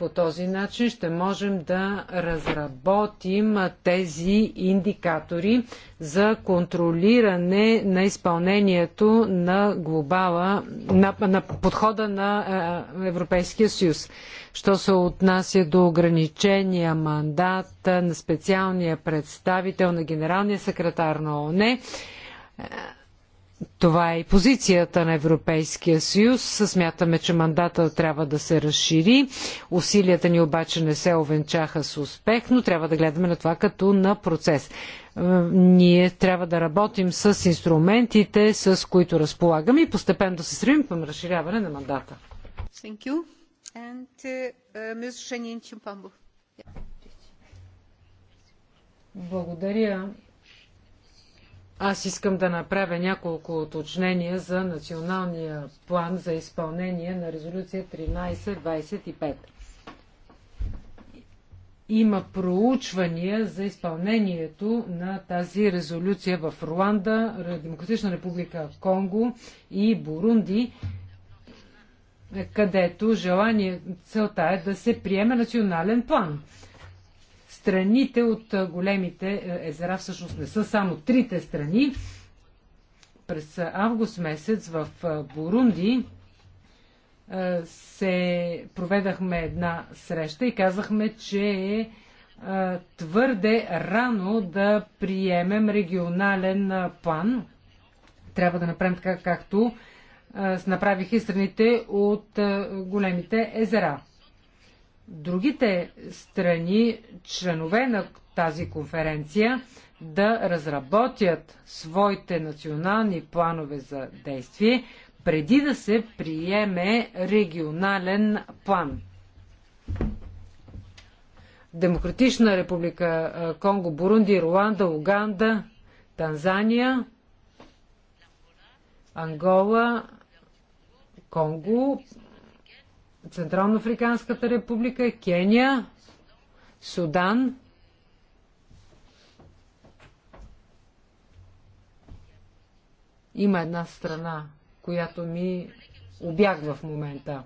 По този начин ще можем да разработим тези индикатори за контролиране на изпълнението на глобала, на, на подхода на Европейския съюз. Що се отнася до ограничения мандат на специалния представител на генералния секретар на ОНЕ, това е и позицията на Европейския съюз. Смятаме, че мандата трябва да се разшири. Усилията ни обаче не се овенчаха с успех, но трябва да гледаме на това като на процес. Е, ние трябва да работим с инструментите, с които разполагаме и постепенно да се стремим към разширяване на мандата. Uh, uh, Благодаря, аз искам да направя няколко уточнения за националния план за изпълнение на резолюция 1325. Има проучвания за изпълнението на тази резолюция в Руанда, Демократична република Конго и Бурунди, където желание, целта е да се приеме национален план страните от големите е, езера, всъщност не са само трите страни. През август месец в Бурунди се проведахме една среща и казахме, че е твърде рано да приемем регионален план. Трябва да направим така, както направиха и страните от големите езера другите страни, членове на тази конференция, да разработят своите национални планове за действие, преди да се приеме регионален план. Демократична република Конго, Бурунди, Руанда, Уганда, Танзания, Ангола, Конго, Централноафриканската република, Кения, Судан. Има една страна, която ми обягва в момента.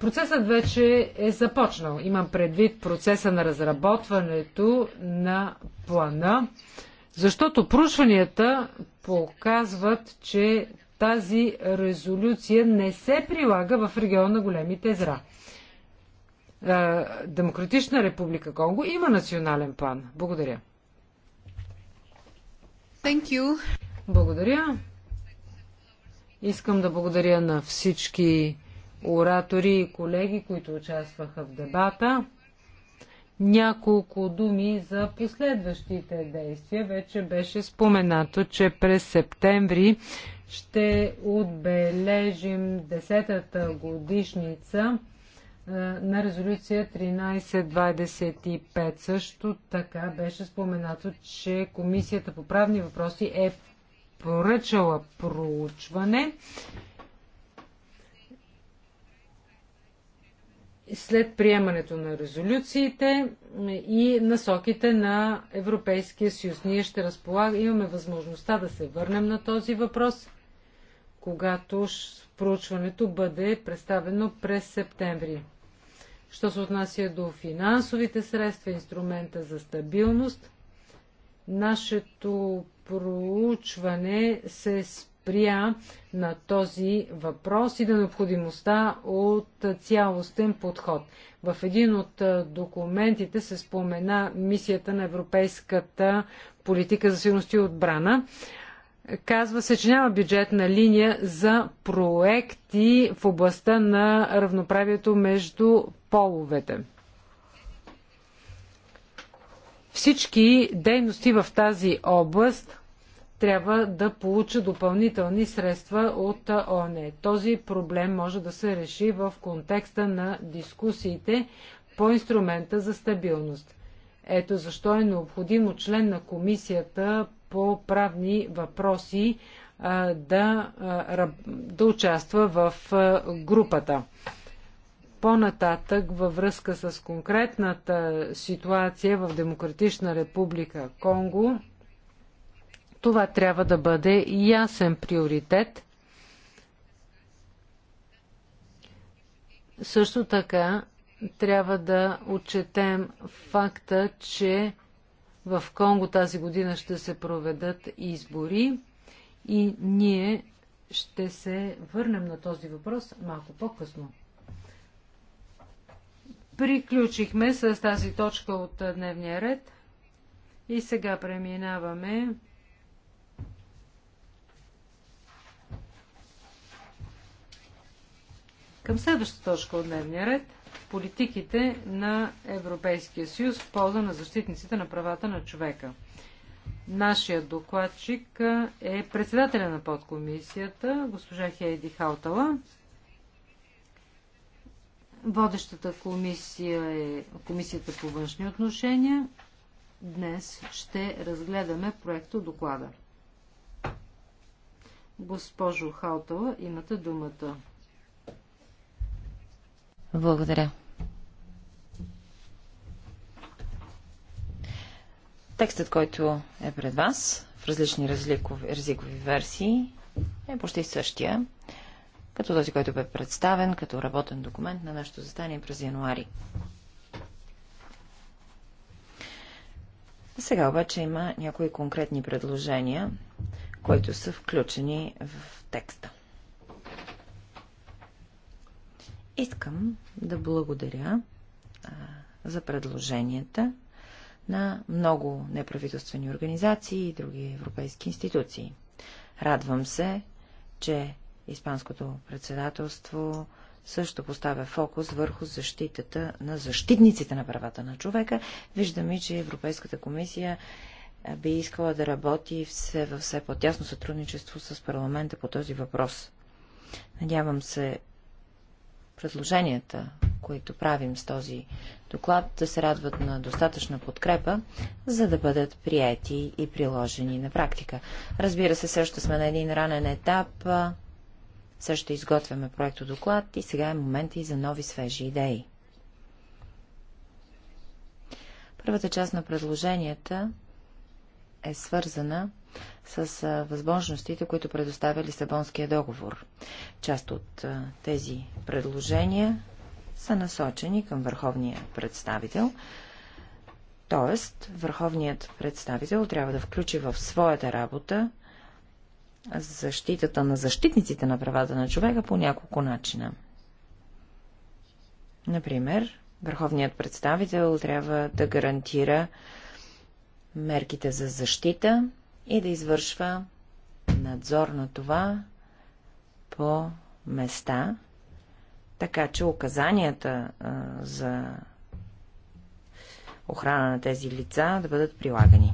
Процесът вече е започнал. Имам предвид процеса на разработването на плана, защото проучванията показват, че тази резолюция не се прилага в региона на големите езера. Демократична република Конго има национален план. Благодаря. Thank you. Благодаря. Искам да благодаря на всички оратори и колеги, които участваха в дебата. Няколко думи за последващите действия. Вече беше споменато, че през септември ще отбележим 10-та годишница на резолюция 1325. Също така беше споменато, че Комисията по правни въпроси е поръчала проучване след приемането на резолюциите и насоките на Европейския съюз. Ние ще разполагаме, имаме възможността да се върнем на този въпрос, когато проучването бъде представено през септември. Що се отнася до финансовите средства, инструмента за стабилност, нашето проучване се спира спря на този въпрос и на необходимостта от цялостен подход. В един от документите се спомена мисията на европейската политика за сигурност и отбрана. Казва се, че няма бюджетна линия за проекти в областта на равноправието между половете. Всички дейности в тази област трябва да получи допълнителни средства от ОНЕ. Този проблем може да се реши в контекста на дискусиите по инструмента за стабилност. Ето защо е необходимо член на комисията по правни въпроси а, да, а, да участва в а, групата. По-нататък, във връзка с конкретната ситуация в Демократична република Конго, това трябва да бъде ясен приоритет. Също така трябва да отчетем факта, че в Конго тази година ще се проведат избори и ние ще се върнем на този въпрос малко по-късно. Приключихме с тази точка от дневния ред и сега преминаваме Към следващата точка от дневния ред – политиките на Европейския съюз в полза на защитниците на правата на човека. Нашия докладчик е председателя на подкомисията, госпожа Хейди Хаутала. Водещата комисия е Комисията по външни отношения. Днес ще разгледаме проекто доклада. Госпожо Халтала, имате думата. Благодаря. Текстът, който е пред вас, в различни езикови версии, е почти същия, като този, който бе представен като работен документ на нашето застание през януари. Сега обаче има някои конкретни предложения, които са включени в текста. Искам да благодаря а, за предложенията на много неправителствени организации и други европейски институции. Радвам се, че Испанското председателство също поставя фокус върху защитата на защитниците на правата на човека. Виждаме, че Европейската комисия би искала да работи все, във все по-тясно сътрудничество с парламента по този въпрос. Надявам се предложенията, които правим с този доклад, да се радват на достатъчна подкрепа, за да бъдат приети и приложени на практика. Разбира се, също сме на един ранен етап, също изготвяме проекто доклад и сега е момента и за нови свежи идеи. Първата част на предложенията е свързана с възможностите, които предоставя Лисабонския договор. Част от тези предложения са насочени към върховния представител. Тоест, върховният представител трябва да включи в своята работа защитата на защитниците на правата на човека по няколко начина. Например, върховният представител трябва да гарантира мерките за защита и да извършва надзор на това по места, така че указанията а, за охрана на тези лица да бъдат прилагани.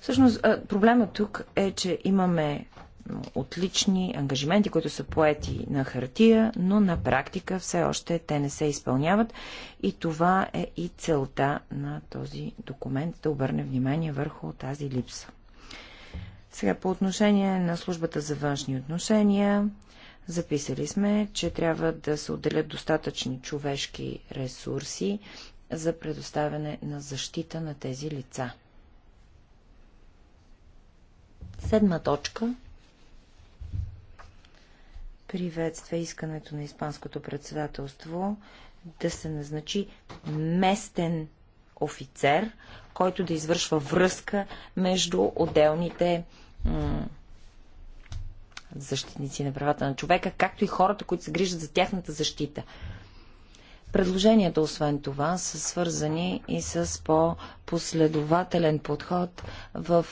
Всъщност, проблема тук е, че имаме отлични ангажименти, които са поети на хартия, но на практика все още те не се изпълняват и това е и целта на този документ, да обърне внимание върху тази липса. Сега по отношение на службата за външни отношения, записали сме, че трябва да се отделят достатъчни човешки ресурси за предоставяне на защита на тези лица. Седма точка приветства искането на Испанското председателство да се назначи местен офицер, който да извършва връзка между отделните защитници на правата на човека, както и хората, които се грижат за тяхната защита. Предложенията, освен това, са свързани и с по-последователен подход в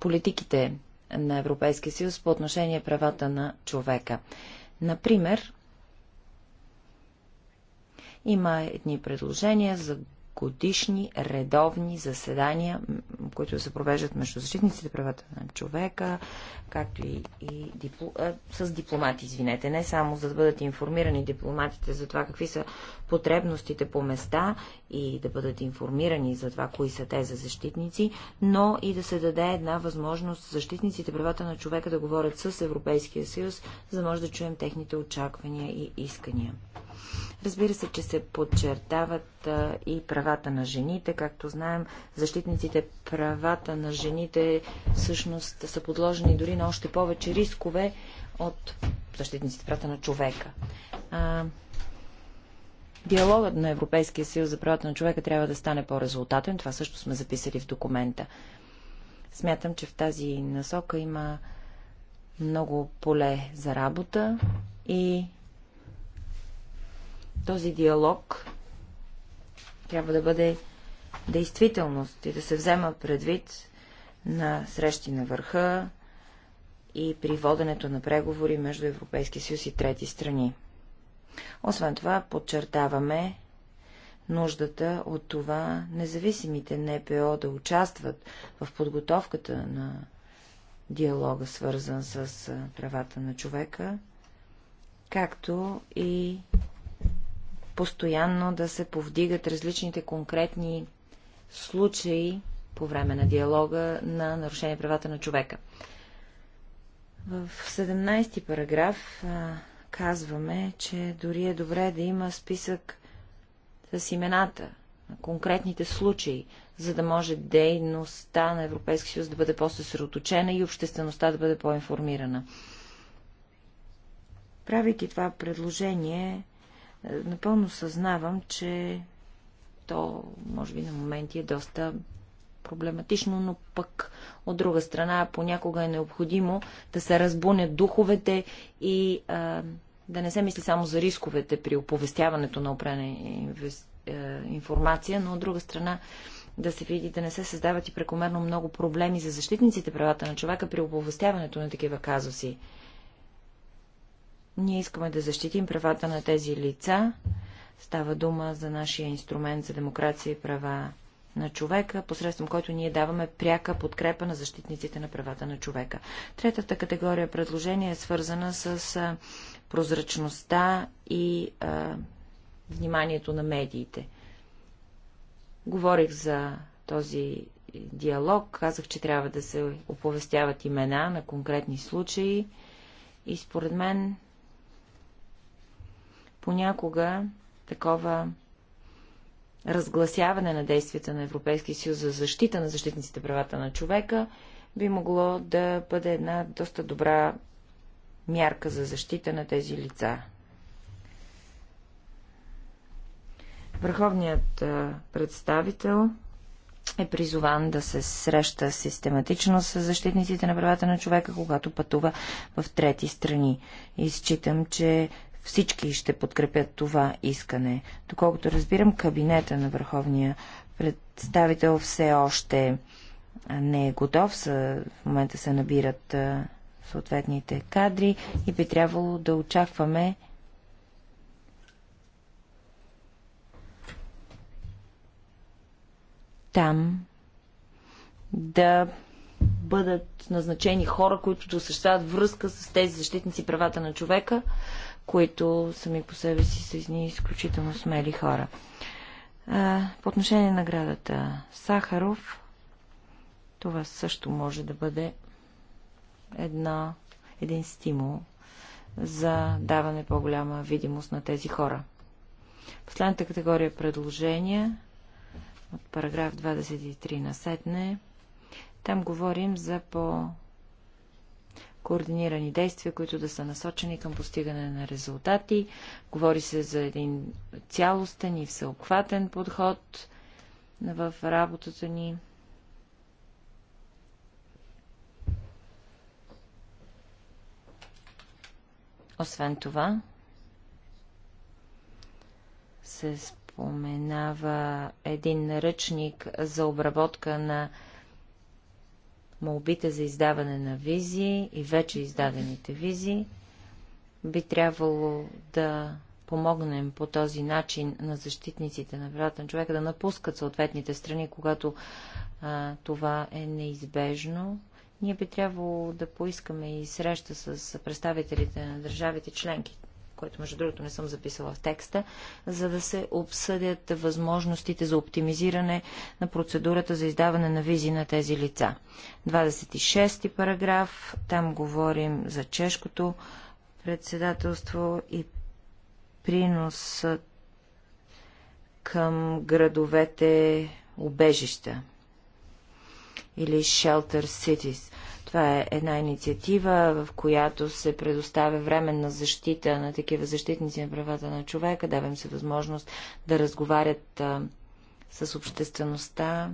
политиките на Европейския съюз по отношение правата на човека. Например, има едни предложения за годишни редовни заседания, които се провеждат между защитниците правата на човека, както и, и дипло... с дипломати, извинете, не само за да бъдат информирани дипломатите за това какви са потребностите по места и да бъдат информирани за това, кои са те за защитници, но и да се даде една възможност защитниците правата на човека да говорят с Европейския съюз, за да може да чуем техните очаквания и искания. Разбира се, че се подчертават а, и правата на жените. Както знаем, защитниците правата на жените всъщност са подложени дори на още повече рискове от защитниците правата на човека. А, Диалогът на Европейския съюз за правата на човека трябва да стане по-резултатен. Това също сме записали в документа. Смятам, че в тази насока има много поле за работа и този диалог трябва да бъде действителност и да се взема предвид на срещи на върха и при воденето на преговори между Европейския съюз и трети страни. Освен това, подчертаваме нуждата от това независимите НПО да участват в подготовката на диалога, свързан с правата на човека, както и постоянно да се повдигат различните конкретни случаи по време на диалога на нарушение правата на човека. В 17 параграф казваме, че дори е добре да има списък с имената на конкретните случаи, за да може дейността на Европейския съюз да бъде по-съсредоточена и обществеността да бъде по-информирана. Правейки това предложение, е, напълно съзнавам, че то, може би, на моменти е доста проблематично, но пък от друга страна понякога е необходимо да се разбунят духовете и а, да не се мисли само за рисковете при оповестяването на опрена е, информация, но от друга страна да се види да не се създават и прекомерно много проблеми за защитниците правата на човека при оповестяването на такива казуси. Ние искаме да защитим правата на тези лица. Става дума за нашия инструмент за демокрация и права на човека, посредством който ние даваме пряка подкрепа на защитниците на правата на човека. Третата категория предложение е свързана с прозрачността и а, вниманието на медиите. Говорих за този диалог, казах, че трябва да се оповестяват имена на конкретни случаи и според мен понякога такова разгласяване на действията на Европейския съюз за защита на защитниците правата на човека би могло да бъде една доста добра мярка за защита на тези лица. Върховният представител е призован да се среща систематично с защитниците на правата на човека, когато пътува в трети страни. И считам, че всички ще подкрепят това искане. Доколкото разбирам, кабинета на Върховния представител все още не е готов. В момента се набират съответните кадри и би трябвало да очакваме там да бъдат назначени хора, които да осъществяват връзка с тези защитници правата на човека, които сами по себе си са изни изключително смели хора. По отношение на наградата Сахаров, това също може да бъде една, един стимул за даване по-голяма видимост на тези хора. Последната категория предложения от параграф 23 на сетне. Там говорим за по координирани действия, които да са насочени към постигане на резултати. Говори се за един цялостен и всеобхватен подход в работата ни. Освен това, се споменава един наръчник за обработка на молбите за издаване на визи и вече издадените визи. Би трябвало да помогнем по този начин на защитниците на правата на човека да напускат съответните страни, когато а, това е неизбежно. Ние би трябвало да поискаме и среща с представителите на държавите членки, което между другото не съм записала в текста, за да се обсъдят възможностите за оптимизиране на процедурата за издаване на визи на тези лица. 26 ти параграф, там говорим за чешкото председателство и принос към градовете убежища или Shelter Cities. Това е една инициатива, в която се предоставя временна защита на такива защитници на правата на човека. Дава им се възможност да разговарят а, с обществеността,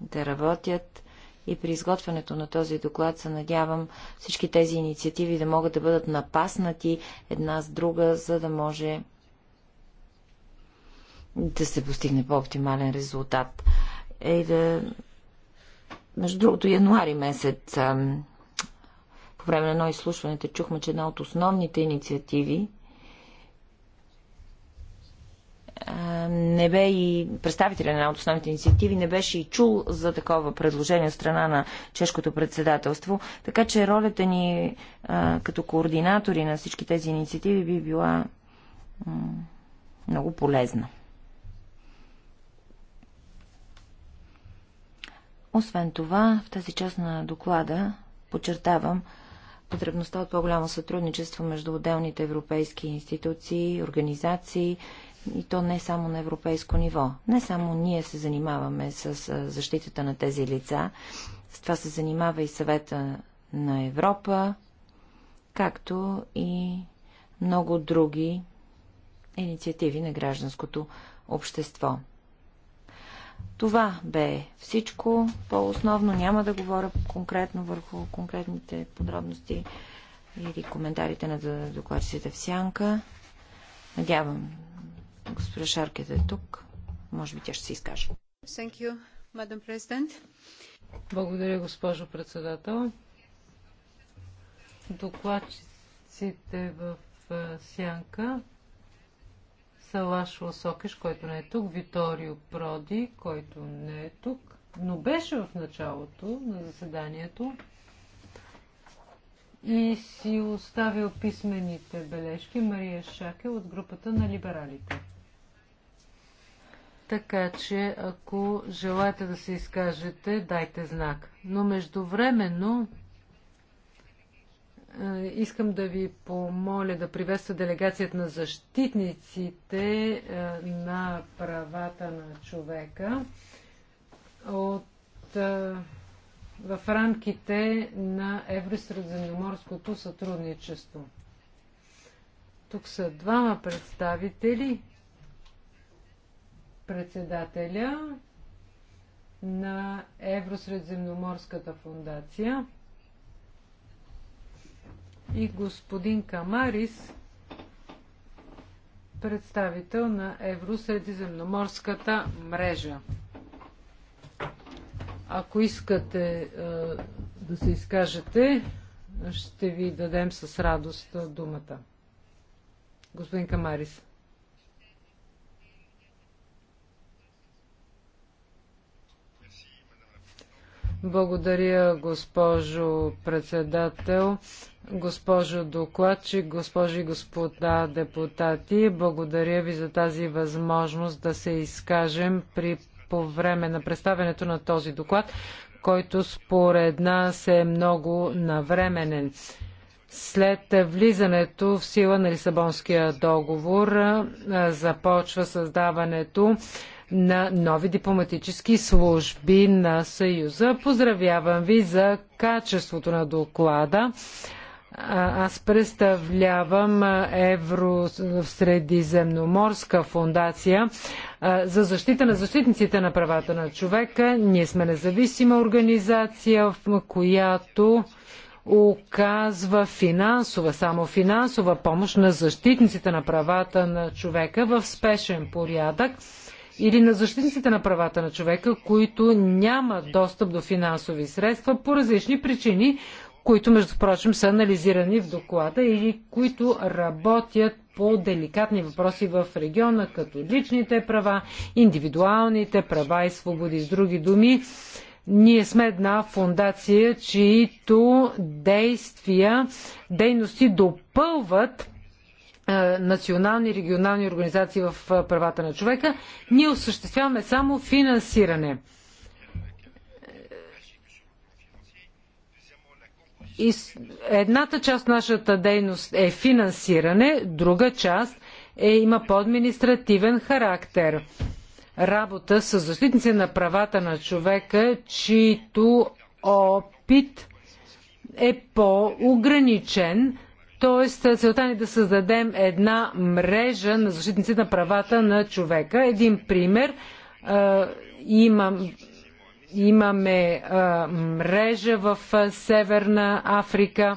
да работят. И при изготвянето на този доклад се надявам всички тези инициативи да могат да бъдат напаснати една с друга, за да може да се постигне по-оптимален резултат. и да между другото, януари месец по време на едно изслушване чухме, че една от основните инициативи не бе и представителя на една от основните инициативи не беше и чул за такова предложение от страна на чешкото председателство. Така че ролята ни а, като координатори на всички тези инициативи би била много полезна. Освен това, в тази част на доклада подчертавам потребността от по-голямо сътрудничество между отделните европейски институции, организации и то не само на европейско ниво. Не само ние се занимаваме с защитата на тези лица, с това се занимава и съвета на Европа, както и много други инициативи на гражданското общество. Това бе всичко. По-основно няма да говоря конкретно върху конкретните подробности или коментарите на докладчиците в сянка. Надявам, госпожа Шаркет е тук. Може би тя ще се изкаже. You, Благодаря, госпожо председател. Докладчиците в сянка Салаш Ласокеш, който не е тук, Виторио Проди, който не е тук, но беше в началото на заседанието и си оставил писмените бележки Мария Шакел от групата на либералите. Така че, ако желаете да се изкажете, дайте знак. Но междувременно е, искам да ви помоля да приветства делегацията на защитниците е, на правата на човека от, е, в рамките на Евросредземноморското сътрудничество. Тук са двама представители. Председателя на Евросредземноморската фундация и господин Камарис, представител на Евросредиземноморската мрежа. Ако искате е, да се изкажете, ще ви дадем с радост думата. Господин Камарис. Благодаря, госпожо председател госпожо докладчик, госпожи и господа депутати. Благодаря ви за тази възможност да се изкажем при, по време на представянето на този доклад, който според нас е много навременен. След влизането в сила на Лисабонския договор започва създаването на нови дипломатически служби на Съюза. Поздравявам ви за качеството на доклада. Аз представлявам Евросредиземноморска фундация за защита на защитниците на правата на човека. Ние сме независима организация, в която оказва финансова, само финансова помощ на защитниците на правата на човека в спешен порядък или на защитниците на правата на човека, които нямат достъп до финансови средства по различни причини, които, между прочим, са анализирани в доклада или които работят по деликатни въпроси в региона, като личните права, индивидуалните права и свободи. С други думи, ние сме една фундация, чието действия, дейности допълват национални и регионални организации в правата на човека. Ние осъществяваме само финансиране. едната част нашата дейност е финансиране, друга част е, има по-административен характер. Работа с защитници на правата на човека, чието опит е по-ограничен, т.е. целта ни е да създадем една мрежа на защитници на правата на човека. Един пример имам имаме мрежа в Северна Африка,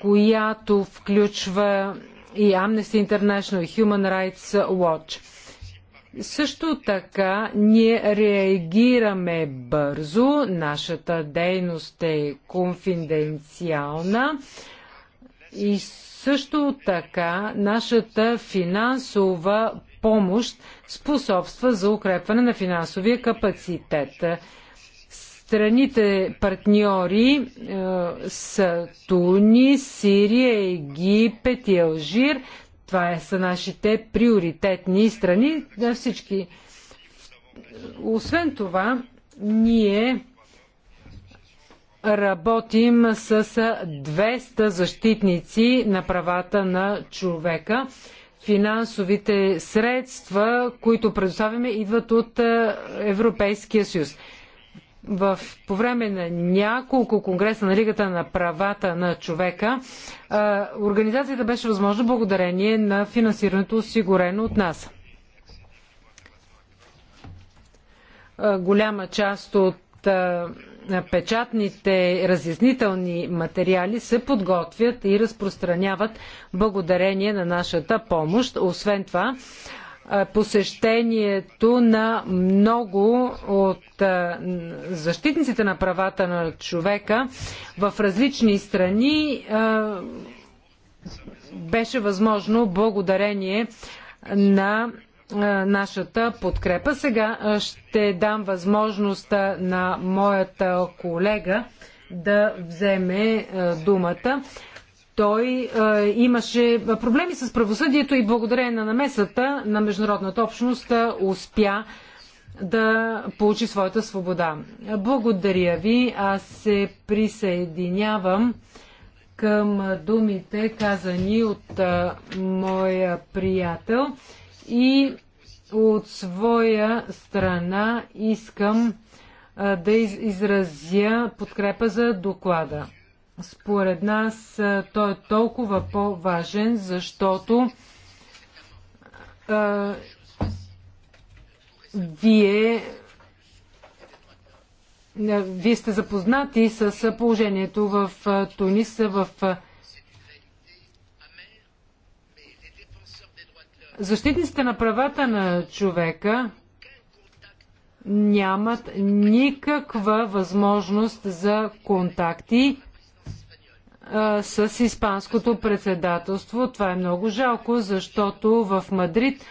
която включва и Amnesty International, и Human Rights Watch. Също така ние реагираме бързо, нашата дейност е конфиденциална и също така нашата финансова помощ способства за укрепване на финансовия капацитет. Страните партньори е, са Туни, Сирия, Египет и Алжир. Това е, са нашите приоритетни страни на всички. Освен това, ние работим с 200 защитници на правата на човека финансовите средства, които предоставяме, идват от е, Европейския съюз. В, по време на няколко конгреса на Лигата на правата на човека, а, е, организацията беше възможна благодарение на финансирането, осигурено от нас. А, е, голяма част от а, печатните разяснителни материали се подготвят и разпространяват благодарение на нашата помощ. Освен това, посещението на много от защитниците на правата на човека в различни страни беше възможно благодарение на е, нашата подкрепа. Сега е, ще дам възможността на моята колега да вземе е, думата. Той е, имаше проблеми с правосъдието и благодарение на намесата на международната общност успя да получи своята свобода. Благодаря ви. Аз се присъединявам към думите, казани от а, моя приятел и от своя страна искам да изразя подкрепа за доклада. Според нас той е толкова по-важен, защото а, вие, а, вие сте запознати с положението в Тунис, в Защитниците на правата на човека нямат никаква възможност за контакти а, с Испанското председателство. Това е много жалко, защото в Мадрид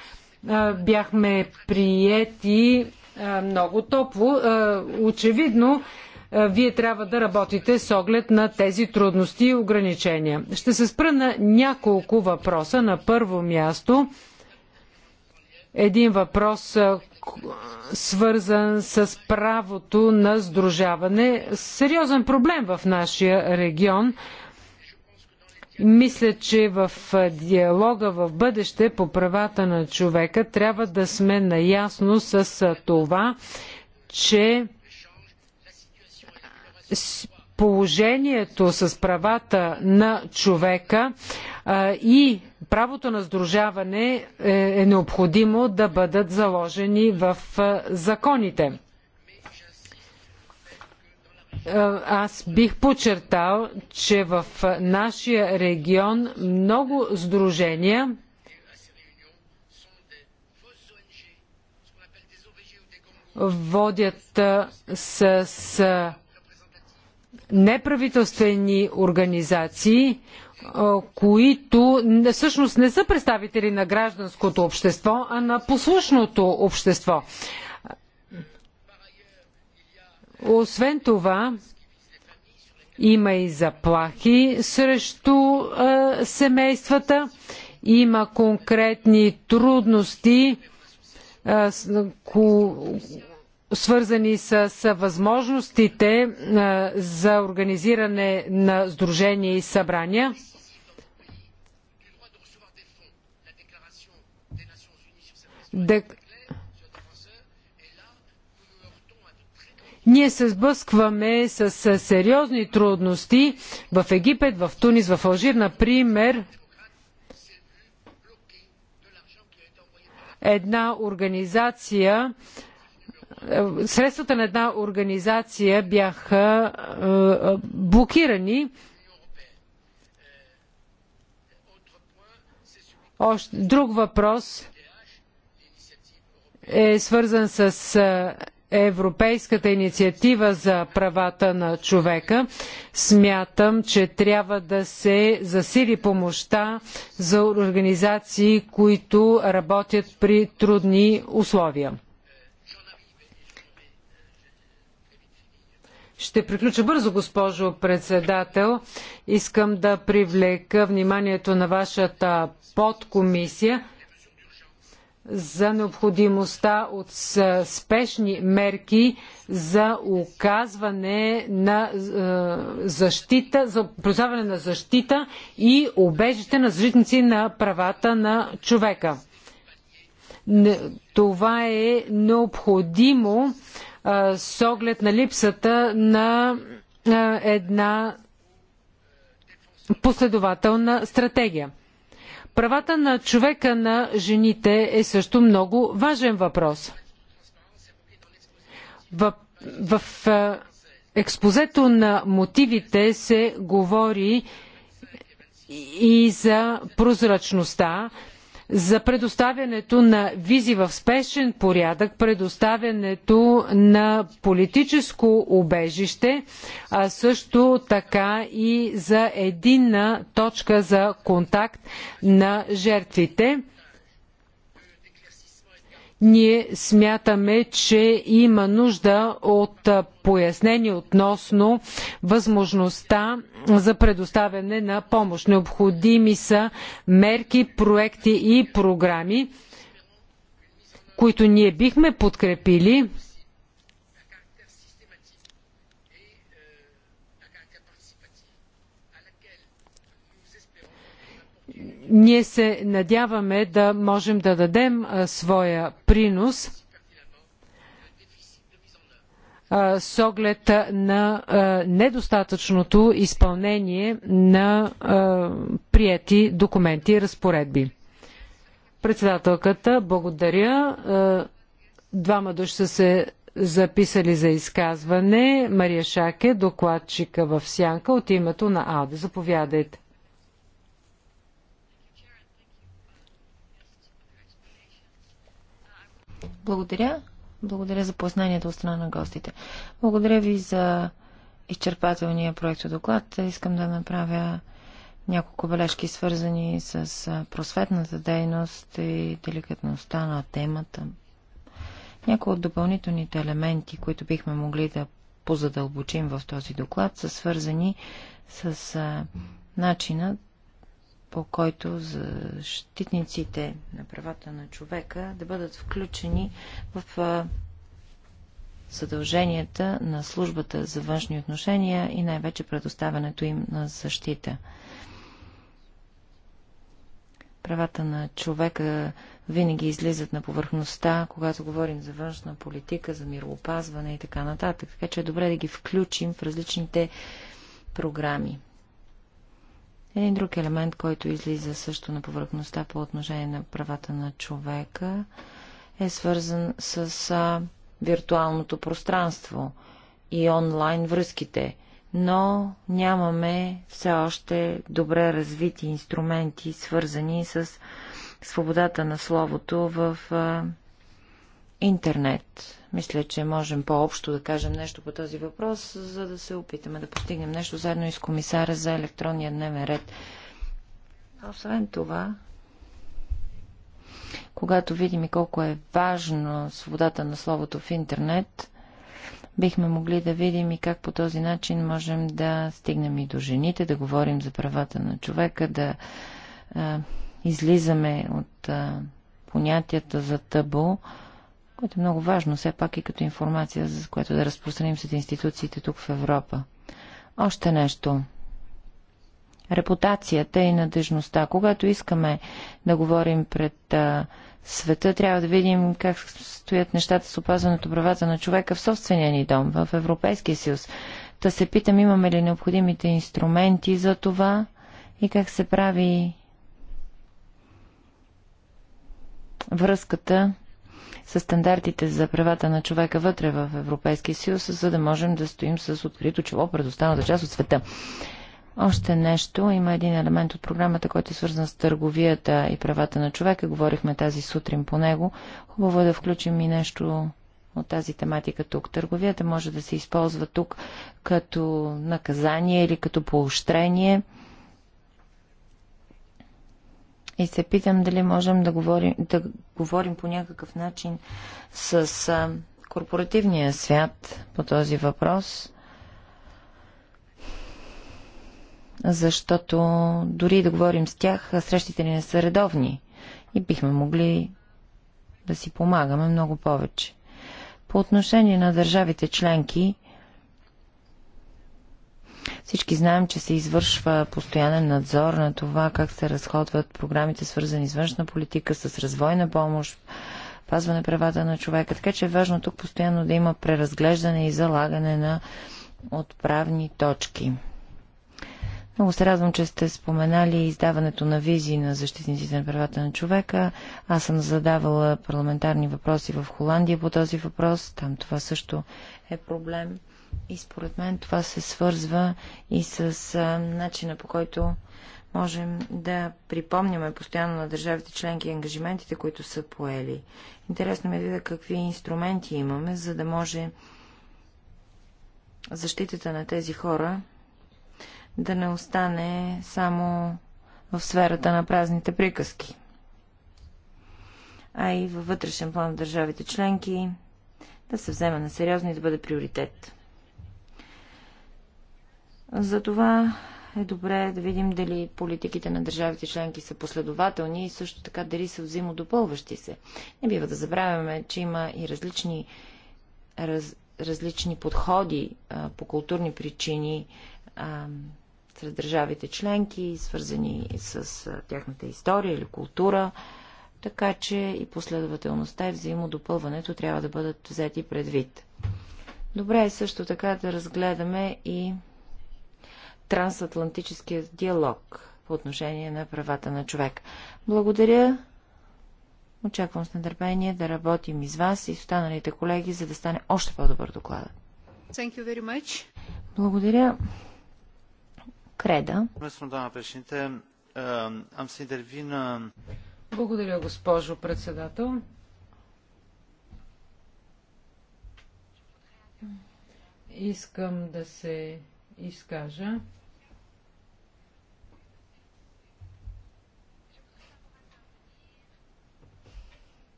а, бяхме приети а, много топло. Очевидно, вие трябва да работите с оглед на тези трудности и ограничения. Ще се спра на няколко въпроса. На първо място един въпрос, свързан с правото на сдружаване. Сериозен проблем в нашия регион. Мисля, че в диалога в бъдеще по правата на човека трябва да сме наясно с това, че положението с правата на човека и правото на сдружаване е, е необходимо да бъдат заложени в е, законите. Е, аз бих подчертал, че в нашия регион много сдружения водят с неправителствени организации, които всъщност не са представители на гражданското общество, а на послушното общество. Освен това, има и заплахи срещу е, семействата, има конкретни трудности, е, ко свързани с възможностите е, за организиране на сдружения и събрания. Ние се сблъскваме с сериозни трудности в Египет, в Тунис, в Алжир, например. Една организация, средствата на една организация бяха е, е, блокирани. Друг въпрос е свързан с е, Европейската инициатива за правата на човека. Смятам, че трябва да се засили помощта за организации, които работят при трудни условия. Ще приключа бързо, госпожо председател. Искам да привлека вниманието на вашата подкомисия за необходимостта от спешни мерки за оказване на е, защита, за предоставяне на защита и обежище на защитници на правата на човека. това е необходимо с оглед на липсата на една последователна стратегия. Правата на човека на жените е също много важен въпрос. В, в експозето на мотивите се говори и за прозрачността, за предоставянето на визи в спешен порядък, предоставянето на политическо убежище, а също така и за единна точка за контакт на жертвите ние смятаме, че има нужда от пояснение относно възможността за предоставяне на помощ. Необходими са мерки, проекти и програми, които ние бихме подкрепили Ние се надяваме да можем да дадем своя принос с оглед на недостатъчното изпълнение на прияти документи и разпоредби. Председателката, благодаря. Двама души са се записали за изказване. Мария Шаке, докладчика в Сянка от името на АЛДЕ. Заповядайте. Благодаря. Благодаря за познанието от страна на гостите. Благодаря ви за изчерпателния проект доклад. Искам да направя няколко бележки, свързани с просветната дейност и деликатността на темата. Някои от допълнителните елементи, които бихме могли да позадълбочим в този доклад, са свързани с начинът по който защитниците на правата на човека да бъдат включени в задълженията на службата за външни отношения и най-вече предоставянето им на защита. Правата на човека винаги излизат на повърхността, когато говорим за външна политика, за мироопазване и така нататък. Така че е добре да ги включим в различните програми. Един друг елемент, който излиза също на повърхността по отношение на правата на човека, е свързан с а, виртуалното пространство и онлайн връзките, но нямаме все още добре развити инструменти, свързани с свободата на словото в а, интернет. Мисля, че можем по-общо да кажем нещо по този въпрос, за да се опитаме да постигнем нещо заедно и с комисара за електронния дневен ред. освен това, когато видим и колко е важно свободата на словото в интернет, бихме могли да видим и как по този начин можем да стигнем и до жените, да говорим за правата на човека, да а, излизаме от а, понятията за табу, което е много важно, все пак и като информация, за което да разпространим след институциите тук в Европа. Още нещо. Репутацията и надежността. Когато искаме да говорим пред а, света, трябва да видим как стоят нещата с опазването правата на човека в собствения ни дом, в Европейския съюз. Та се питам, имаме ли необходимите инструменти за това и как се прави връзката с стандартите за правата на човека вътре в Европейския съюз, за да можем да стоим с открито чело пред останалата част от света. Още нещо. Има един елемент от програмата, който е свързан с търговията и правата на човека. Говорихме тази сутрин по него. Хубаво е да включим и нещо от тази тематика тук. Търговията може да се използва тук като наказание или като поощрение и се питам дали можем да говорим, да говорим по някакъв начин с а, корпоративния свят по този въпрос, защото дори да говорим с тях, срещите ни не са редовни и бихме могли да си помагаме много повече. По отношение на държавите членки, всички знаем, че се извършва постоянен надзор на това как се разходват програмите, свързани с външна политика, с развойна помощ, пазване правата на човека. Така че е важно тук постоянно да има преразглеждане и залагане на отправни точки. Много се радвам, че сте споменали издаването на визи на защитниците на правата на човека. Аз съм задавала парламентарни въпроси в Холандия по този въпрос. Там това също е проблем. И според мен това се свързва и с а, начина по който можем да припомняме постоянно на държавите членки ангажиментите, които са поели. Интересно ми е да какви инструменти имаме, за да може защитата на тези хора да не остане само в сферата на празните приказки, а и във вътрешен план в държавите членки да се вземе на сериозно и да бъде приоритет. Затова е добре да видим дали политиките на държавите членки са последователни и също така дали са взаимодопълващи се. Не бива да забравяме, че има и различни, раз, различни подходи а, по културни причини а, сред държавите членки, свързани с а, тяхната история или култура. Така че и последователността и взаимодопълването трябва да бъдат взети предвид. Добре е също така да разгледаме и трансатлантическия диалог по отношение на правата на човек. Благодаря. Очаквам с нетърпение да работим и с вас и с останалите колеги, за да стане още по-добър доклад. Благодаря. Креда. Благодаря, госпожо председател. Искам да се изкажа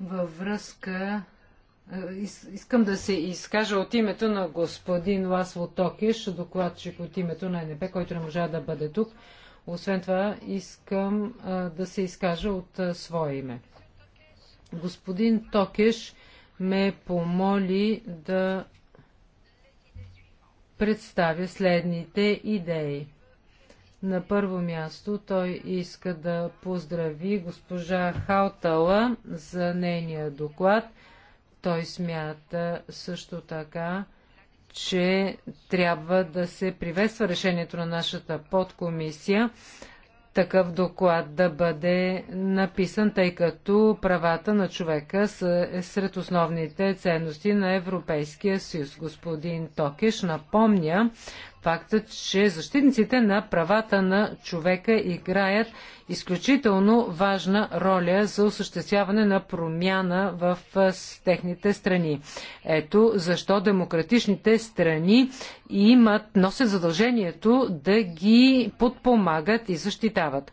във връзка. Е, искам да се изкажа от името на господин Ласло Токиш, докладчик от името на НБ, който не можа да бъде тук. Освен това, искам е, да се изкажа от е, свое име. Господин Токиш ме помоли да представя следните идеи. На първо място той иска да поздрави госпожа Хаутала за нейния доклад. Той смята също така, че трябва да се приветства решението на нашата подкомисия такъв доклад да бъде написан, тъй като правата на човека са сред основните ценности на Европейския съюз. Господин Токеш, напомня факта, че защитниците на правата на човека играят изключително важна роля за осъществяване на промяна в техните страни. Ето защо демократичните страни имат, носят задължението да ги подпомагат и защитават.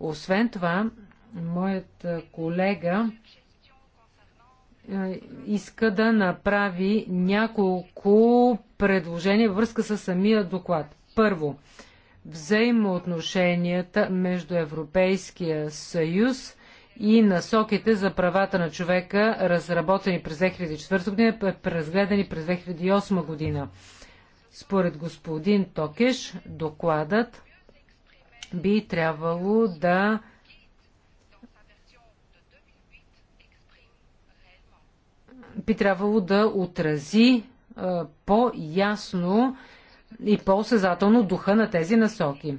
Освен това, моят колега е, иска да направи няколко предложения във връзка с самия доклад. Първо, взаимоотношенията между Европейския съюз и насоките за правата на човека, разработени през 2004 година, преразгледани през 2008 година. Според господин Токеш, докладът би трябвало да би трябвало да отрази е, по-ясно и по съзнателно духа на тези насоки.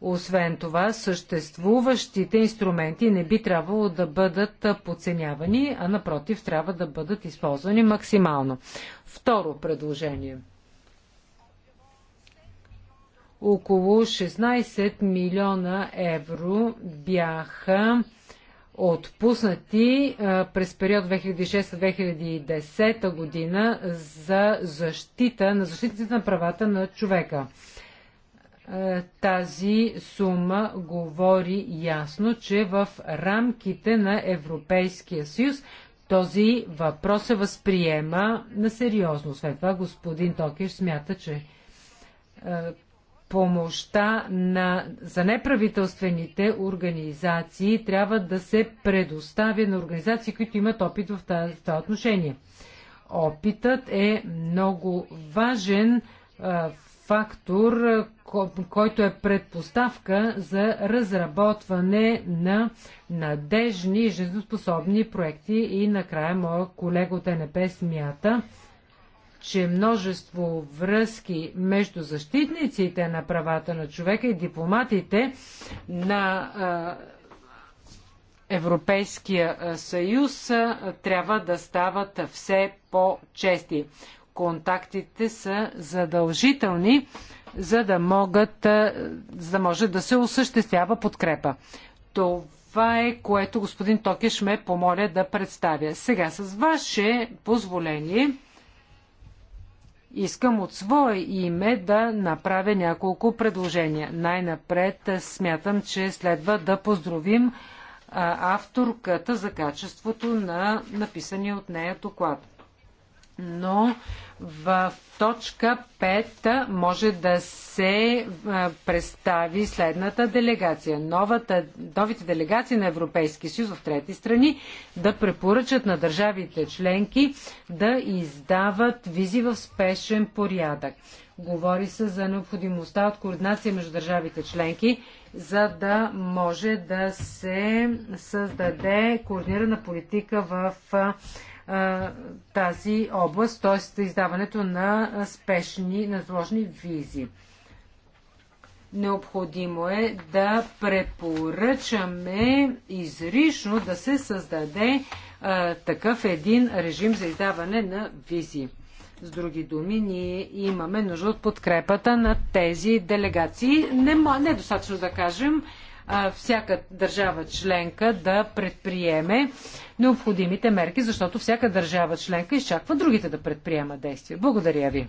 Освен това, съществуващите инструменти не би трябвало да бъдат подценявани, а напротив, трябва да бъдат използвани максимално. Второ предложение. Около 16 милиона евро бяха отпуснати през период 2006-2010 година за защита на защитите на правата на човека. Тази сума говори ясно, че в рамките на Европейския съюз този въпрос се възприема на сериозно. След това господин Токиш смята, че помощта на, за неправителствените организации трябва да се предоставя на организации, които имат опит в това, отношение. Опитът е много важен фактор, който е предпоставка за разработване на надежни и жизнеспособни проекти. И накрая моя колега от НП смята, че множество връзки между защитниците на правата на човека и дипломатите на Европейския съюз трябва да стават все по-чести. Контактите са задължителни, за да, могат, за да може да се осъществява подкрепа. Това е което господин Токеш ме помоля да представя. Сега с ваше позволение Искам от свое име да направя няколко предложения. Най-напред е, смятам, че следва да поздравим е, авторката за качеството на написания от нея доклад. Но в точка 5 може да се представи следната делегация. Новата, новите делегации на Европейския съюз в трети страни да препоръчат на държавите членки да издават визи в спешен порядък. Говори се за необходимостта от координация между държавите членки, за да може да се създаде координирана политика в тази област, т.е. издаването на спешни, назложни визи. Необходимо е да препоръчаме изрично да се създаде а, такъв един режим за издаване на визи. С други думи, ние имаме нужда от подкрепата на тези делегации. Не, не е достатъчно да кажем а, всяка държава членка да предприеме необходимите мерки, защото всяка държава членка изчаква другите да предприема действия. Благодаря ви.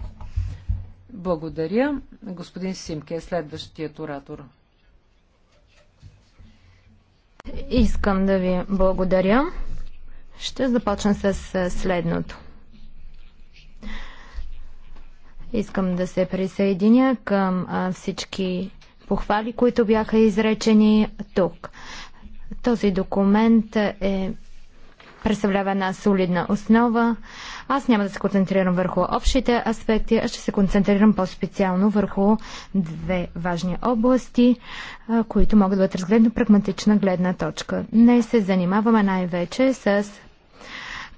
Благодаря. Господин Симке е следващият оратор. Искам да ви благодаря. Ще започна с следното. Искам да се присъединя към всички похвали, които бяха изречени тук. Този документ е представлява една солидна основа. Аз няма да се концентрирам върху общите аспекти, а ще се концентрирам по-специално върху две важни области, които могат да бъдат разгледани прагматична гледна точка. Днес се занимаваме най-вече с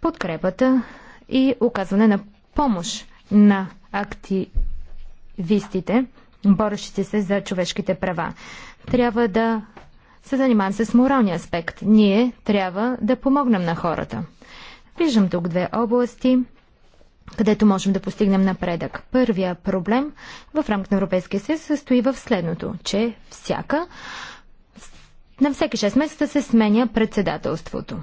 подкрепата и оказване на помощ на активистите, борещите се за човешките права. Трябва да се занимавам с моралния аспект. Ние трябва да помогнем на хората. Виждам тук две области, където можем да постигнем напредък. Първия проблем в рамките на Европейския съюз състои в следното, че всяка на всеки 6 месеца се сменя председателството.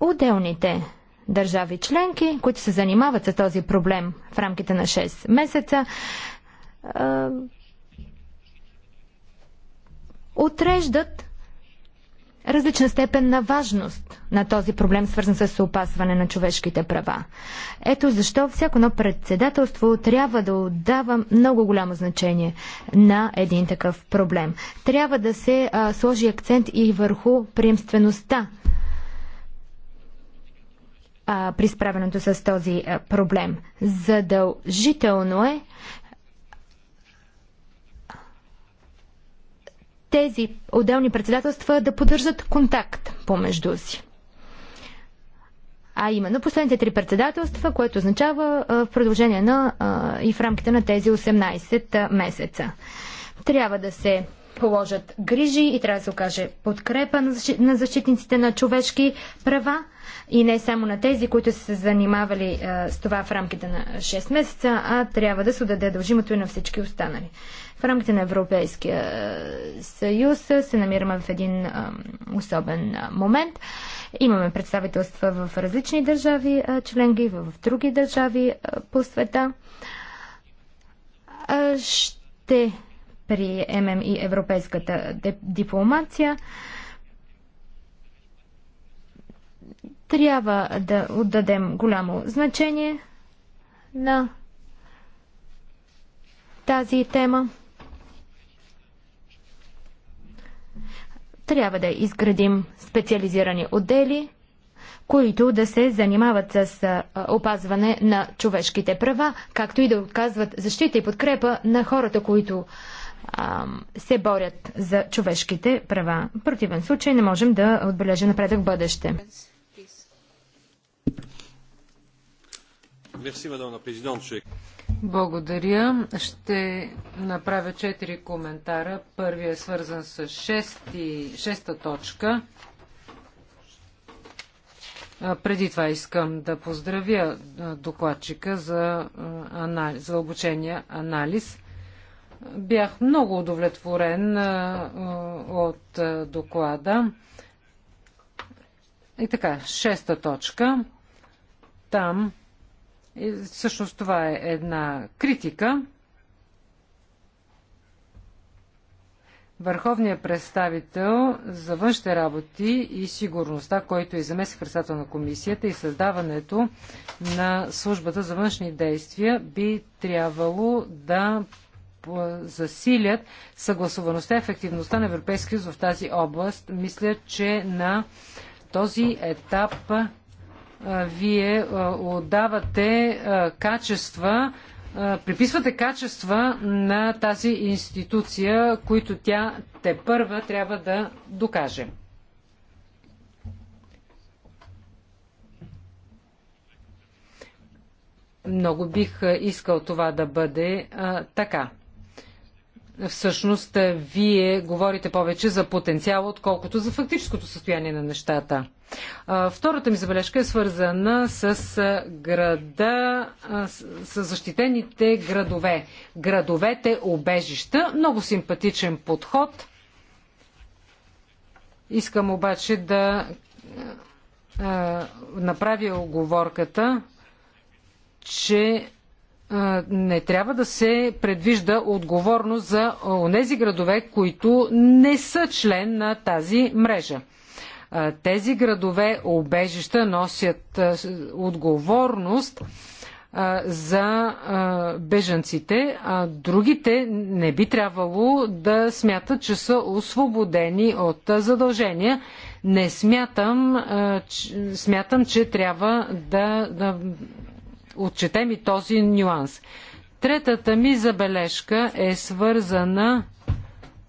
Отделните държави членки, които се занимават с този проблем в рамките на 6 месеца, отреждат различна степен на важност на този проблем, свързан с опасване на човешките права. Ето защо всяко едно председателство трябва да отдава много голямо значение на един такъв проблем. Трябва да се а, сложи акцент и върху приемствеността а, при справянето с този а, проблем. Задължително е тези отделни председателства да поддържат контакт помежду си. А именно последните три председателства, което означава в продължение на и в рамките на тези 18 месеца. Трябва да се положат грижи и трябва да се окаже подкрепа на защитниците на човешки права – и не само на тези, които са се занимавали с това в рамките на 6 месеца, а трябва да се отдаде дължимото и на всички останали. В рамките на Европейския съюз се намираме в един особен момент. Имаме представителства в различни държави а, членки, в други държави по света. ще приемем и европейската дипломация. Трябва да отдадем голямо значение на тази тема. Трябва да изградим специализирани отдели, които да се занимават с опазване на човешките права, както и да отказват защита и подкрепа на хората, които се борят за човешките права. В противен случай не можем да отбележим напредък в бъдеще. Благодаря. Ще направя четири коментара. Първият е свързан с шести, шеста точка. Преди това искам да поздравя докладчика за анализ, задълбочения анализ. Бях много удовлетворен от доклада. И така, шеста точка там, всъщност това е една критика, Върховният представител за външните работи и сигурността, който е заместник председател на комисията и създаването на службата за външни действия би трябвало да засилят съгласуваността и ефективността на Европейския съюз в тази област. Мисля, че на този етап вие отдавате качества, приписвате качества на тази институция, които тя те първа трябва да докаже. Много бих искал това да бъде а, така всъщност е, вие говорите повече за потенциал, отколкото за фактическото състояние на нещата. Втората ми забележка е свързана с града, с защитените градове. Градовете обежища. Много симпатичен подход. Искам обаче да направя оговорката, че не трябва да се предвижда отговорност за тези градове, които не са член на тази мрежа. Тези градове обежища носят отговорност за бежанците, а другите не би трябвало да смятат, че са освободени от задължения. Не смятам, смятам, че трябва да, да отчетем и този нюанс. Третата ми забележка е свързана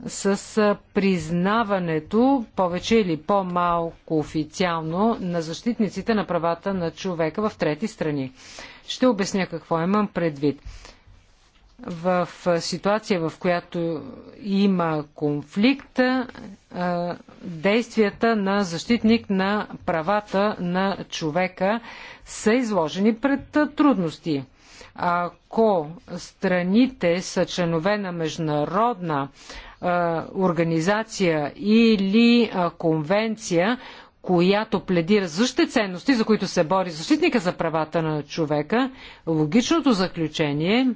с признаването, повече или по-малко официално, на защитниците на правата на човека в трети страни. Ще обясня какво имам предвид в ситуация, в която има конфликт, действията на защитник на правата на човека са изложени пред трудности. Ако страните са членове на международна организация или конвенция, която пледира същите ценности, за които се бори защитника за правата на човека, логичното заключение е,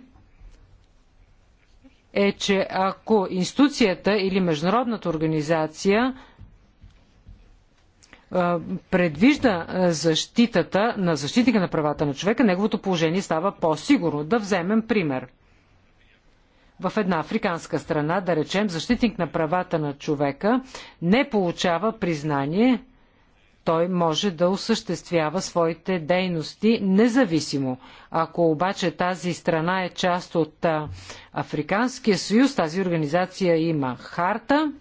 е, че ако институцията или международната организация предвижда защитата на защитника на правата на човека, неговото положение става по-сигурно. Да вземем пример. В една африканска страна, да речем, защитник на правата на човека не получава признание той може да осъществява своите дейности независимо. Ако обаче тази страна е част от Африканския съюз, тази организация има харта,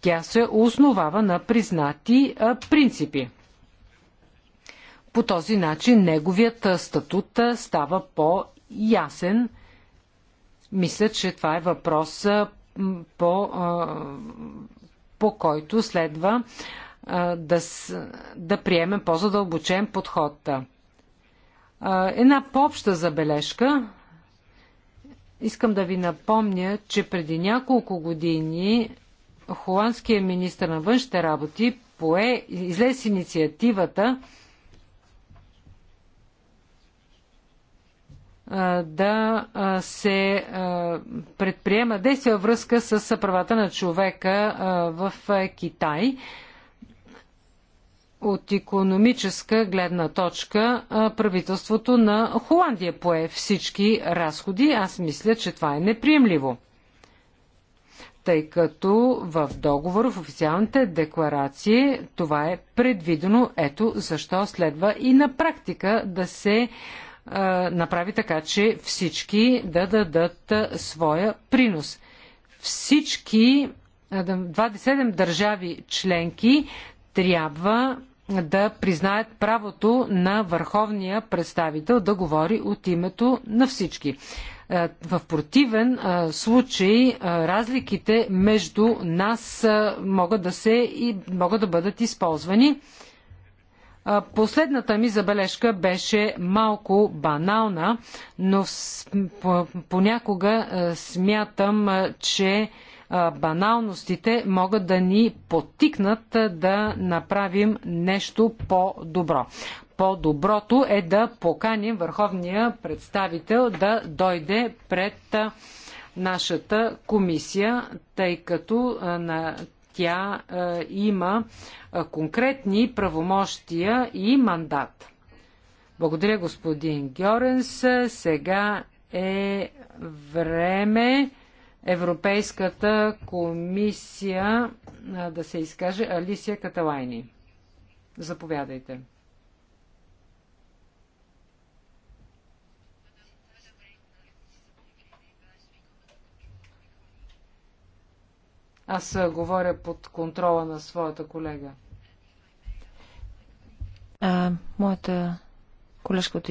тя се основава на признати принципи. По този начин неговият статут става по-ясен. Мисля, че това е въпрос по по който следва да, да приемем по-задълбочен подход. Една по-обща забележка. Искам да ви напомня, че преди няколко години холандският министр на външните работи пое, излез инициативата да се предприема действия връзка с правата на човека в Китай. От економическа гледна точка правителството на Холандия пое всички разходи. Аз мисля, че това е неприемливо. Тъй като в договор, в официалните декларации това е предвидено. Ето защо следва и на практика да се направи така, че всички да дадат своя принос. Всички 27 държави членки трябва да признаят правото на върховния представител да говори от името на всички. В противен случай разликите между нас могат да, се, могат да бъдат използвани Последната ми забележка беше малко банална, но понякога смятам, че баналностите могат да ни потикнат да направим нещо по-добро. По-доброто е да поканим върховния представител да дойде пред нашата комисия, тъй като на тя е, има е, конкретни правомощия и мандат. Благодаря, господин Гьоренс. Сега е време Европейската комисия е, да се изкаже Алисия Каталайни. Заповядайте. Аз говоря под контрола на своята колега. А, моята колежка от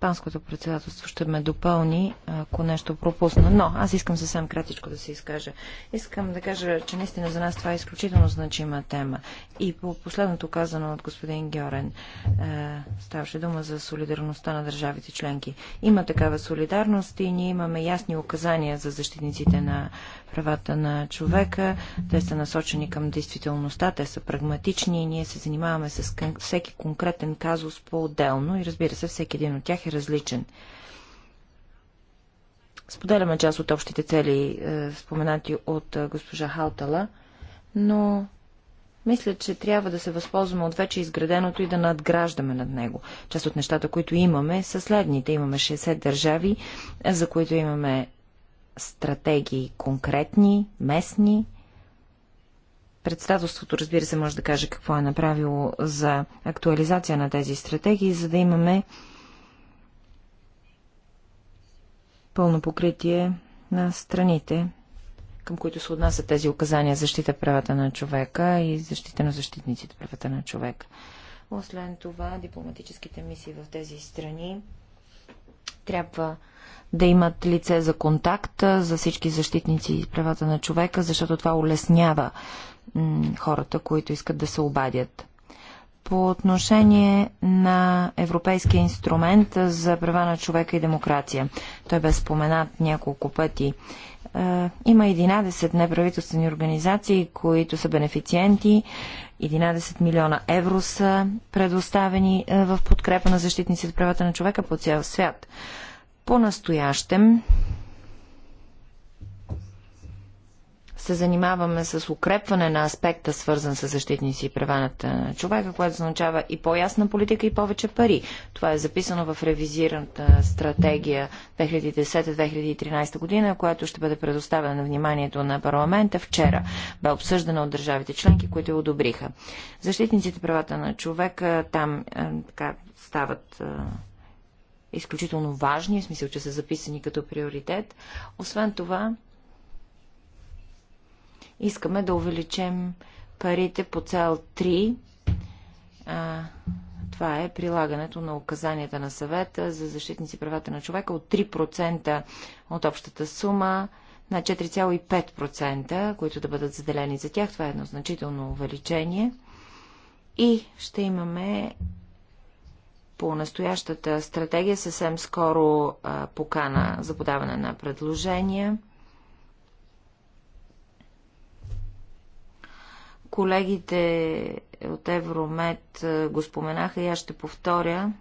Панското председателство ще ме допълни, ако нещо пропусна. Но аз искам съвсем кратичко да се изкажа. Искам да кажа, че наистина за нас това е изключително значима тема. И по последното казано от господин Георен, е, ставаше дума за солидарността на държавите членки. Има такава солидарност и ние имаме ясни указания за защитниците на правата на човека. Те са насочени към действителността, те са прагматични и ние се занимаваме с всеки конкретен казус по-отделно и разбира се, всеки един от тях е е различен. Споделяме част от общите цели, е, споменати от е, госпожа Халтала, но мисля, че трябва да се възползваме от вече изграденото и да надграждаме над него. Част от нещата, които имаме, са следните. Имаме 60 държави, за които имаме стратегии конкретни, местни. Председателството, разбира се, може да каже какво е направило за актуализация на тези стратегии, за да имаме пълно покритие на страните, към които се отнасят тези указания защита правата на човека и защита на защитниците правата на човека. Освен това, дипломатическите мисии в тези страни трябва да имат лице за контакт за всички защитници и правата на човека, защото това улеснява хората, които искат да се обадят по отношение на Европейския инструмент за права на човека и демокрация. Той бе споменат няколко пъти. Е, има 11 неправителствени организации, които са бенефициенти. 11 милиона евро са предоставени е, в подкрепа на защитниците правата на човека по цял свят. По-настоящем се занимаваме с укрепване на аспекта, свързан с защитници и правата на човека, което означава и по-ясна политика и повече пари. Това е записано в ревизираната стратегия 2010-2013 година, която ще бъде предоставена на вниманието на парламента вчера. Бе обсъждана от държавите членки, които я одобриха. Защитниците правата на човека там е, така, стават е, изключително важни, в смисъл, че са записани като приоритет. Освен това, Искаме да увеличим парите по цел 3. А, това е прилагането на указанията на съвета за защитници правата на човека от 3% от общата сума на 4,5%, които да бъдат заделени за тях. Това е едно значително увеличение. И ще имаме по настоящата стратегия съвсем скоро а, покана за подаване на предложения Колегите от Евромед е, го споменаха и аз ще повторя.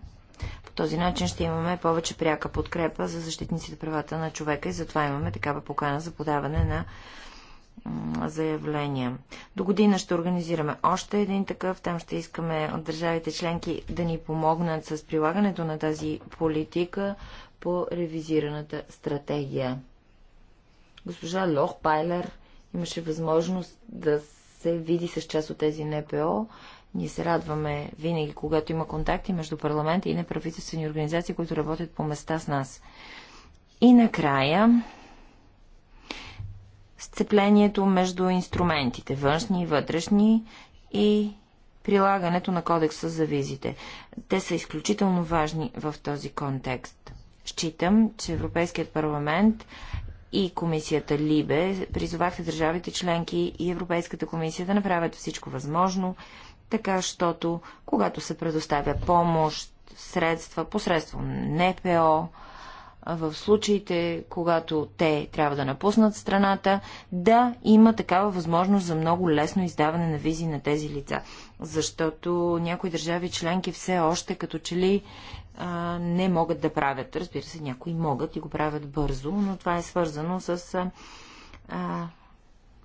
По този начин ще имаме повече пряка подкрепа за защитниците правата на човека и затова имаме такава покана за подаване на заявления. До година ще организираме още един такъв. Там ще искаме от държавите членки да ни помогнат с прилагането на тази политика по ревизираната стратегия. Госпожа Лох Пайлер имаше възможност да се види с част от тези НПО. Ние се радваме винаги, когато има контакти между парламента и неправителствени организации, които работят по места с нас. И накрая, сцеплението между инструментите, външни и вътрешни, и прилагането на кодекса за визите. Те са изключително важни в този контекст. Считам, че Европейският парламент и комисията Либе призовахте държавите членки и Европейската комисия да направят всичко възможно, така щото, когато се предоставя помощ, средства, посредством НПО, в случаите, когато те трябва да напуснат страната, да има такава възможност за много лесно издаване на визи на тези лица. Защото някои държави членки все още като че ли а, не могат да правят. Разбира се, някои могат и го правят бързо, но това е свързано с а,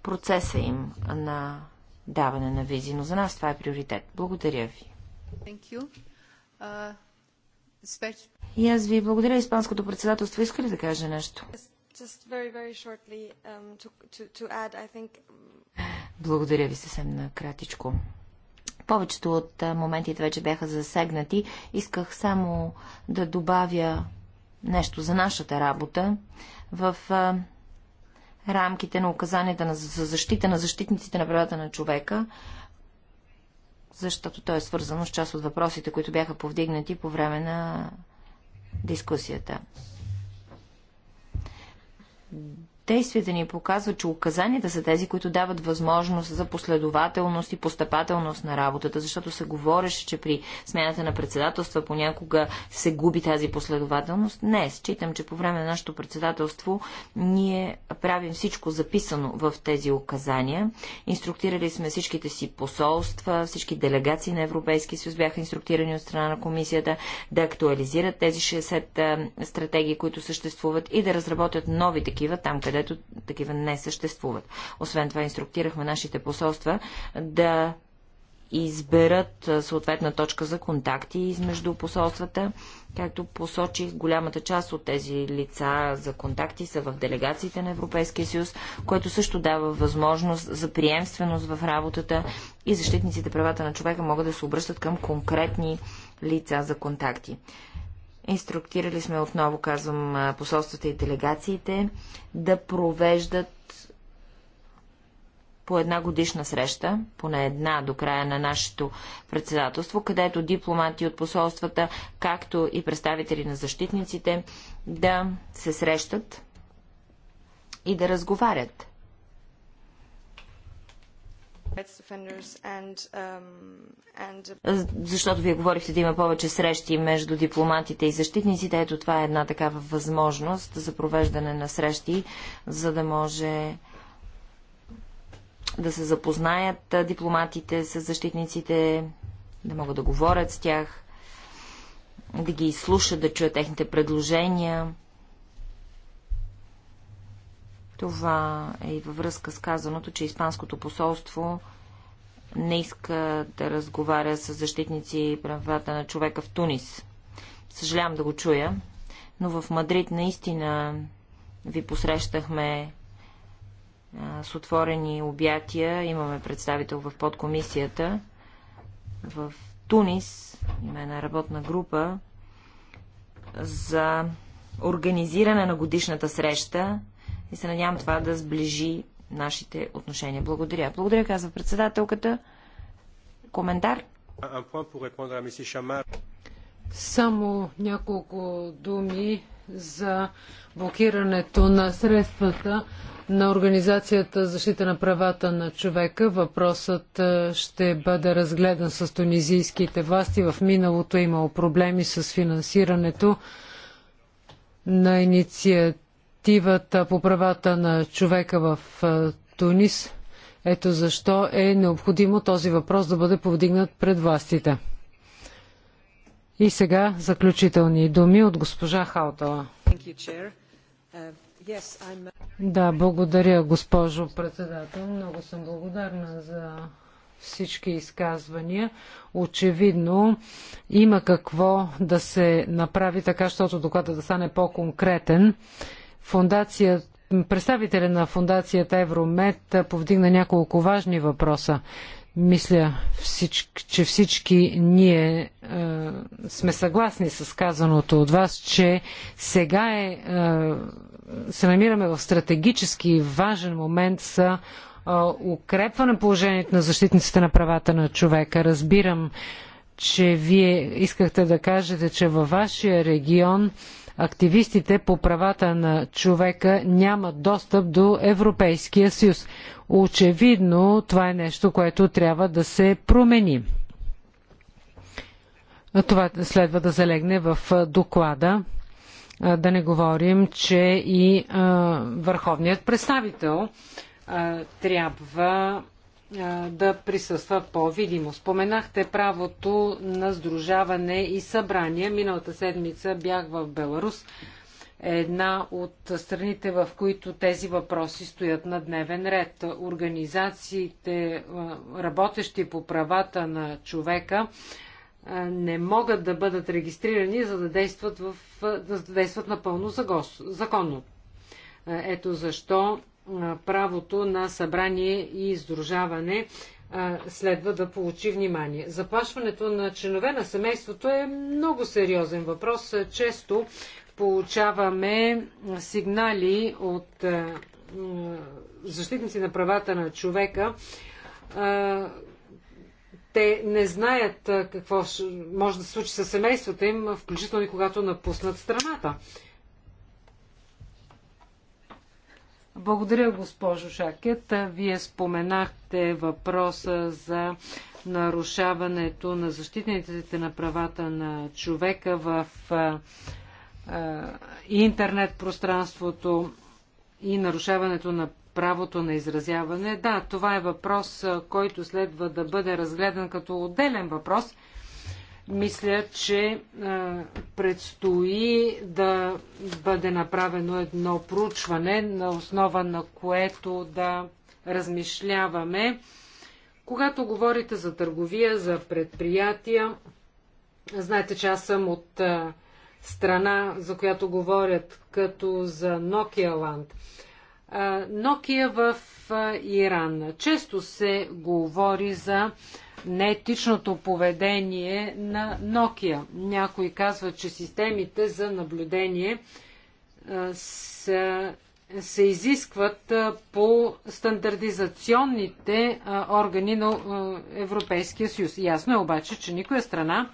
процеса им на даване на визи. Но за нас това е приоритет. Благодаря ви. Thank you. Uh, special... И аз ви благодаря. Испанското председателство иска ли да каже нещо? Just Very, very shortly, um, to, to, to add, I think... Благодаря ви съвсем накратичко. Повечето от моментите вече бяха засегнати. Исках само да добавя нещо за нашата работа. В рамките на указанията на, за защита на защитниците на правата на човека, защото то е свързано с част от въпросите, които бяха повдигнати по време на дискусията действията ни показват, че указанията са тези, които дават възможност за последователност и постъпателност на работата, защото се говореше, че при смената на председателства понякога се губи тази последователност. Не, считам, че по време на нашето председателство ние правим всичко записано в тези указания. Инструктирали сме всичките си посолства, всички делегации на Европейския съюз бяха инструктирани от страна на комисията да актуализират тези 60 стратегии, които съществуват и да разработят нови такива там, където където такива не съществуват. Освен това, инструктирахме нашите посолства да изберат съответна точка за контакти измежду посолствата. Както посочих, голямата част от тези лица за контакти са в делегациите на Европейския съюз, което също дава възможност за приемственост в работата и защитниците правата на човека могат да се обръщат към конкретни лица за контакти. Инструктирали сме отново, казвам, посолствата и делегациите да провеждат по една годишна среща, поне една до края на нашето председателство, където дипломати от посолствата, както и представители на защитниците, да се срещат и да разговарят Um, uh, защото вие говорихте да има повече срещи между дипломатите и защитниците. Ето това е една такава възможност за провеждане на срещи, за да може да се запознаят дипломатите с защитниците, да могат да говорят с тях, да ги изслушат, да чуят техните предложения това е и във връзка с казаното, че Испанското посолство не иска да разговаря с защитници правата на човека в Тунис. Съжалявам да го чуя, но в Мадрид наистина ви посрещахме с отворени обятия. Имаме представител в подкомисията. В Тунис има една работна група за организиране на годишната среща и се надявам това да сближи нашите отношения. Благодаря. Благодаря, казва председателката. Коментар? Само няколко думи за блокирането на средствата на Организацията за защита на правата на човека. Въпросът е, ще бъде разгледан с тунизийските власти. В миналото е имало проблеми с финансирането на инициатива директивата по правата на човека в Тунис. Ето защо е необходимо този въпрос да бъде повдигнат пред властите. И сега заключителни думи от госпожа Хаутала. Uh, да, благодаря, госпожо председател. Много съм благодарна за всички изказвания. Очевидно има какво да се направи така, защото докладът да стане по-конкретен. Фундация, представителя на фундацията Евромед повдигна няколко важни въпроса. Мисля, че всички ние е, сме съгласни с казаното от вас, че сега е, е, се намираме в стратегически важен момент с е, укрепване положението на защитниците на правата на човека. Разбирам, че вие искахте да кажете, че във вашия регион е, активистите по правата на човека нямат достъп до Европейския съюз. Очевидно това е нещо, което трябва да се промени. Това следва да залегне в доклада. Да не говорим, че и върховният представител трябва да присъства по-видимо. Споменахте правото на сдружаване и събрание. Миналата седмица бях в Беларус, една от страните, в които тези въпроси стоят на дневен ред. Организациите, работещи по правата на човека, не могат да бъдат регистрирани, за да действат, в, да действат напълно законно. Ето защо правото на събрание и издружаване следва да получи внимание. Заплашването на членове на семейството е много сериозен въпрос. Често получаваме сигнали от защитници на правата на човека. Те не знаят какво може да се случи със семействата им, включително и когато напуснат страната. Благодаря, госпожо Шакет. Вие споменахте въпроса за нарушаването на защитниците на правата на човека в а, а, интернет пространството и нарушаването на правото на изразяване. Да, това е въпрос, който следва да бъде разгледан като отделен въпрос, мисля, че е, предстои да бъде направено едно проучване, на основа на което да размишляваме. Когато говорите за търговия, за предприятия, знаете, че аз съм от е, страна, за която говорят като за Nokia Land. Е, Nokia в Иран. Често се говори за неетичното поведение на Nokia. Някои казват, че системите за наблюдение се, се изискват по стандартизационните органи на Европейския съюз. Ясно е обаче, че никоя страна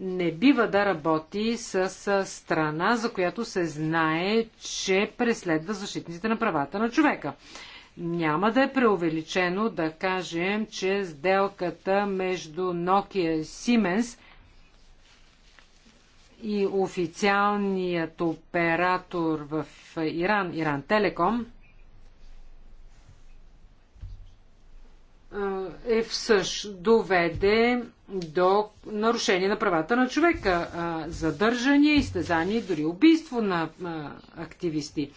не бива да работи с страна, за която се знае, че преследва защитниците на правата на човека. Няма да е преувеличено да кажем, че сделката между Nokia и Siemens и официалният оператор в Иран, Иран Телеком, е всъщ доведе до нарушение на правата на човека, задържане, изтезание, дори убийство на активисти.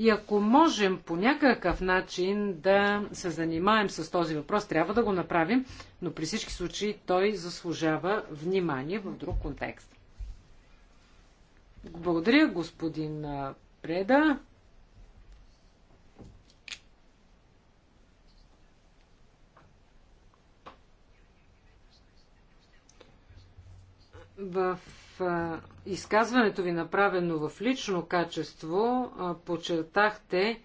И ако можем по някакъв начин да се занимаем с този въпрос, трябва да го направим, но при всички случаи той заслужава внимание в друг контекст. Благодаря, господин Преда. В изказването ви, направено в лично качество, подчертахте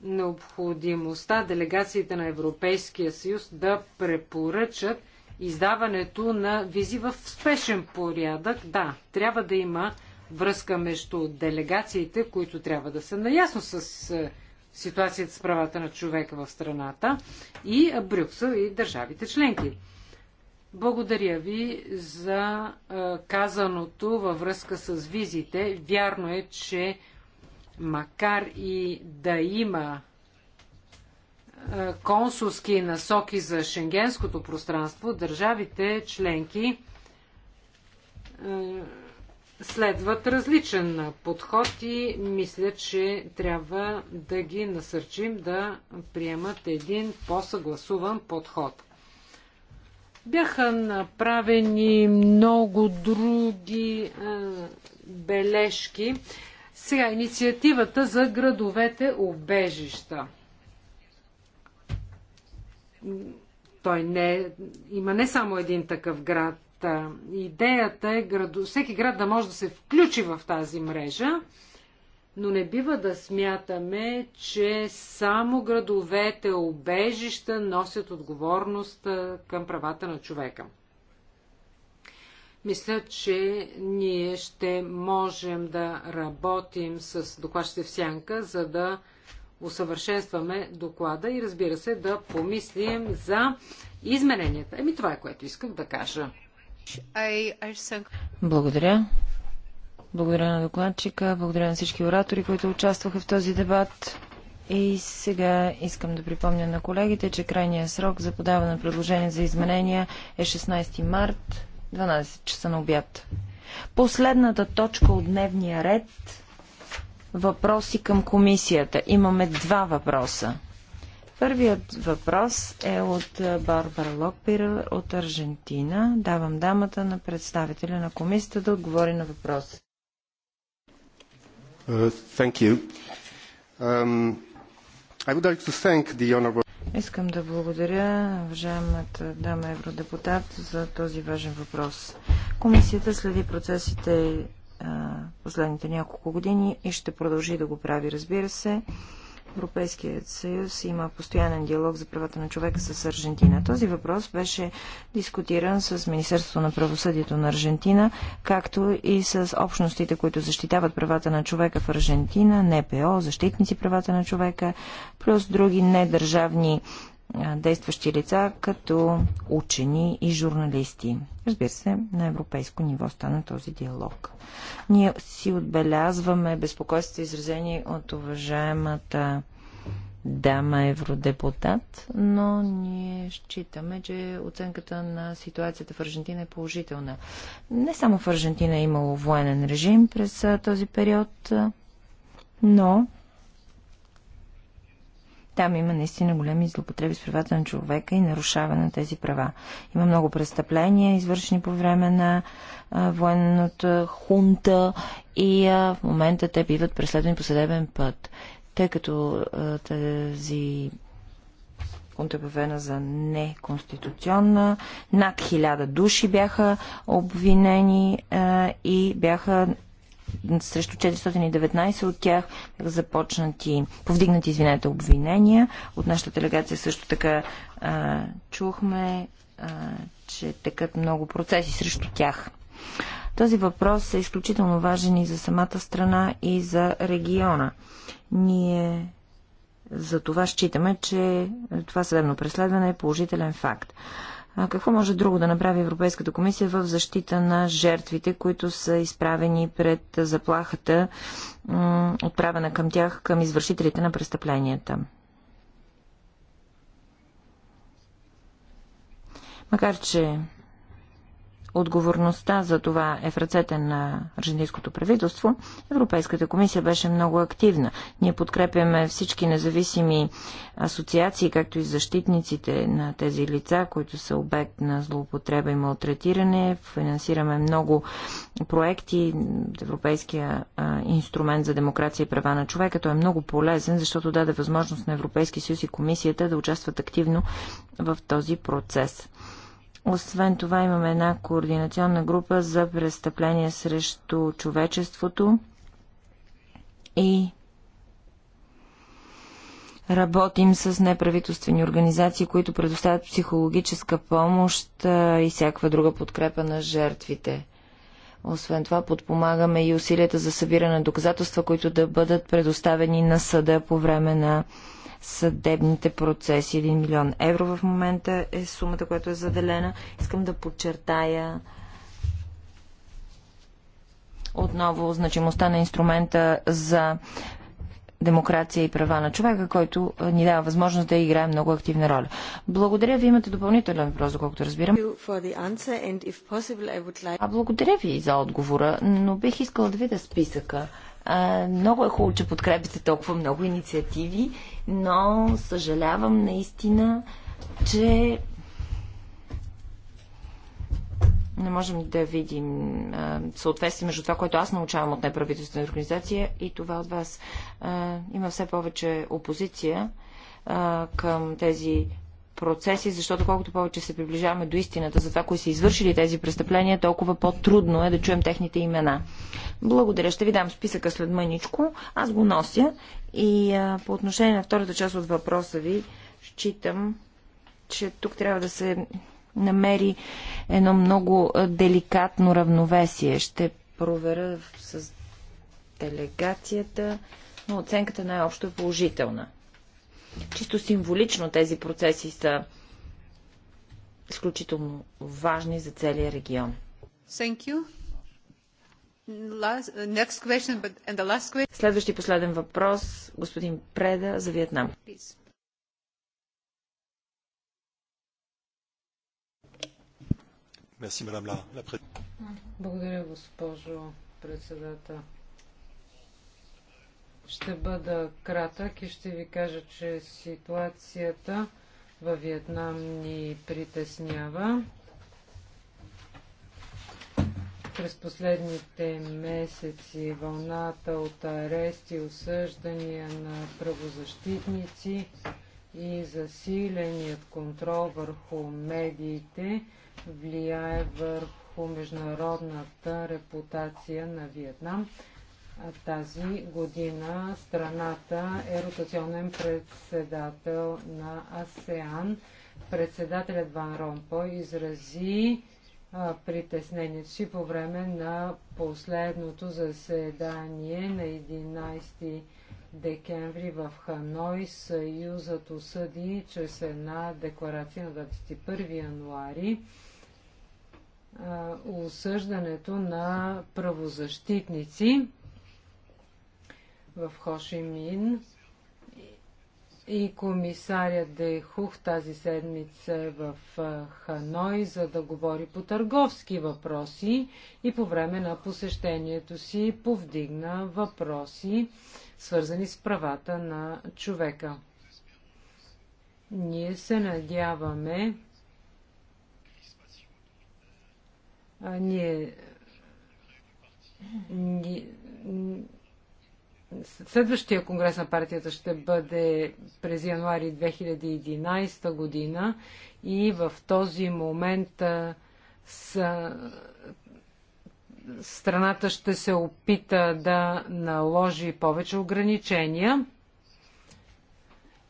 необходимостта делегациите на Европейския съюз да препоръчат издаването на визи в спешен порядък. Да, трябва да има връзка между делегациите, които трябва да са наясно с ситуацията с правата на човека в страната и Брюксел и държавите членки. Благодаря ви за казаното във връзка с визите. Вярно е, че макар и да има консулски насоки за шенгенското пространство, държавите членки следват различен подход и мисля, че трябва да ги насърчим да приемат един по-съгласуван подход. Бяха направени много други а, е, бележки. Сега инициативата за градовете обежища. Той не, има не само един такъв град. Е, идеята е град, всеки град да може да се включи в тази мрежа но не бива да смятаме, че само градовете, обежища носят отговорност към правата на човека. Мисля, че ние ще можем да работим с докладчите в сянка, за да усъвършенстваме доклада и разбира се да помислим за измененията. Еми това е което исках да кажа. Благодаря. Благодаря на докладчика, благодаря на всички оратори, които участваха в този дебат. И сега искам да припомня на колегите, че крайният срок за подаване на предложение за изменения е 16 март, 12 часа на обяд. Последната точка от дневния ред въпроси към комисията. Имаме два въпроса. Първият въпрос е от Барбара Локпир от Аржентина. Давам дамата на представителя на комисията да отговори на въпроса. Uh, thank you. Um, I would like to thank the honorable... Искам да благодаря уважаемата дама евродепутат за този важен въпрос. Комисията следи процесите последните няколко години и ще продължи да го прави, разбира се. Европейският съюз има постоянен диалог за правата на човека с Аржентина. Този въпрос беше дискутиран с Министерството на правосъдието на Аржентина, както и с общностите, които защитават правата на човека в Аржентина, НПО, защитници правата на човека, плюс други недържавни действащи лица като учени и журналисти. Разбира се, на европейско ниво стана този диалог. Ние си отбелязваме безпокойството изразени от уважаемата дама евродепутат, но ние считаме, че оценката на ситуацията в Аржентина е положителна. Не само в Аржентина е имало военен режим през този период, но там има наистина големи злопотреби с правата на човека и нарушаване на тези права. Има много престъпления, извършени по време на а, военната хунта и а, в момента те биват преследвани по съдебен път. Тъй като а, тази хунта е обявена за неконституционна. Над хиляда души бяха обвинени а, и бяха срещу 419 от тях започнати, повдигнати, извинете, обвинения. От нашата делегация също така а, чухме, а, че текат много процеси срещу тях. Този въпрос е изключително важен и за самата страна, и за региона. Ние за това считаме, че това съдебно преследване е положителен факт. А какво може друго да направи Европейската комисия в защита на жертвите, които са изправени пред заплахата, отправена към тях, към извършителите на престъпленията? Макар, че отговорността за това е в ръцете на аржентинското правителство, Европейската комисия беше много активна. Ние подкрепяме всички независими асоциации, както и защитниците на тези лица, които са обект на злоупотреба и малтретиране. Финансираме много проекти. Европейския инструмент за демокрация и права на човека. Той е много полезен, защото даде възможност на Европейския съюз и комисията да участват активно в този процес. Освен това имаме една координационна група за престъпления срещу човечеството и Работим с неправителствени организации, които предоставят психологическа помощ и всякаква друга подкрепа на жертвите. Освен това, подпомагаме и усилията за събиране на доказателства, които да бъдат предоставени на съда по време на съдебните процеси. 1 милион евро в момента е сумата, която е заделена. Искам да подчертая отново значимостта на инструмента за демокрация и права на човека, който ни дава възможност да играе много активна роля. Благодаря ви, имате допълнителен въпрос, доколкото разбирам. А благодаря ви за отговора, но бих искала да видя списъка. А, много е хубаво, че подкрепите толкова много инициативи, но съжалявам наистина, че не можем да видим съответствие между това, което аз научавам от неправителствена организация и това от вас. А, има все повече опозиция а, към тези процеси, защото колкото повече се приближаваме до истината за това, кои са извършили тези престъпления, толкова по-трудно е да чуем техните имена. Благодаря. Ще ви дам списъка след мъничко. Аз го нося. И а, по отношение на втората част от въпроса ви, считам, че тук трябва да се намери едно много деликатно равновесие. Ще проверя с делегацията, но оценката най-общо е положителна. Чисто символично тези процеси са изключително важни за целия регион. Uh, Следващи последен въпрос, господин Преда за Виетнам. Please. Благодаря, госпожо председател. Ще бъда кратък и ще ви кажа, че ситуацията във Виетнам ни притеснява. През последните месеци вълната от арести и осъждания на правозащитници и засиленият контрол върху медиите влияе върху международната репутация на Виетнам. Тази година страната е ротационен председател на АСЕАН. Председателят Ван Ромпо изрази притеснението си по време на последното заседание на 11 декември в Ханой Съюзът осъди чрез една декларация на 21 януари осъждането на правозащитници в Хошимин и комисарят Де Хух тази седмица е в Ханой, за да говори по търговски въпроси и по време на посещението си повдигна въпроси свързани с правата на човека. Ние се надяваме, а, ние, ние Следващия конгрес на партията ще бъде през януари 2011 година и в този момент са, страната ще се опита да наложи повече ограничения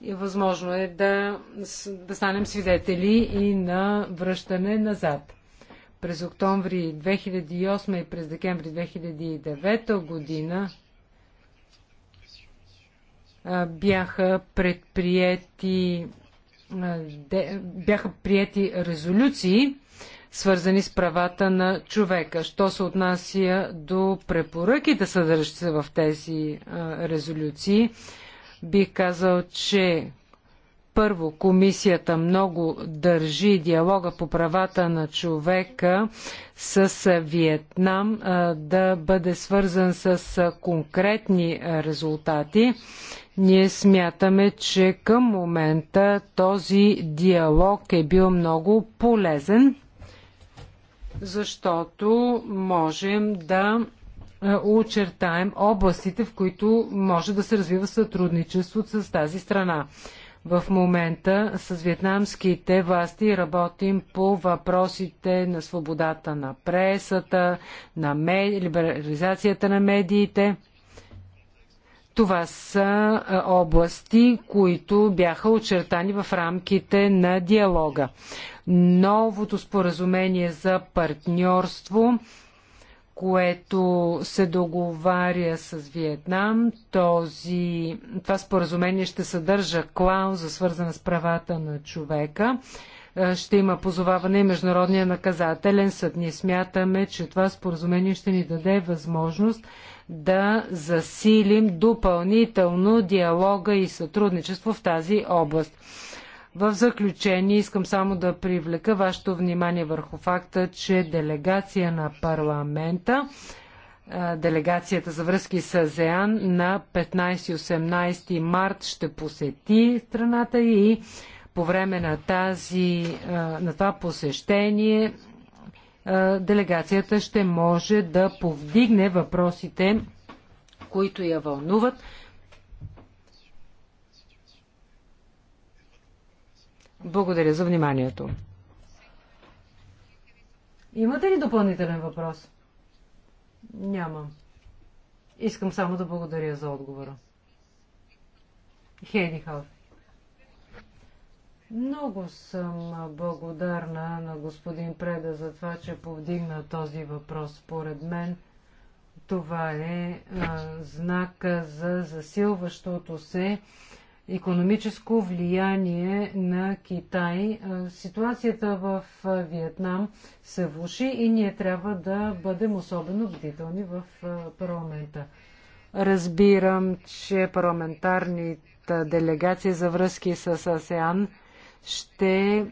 и възможно е да, да станем свидетели и на връщане назад. През октомври 2008 и през декември 2009 година бяха предприяти бяха прияти резолюции свързани с правата на човека. Що се отнася до препоръките, съдържащи се в тези резолюции, бих казал, че първо, комисията много държи диалога по правата на човека с Виетнам да бъде свързан с конкретни резултати. Ние смятаме, че към момента този диалог е бил много полезен защото можем да е, очертаем областите, в които може да се развива сътрудничество с тази страна. В момента с вьетнамските власти работим по въпросите на свободата на пресата, на меди... либерализацията на медиите. Това са е, области, които бяха очертани в рамките на диалога новото споразумение за партньорство, което се договаря с Виетнам. Този, това споразумение ще съдържа клауза, свързана с правата на човека. Е, ще има позоваване и Международния наказателен съд. Ние смятаме, че това споразумение ще ни даде възможност да засилим допълнително диалога и сътрудничество в тази област. В заключение искам само да привлека вашето внимание върху факта, че делегация на парламента делегацията за връзки с АЗЕАН на 15-18 март ще посети страната и по време на, тази, на това посещение делегацията ще може да повдигне въпросите, които я вълнуват Благодаря за вниманието. Имате ли допълнителен въпрос? Няма. Искам само да благодаря за отговора. Хейдихал. Много съм благодарна на господин Преда за това, че повдигна този въпрос. Според мен това е а, знак за засилващото се економическо влияние на Китай. Ситуацията в Виетнам се влуши и ние трябва да бъдем особено бдителни в парламента. Разбирам, че парламентарната делегация за връзки с АСЕАН ще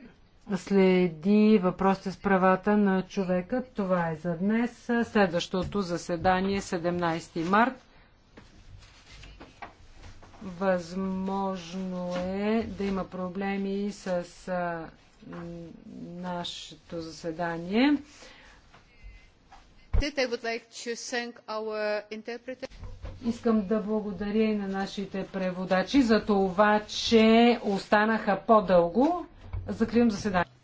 следи въпросите с правата на човека. Това е за днес. Следващото заседание 17 март. Възможно е да има проблеми с нашето заседание. Искам да благодаря и на нашите преводачи за това, че останаха по-дълго. Закривам заседанието.